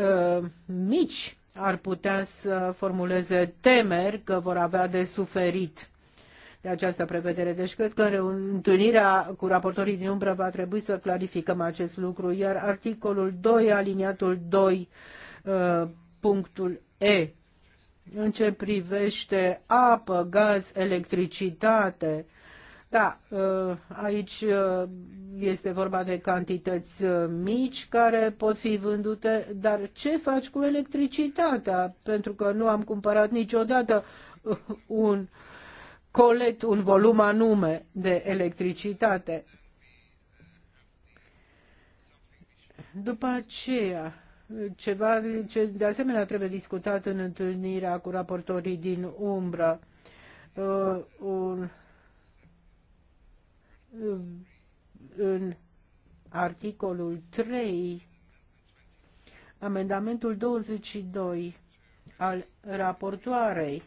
mici ar putea să formuleze temeri că vor avea de suferit de această prevedere. Deci cred că în întâlnirea cu raportorii din umbră va trebui să clarificăm acest lucru, iar articolul 2, aliniatul 2, uh, punctul E, în ce privește apă, gaz, electricitate, da, uh, aici uh, este vorba de cantități mici care pot fi vândute, dar ce faci cu electricitatea? Pentru că nu am cumpărat niciodată un uh, colet un volum anume de electricitate. După aceea, ceva ce de asemenea trebuie discutat în întâlnirea cu raportorii din umbră, uh, un, uh, în articolul 3, amendamentul 22 al raportoarei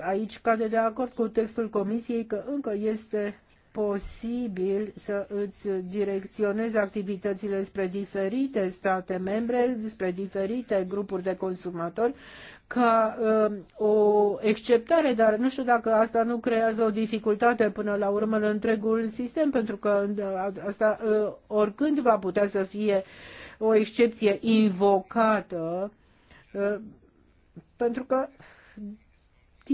aici cade de acord cu textul Comisiei că încă este posibil să îți direcționezi activitățile spre diferite state membre, spre diferite grupuri de consumatori, ca uh, o exceptare, dar nu știu dacă asta nu creează o dificultate până la urmă în întregul sistem, pentru că uh, asta uh, oricând va putea să fie o excepție invocată, uh, pentru că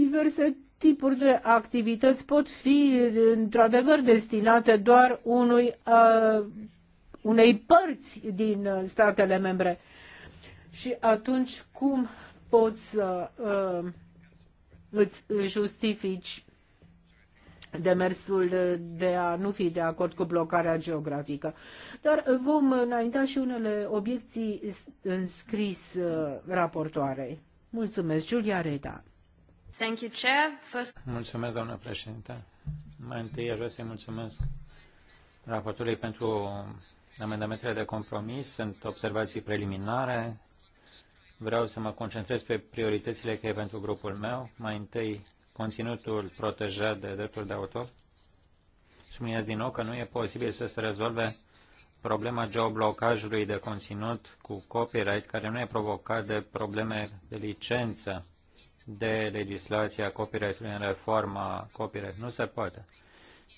diverse tipuri de activități pot fi într-adevăr destinate doar unui, uh, unei părți din uh, statele membre. Și atunci cum poți să uh, îți justifici demersul de a nu fi de acord cu blocarea geografică. Dar vom înainta și unele obiecții înscris uh, raportoarei. Mulțumesc, Giulia Reda.
Mulțumesc, Mai întâi vrea să-i mulțumesc raportului pentru amendamentele de compromis. Sunt observații preliminare. Vreau să mă concentrez pe prioritățile care pentru grupul meu. Mai întâi, conținutul protejat de dreptul de autor. Subliniez din nou că nu e posibil să se rezolve problema geoblocajului de conținut cu copyright, care nu e provocat de probleme de licență de legislația copyright în reforma copyright. Nu se poate.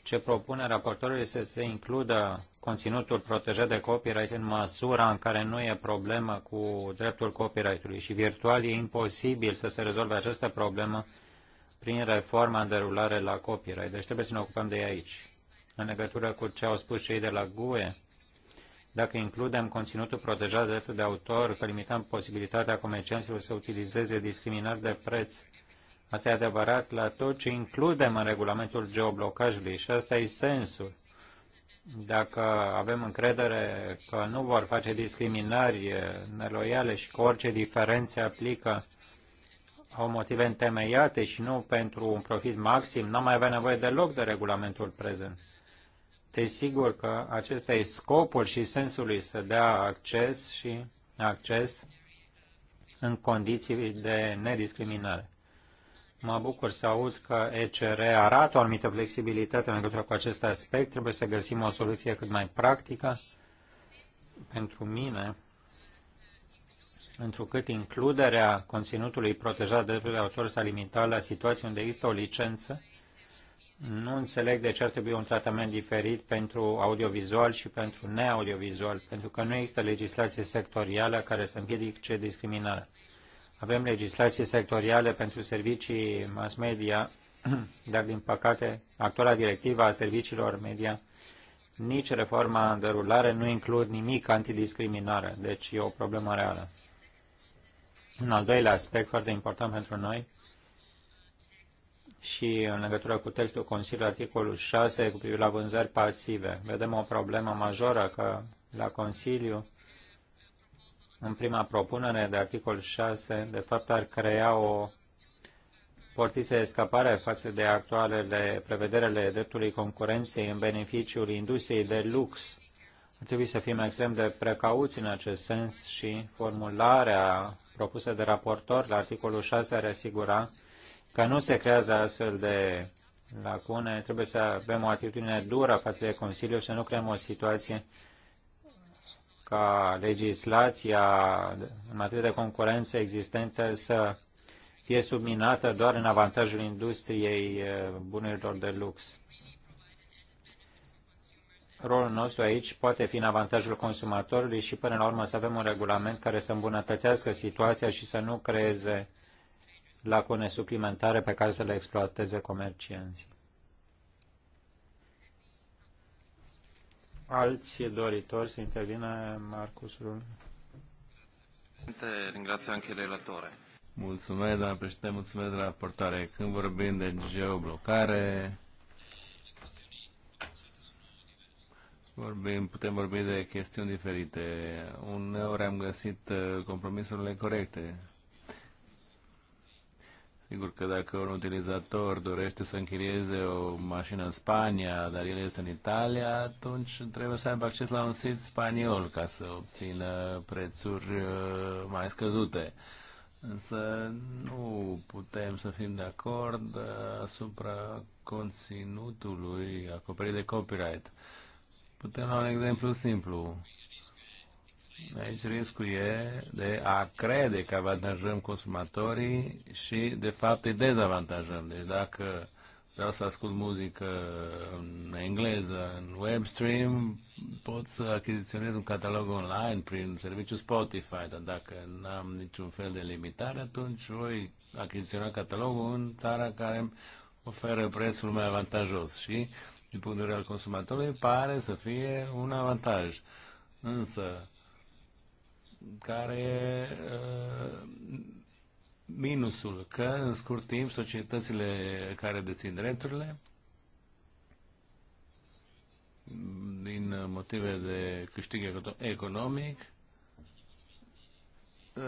Ce propune raportorul este să se includă conținutul protejat de copyright în măsura în care nu e problemă cu dreptul copyright-ului și virtual e imposibil să se rezolve această problemă prin reforma în derulare la copyright. Deci trebuie să ne ocupăm de ea aici. În legătură cu ce au spus cei de la GUE, dacă includem conținutul protejat de dreptul de autor, că limităm posibilitatea comercianților să utilizeze discriminați de preț, asta e adevărat la tot ce includem în regulamentul geoblocajului și asta e sensul. Dacă avem încredere că nu vor face discriminări neloiale și că orice diferențe aplică au motive întemeiate și nu pentru un profit maxim, n-am mai avea nevoie deloc de regulamentul prezent. Desigur că acesta e scopul și sensul lui să dea acces și acces în condiții de nediscriminare. Mă bucur să aud că ECR arată o anumită flexibilitate în legătură cu acest aspect. Trebuie să găsim o soluție cât mai practică pentru mine, întrucât includerea conținutului protejat de drepturi de autor s-a limitat la situații unde există o licență nu înțeleg de ce ar trebui un tratament diferit pentru audiovizual și pentru neaudiovizual, pentru că nu există legislație sectorială care să împiedice discriminarea. Avem legislație sectorială pentru servicii mass media, dar din păcate actuala directivă a serviciilor media, nici reforma în derulare nu includ nimic antidiscriminare, deci e o problemă reală. Un al doilea aspect foarte important pentru noi și în legătură cu textul Consiliului articolul 6 cu privire la vânzări pasive. Vedem o problemă majoră că la Consiliu, în prima propunere de articol 6, de fapt ar crea o portiță de scăpare față de actualele prevederele dreptului concurenței în beneficiul industriei de lux. Ar trebui să fim extrem de precauți în acest sens și formularea propusă de raportor la articolul 6 ar asigura că nu se creează astfel de lacune, trebuie să avem o atitudine dură față de Consiliu și să nu creăm o situație ca legislația în materie de concurență existentă să fie subminată doar în avantajul industriei eh, bunurilor de lux. Rolul nostru aici poate fi în avantajul consumatorului și până la urmă să avem un regulament care să îmbunătățească situația și să nu creeze lacune suplimentare pe care să le exploateze comercienții. Alți doritori să intervină, Marcus Rul. Ringrazio anche relatore.
Mulțumesc, doamna președinte, mulțumesc de la raportare. Când vorbim de geoblocare, vorbim, putem vorbi de chestiuni diferite. Uneori am găsit uh, compromisurile corecte Sigur că dacă un utilizator dorește să închirieze o mașină în Spania, dar el este în Italia, atunci trebuie să aibă acces la un sit spaniol ca să obțină prețuri uh, mai scăzute. Însă nu putem să fim de acord uh, asupra conținutului acoperit de copyright. Putem lua un exemplu simplu. Aici riscul e de a crede că avantajăm consumatorii și de fapt îi dezavantajăm. Deci dacă vreau să ascult muzică în engleză, în webstream, pot să achiziționez un catalog online prin serviciul Spotify, dar dacă nu am niciun fel de limitare, atunci voi achiziționa catalogul în țara care îmi oferă prețul mai avantajos și, din punct de vedere al consumatorului, pare să fie un avantaj. Însă, care e uh, minusul, că în scurt timp societățile care dețin drepturile din motive de câștig economic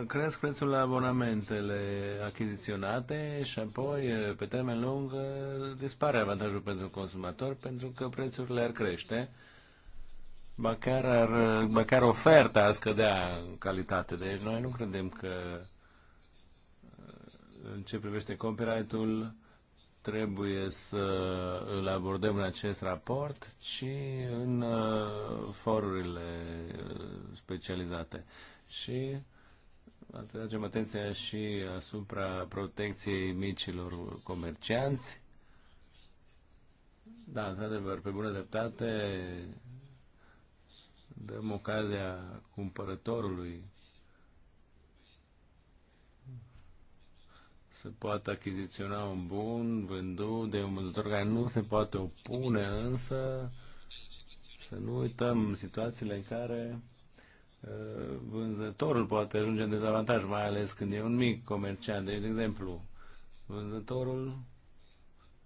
cresc prețul la abonamentele achiziționate și apoi, pe termen lung, dispare avantajul pentru consumator pentru că prețurile ar crește Măcar, ar, măcar oferta a scădea în calitate. Deci noi nu credem că în ce privește copyright-ul trebuie să îl abordăm în acest raport, ci în uh, forurile uh, specializate. Și atragem atenția și asupra protecției micilor comercianți. Da, într-adevăr, pe bună dreptate, dăm ocazia cumpărătorului să poată achiziționa un bun vândut de un vânzător care nu se poate opune, însă să nu uităm situațiile în care uh, vânzătorul poate ajunge în dezavantaj, mai ales când e un mic comerciant. Deci, de exemplu, vânzătorul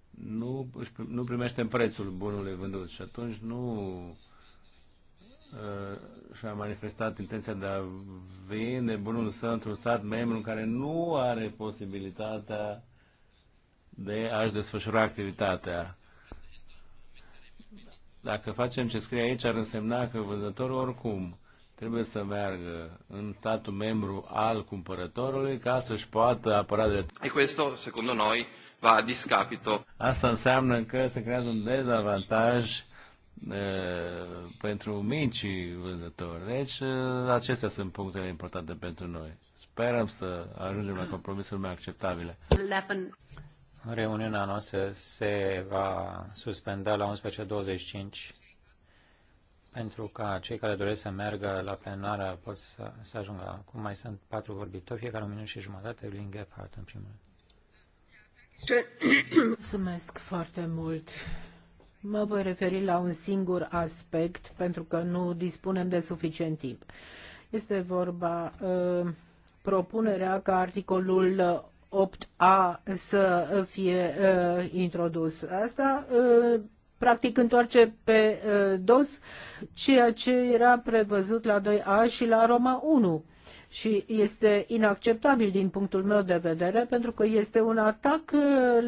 nu, nu primește prețul bunului vândut și atunci nu Uh, și-a manifestat intenția de a vinde bunul său într-un stat membru în care nu are posibilitatea de a-și desfășura activitatea. Dacă facem ce scrie aici, ar însemna că vânzătorul oricum trebuie să meargă în statul membru al cumpărătorului ca să-și poată apăra de...
E questo, secondo noi, va a discapito.
Asta înseamnă că se creează un dezavantaj pentru micii vânzători. Deci, uh, acestea sunt punctele importante pentru noi.
Sperăm să ajungem la compromisuri mai acceptabile. Reuniunea noastră se va suspenda la 11.25 pentru ca cei care doresc să meargă la plenară pot să, să ajungă. Acum mai sunt patru vorbitori, fiecare un minut și jumătate, Lin Gephardt în primul rând.
Mulțumesc foarte mult. Mă voi referi la un singur aspect, pentru că nu dispunem de suficient timp. Este vorba uh, propunerea ca articolul 8a să fie uh, introdus. Asta uh, practic întoarce pe uh, dos ceea ce era prevăzut la 2a și la Roma 1 și este inacceptabil din punctul meu de vedere pentru că este un atac uh,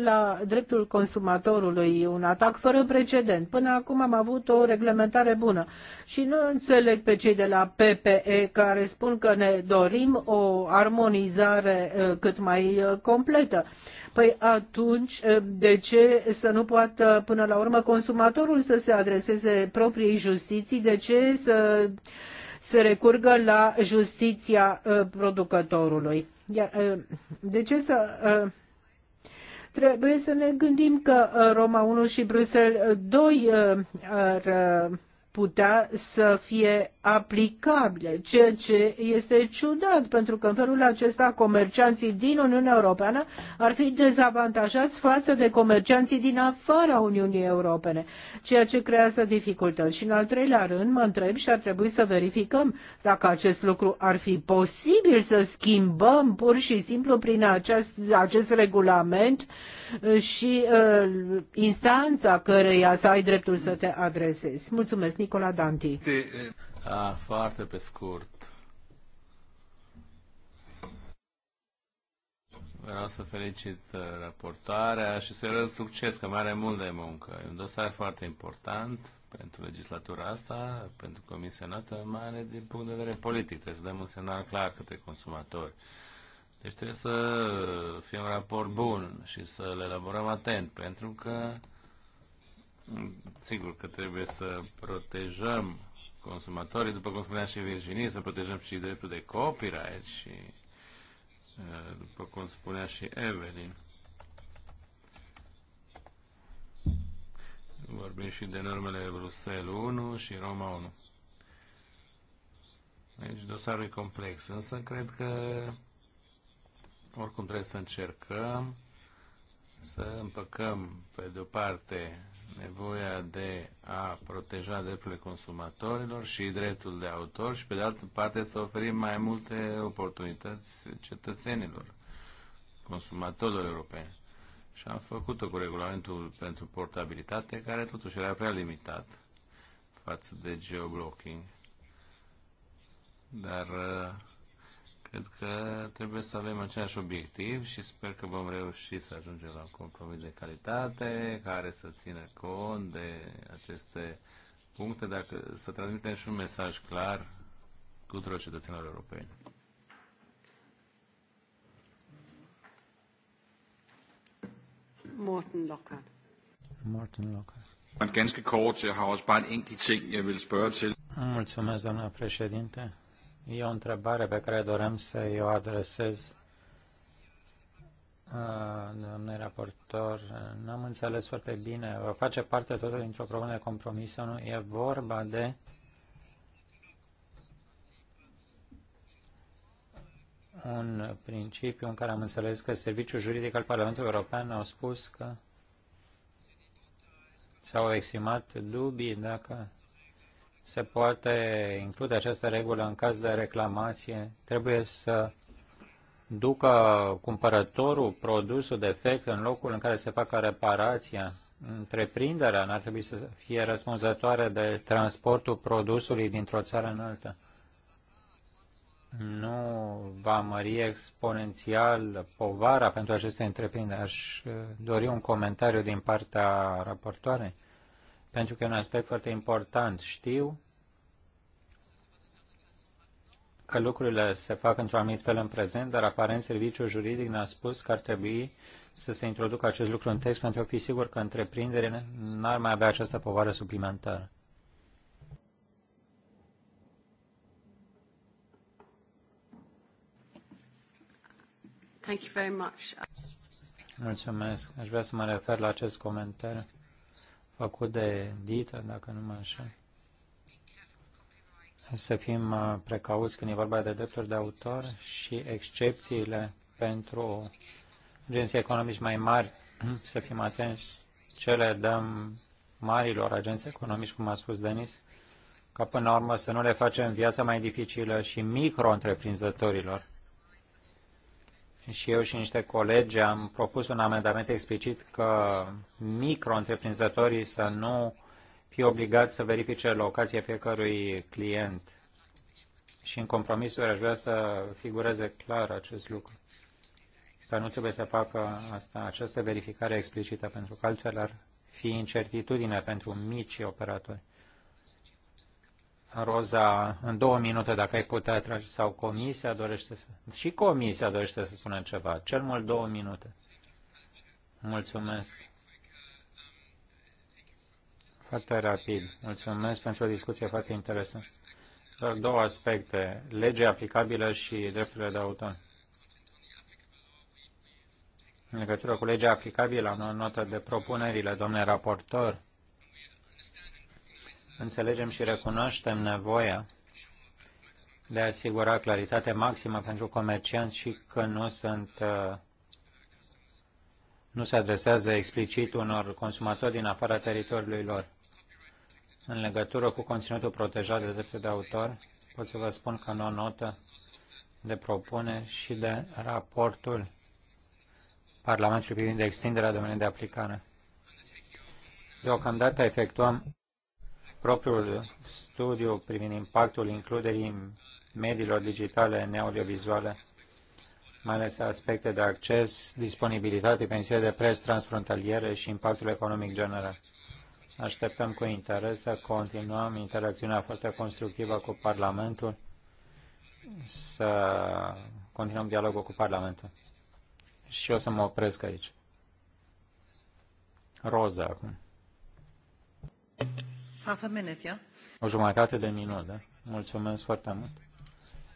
la dreptul consumatorului, un atac fără precedent. Până acum am avut o reglementare bună și nu înțeleg pe cei de la PPE care spun că ne dorim o armonizare uh, cât mai uh, completă. Păi atunci, de ce să nu poată până la urmă consumatorul să se adreseze propriei justiții? De ce să să recurgă la justiția uh, producătorului. Uh, de ce să uh, trebuie să ne gândim că Roma 1 și Bruxelles 2 ar putea să fie aplicabile, ceea ce este ciudat, pentru că în felul acesta comercianții din Uniunea Europeană ar fi dezavantajați față de comercianții din afara Uniunii Europene, ceea ce creează dificultăți. Și în al treilea rând mă întreb și ar trebui să verificăm dacă acest lucru ar fi posibil să schimbăm pur și simplu prin acest, acest regulament și uh, instanța căreia să ai dreptul să te adresezi. Mulțumesc, Nicola Danti.
Eh,
A, ah, foarte pe scurt. Vreau să felicit eh, raportarea și să urez succes, că mai are mult de muncă. E un dosar foarte important pentru legislatura asta, pentru Comisia noastră, mai ales din punct de vedere politic. Trebuie să dăm un semnal clar către consumatori. Deci trebuie să fie un raport bun și să-l elaborăm atent, pentru că Sigur că trebuie să protejăm consumatorii, după cum spunea și Virginie, să protejăm și dreptul de copyright și uh, după cum spunea și Evelyn. Vorbim și de normele Bruxelles 1 și Roma 1. Aici deci dosarul e complex, însă cred că oricum trebuie să încercăm să împăcăm pe de o parte nevoia de a proteja drepturile consumatorilor și dreptul de autor și, pe de altă parte, să oferim mai multe oportunități cetățenilor, consumatorilor europeni. Și am făcut-o cu regulamentul pentru portabilitate, care totuși era prea limitat față de geoblocking. Dar Cred că trebuie să avem același obiectiv și sper că vom reuși să ajungem la un compromis de calitate care să țină cont de aceste puncte, dacă să transmitem și un mesaj clar tuturor cetățenilor europeni.
Morten Locker.
Morten Locker. Ganske kort, jeg har også bare en enkelt ting, jeg vil spørge til. Mulțumesc, doamna președinte. E o întrebare pe care dorem să o adresez uh, domnule raportor, n-am înțeles foarte bine. Vă face parte totul dintr-o problemă de compromis sau nu? E vorba de un principiu în care am înțeles că Serviciul Juridic al Parlamentului European au spus că s-au exprimat dubii dacă se poate include această regulă în caz de reclamație, trebuie să ducă cumpărătorul produsul defect în locul în care se facă reparația. Întreprinderea n-ar trebui să fie răspunzătoare de transportul produsului dintr-o țară în alta. Nu va mări exponențial povara pentru aceste întreprinderi. Aș dori un comentariu din partea raportoarei pentru că e un aspect foarte important. Știu că lucrurile se fac într-un anumit fel în prezent, dar aparent serviciul juridic ne-a spus că ar trebui să se introducă acest lucru în text pentru a fi sigur că întreprinderile n-ar mai avea această povară suplimentară.
Thank you very much.
Mulțumesc. Aș vrea să mă refer la acest comentariu făcut de Dita, dacă nu mă înșel. Să fim uh, precauți când e vorba de drepturi de autor și excepțiile pentru agenții economici mai mari, să fim atenți ce le dăm marilor agenții economici, cum a spus Denis, ca până la urmă să nu le facem viața mai dificilă și micro-întreprinzătorilor și eu și niște colegi am propus un amendament explicit că micro-întreprinzătorii să nu fie obligați să verifice locația fiecărui client. Și în compromisuri aș vrea să figureze clar acest lucru. Să nu trebuie să facă asta, această verificare explicită, pentru că altfel ar fi incertitudine pentru mici operatori. Roza, în două minute, dacă ai putea trage, sau comisia dorește să... Și comisia dorește să spună ceva. Cel mult două minute. Mulțumesc. Foarte rapid. Mulțumesc pentru o discuție foarte interesantă. Doar două aspecte. Legea aplicabilă și drepturile de autor. În legătură cu legea aplicabilă, am o notă de propunerile, domnule raportor. Înțelegem și recunoaștem nevoia de a asigura claritate maximă pentru comercianți și că nu sunt uh, nu se adresează explicit unor consumatori din afara teritoriului lor. În legătură cu conținutul protejat de dreptul de autor, pot să vă spun că în o notă de propune și de raportul Parlamentului privind extinderea domeniului de aplicare. Deocamdată efectuăm Propriul studiu privind impactul includerii mediilor digitale neaudiovizuale, mai ales aspecte de acces, disponibilitate, pensiile de preț transfrontaliere și impactul economic general. Așteptăm cu interes să continuăm interacțiunea foarte constructivă cu Parlamentul, să continuăm dialogul cu Parlamentul. Și o să mă opresc aici. Roza acum. Thank you. O jumătate de minut, da? Mulțumesc foarte mult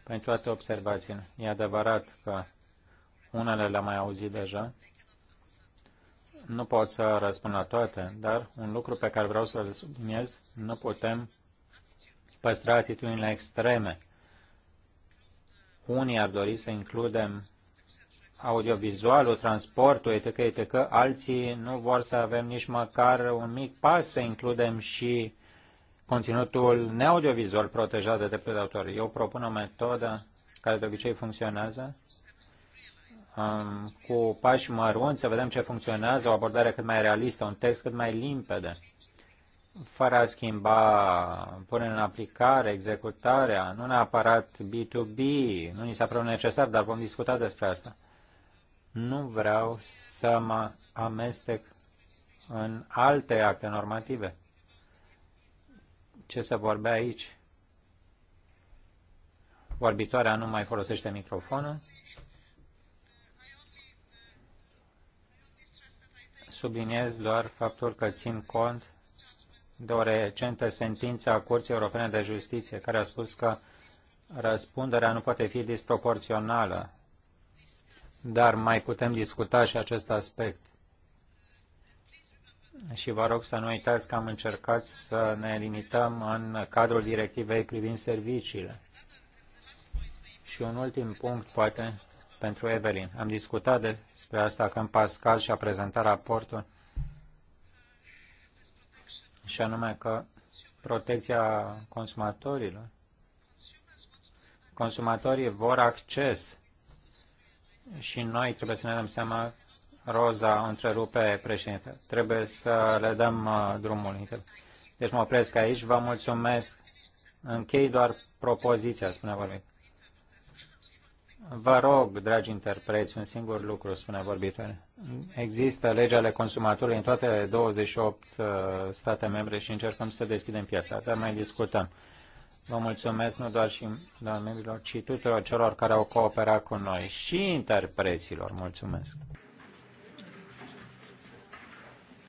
pentru toate observațiile. E adevărat că unele le-am mai auzit deja. Nu pot să răspund la toate, dar un lucru pe care vreau să-l subliniez, nu putem păstra atitudinile extreme. Unii ar dori să includem audiovizualul, transportul, etc., etc., alții nu vor să avem nici măcar un mic pas să includem și conținutul neaudiovizual protejat de depredatori. de autor. Eu propun o metodă care de obicei funcționează um, cu pași mărunți, să vedem ce funcționează, o abordare cât mai realistă, un text cât mai limpede, fără a schimba, pune în aplicare, executarea, nu neapărat B2B, nu ni s-a părut necesar, dar vom discuta despre asta. Nu vreau să mă amestec în alte acte normative ce se vorbea aici. Vorbitoarea nu mai folosește microfonul. Subliniez doar faptul că țin cont de o recentă sentință a Curții Europene de Justiție, care a spus că răspunderea nu poate fi disproporțională, dar mai putem discuta și acest aspect și vă rog să nu uitați că am încercat să ne limităm în cadrul directivei privind serviciile. Și un ultim punct, poate, pentru Evelyn. Am discutat despre asta când Pascal și-a prezentat raportul, și anume că protecția consumatorilor. Consumatorii vor acces și noi trebuie să ne dăm seama Roza întrerupe președinte. Trebuie să le dăm uh, drumul. Deci mă opresc aici. Vă mulțumesc. Închei doar propoziția, spune vorbit. Vă rog, dragi interpreți, un singur lucru, spune vorbitoare. Există legea ale consumatorului în toate 28 uh, state membre și încercăm să deschidem piața. Dar mai discutăm. Vă mulțumesc nu doar și doamnelor, ci tuturor celor care au cooperat cu noi și interpreților. Mulțumesc!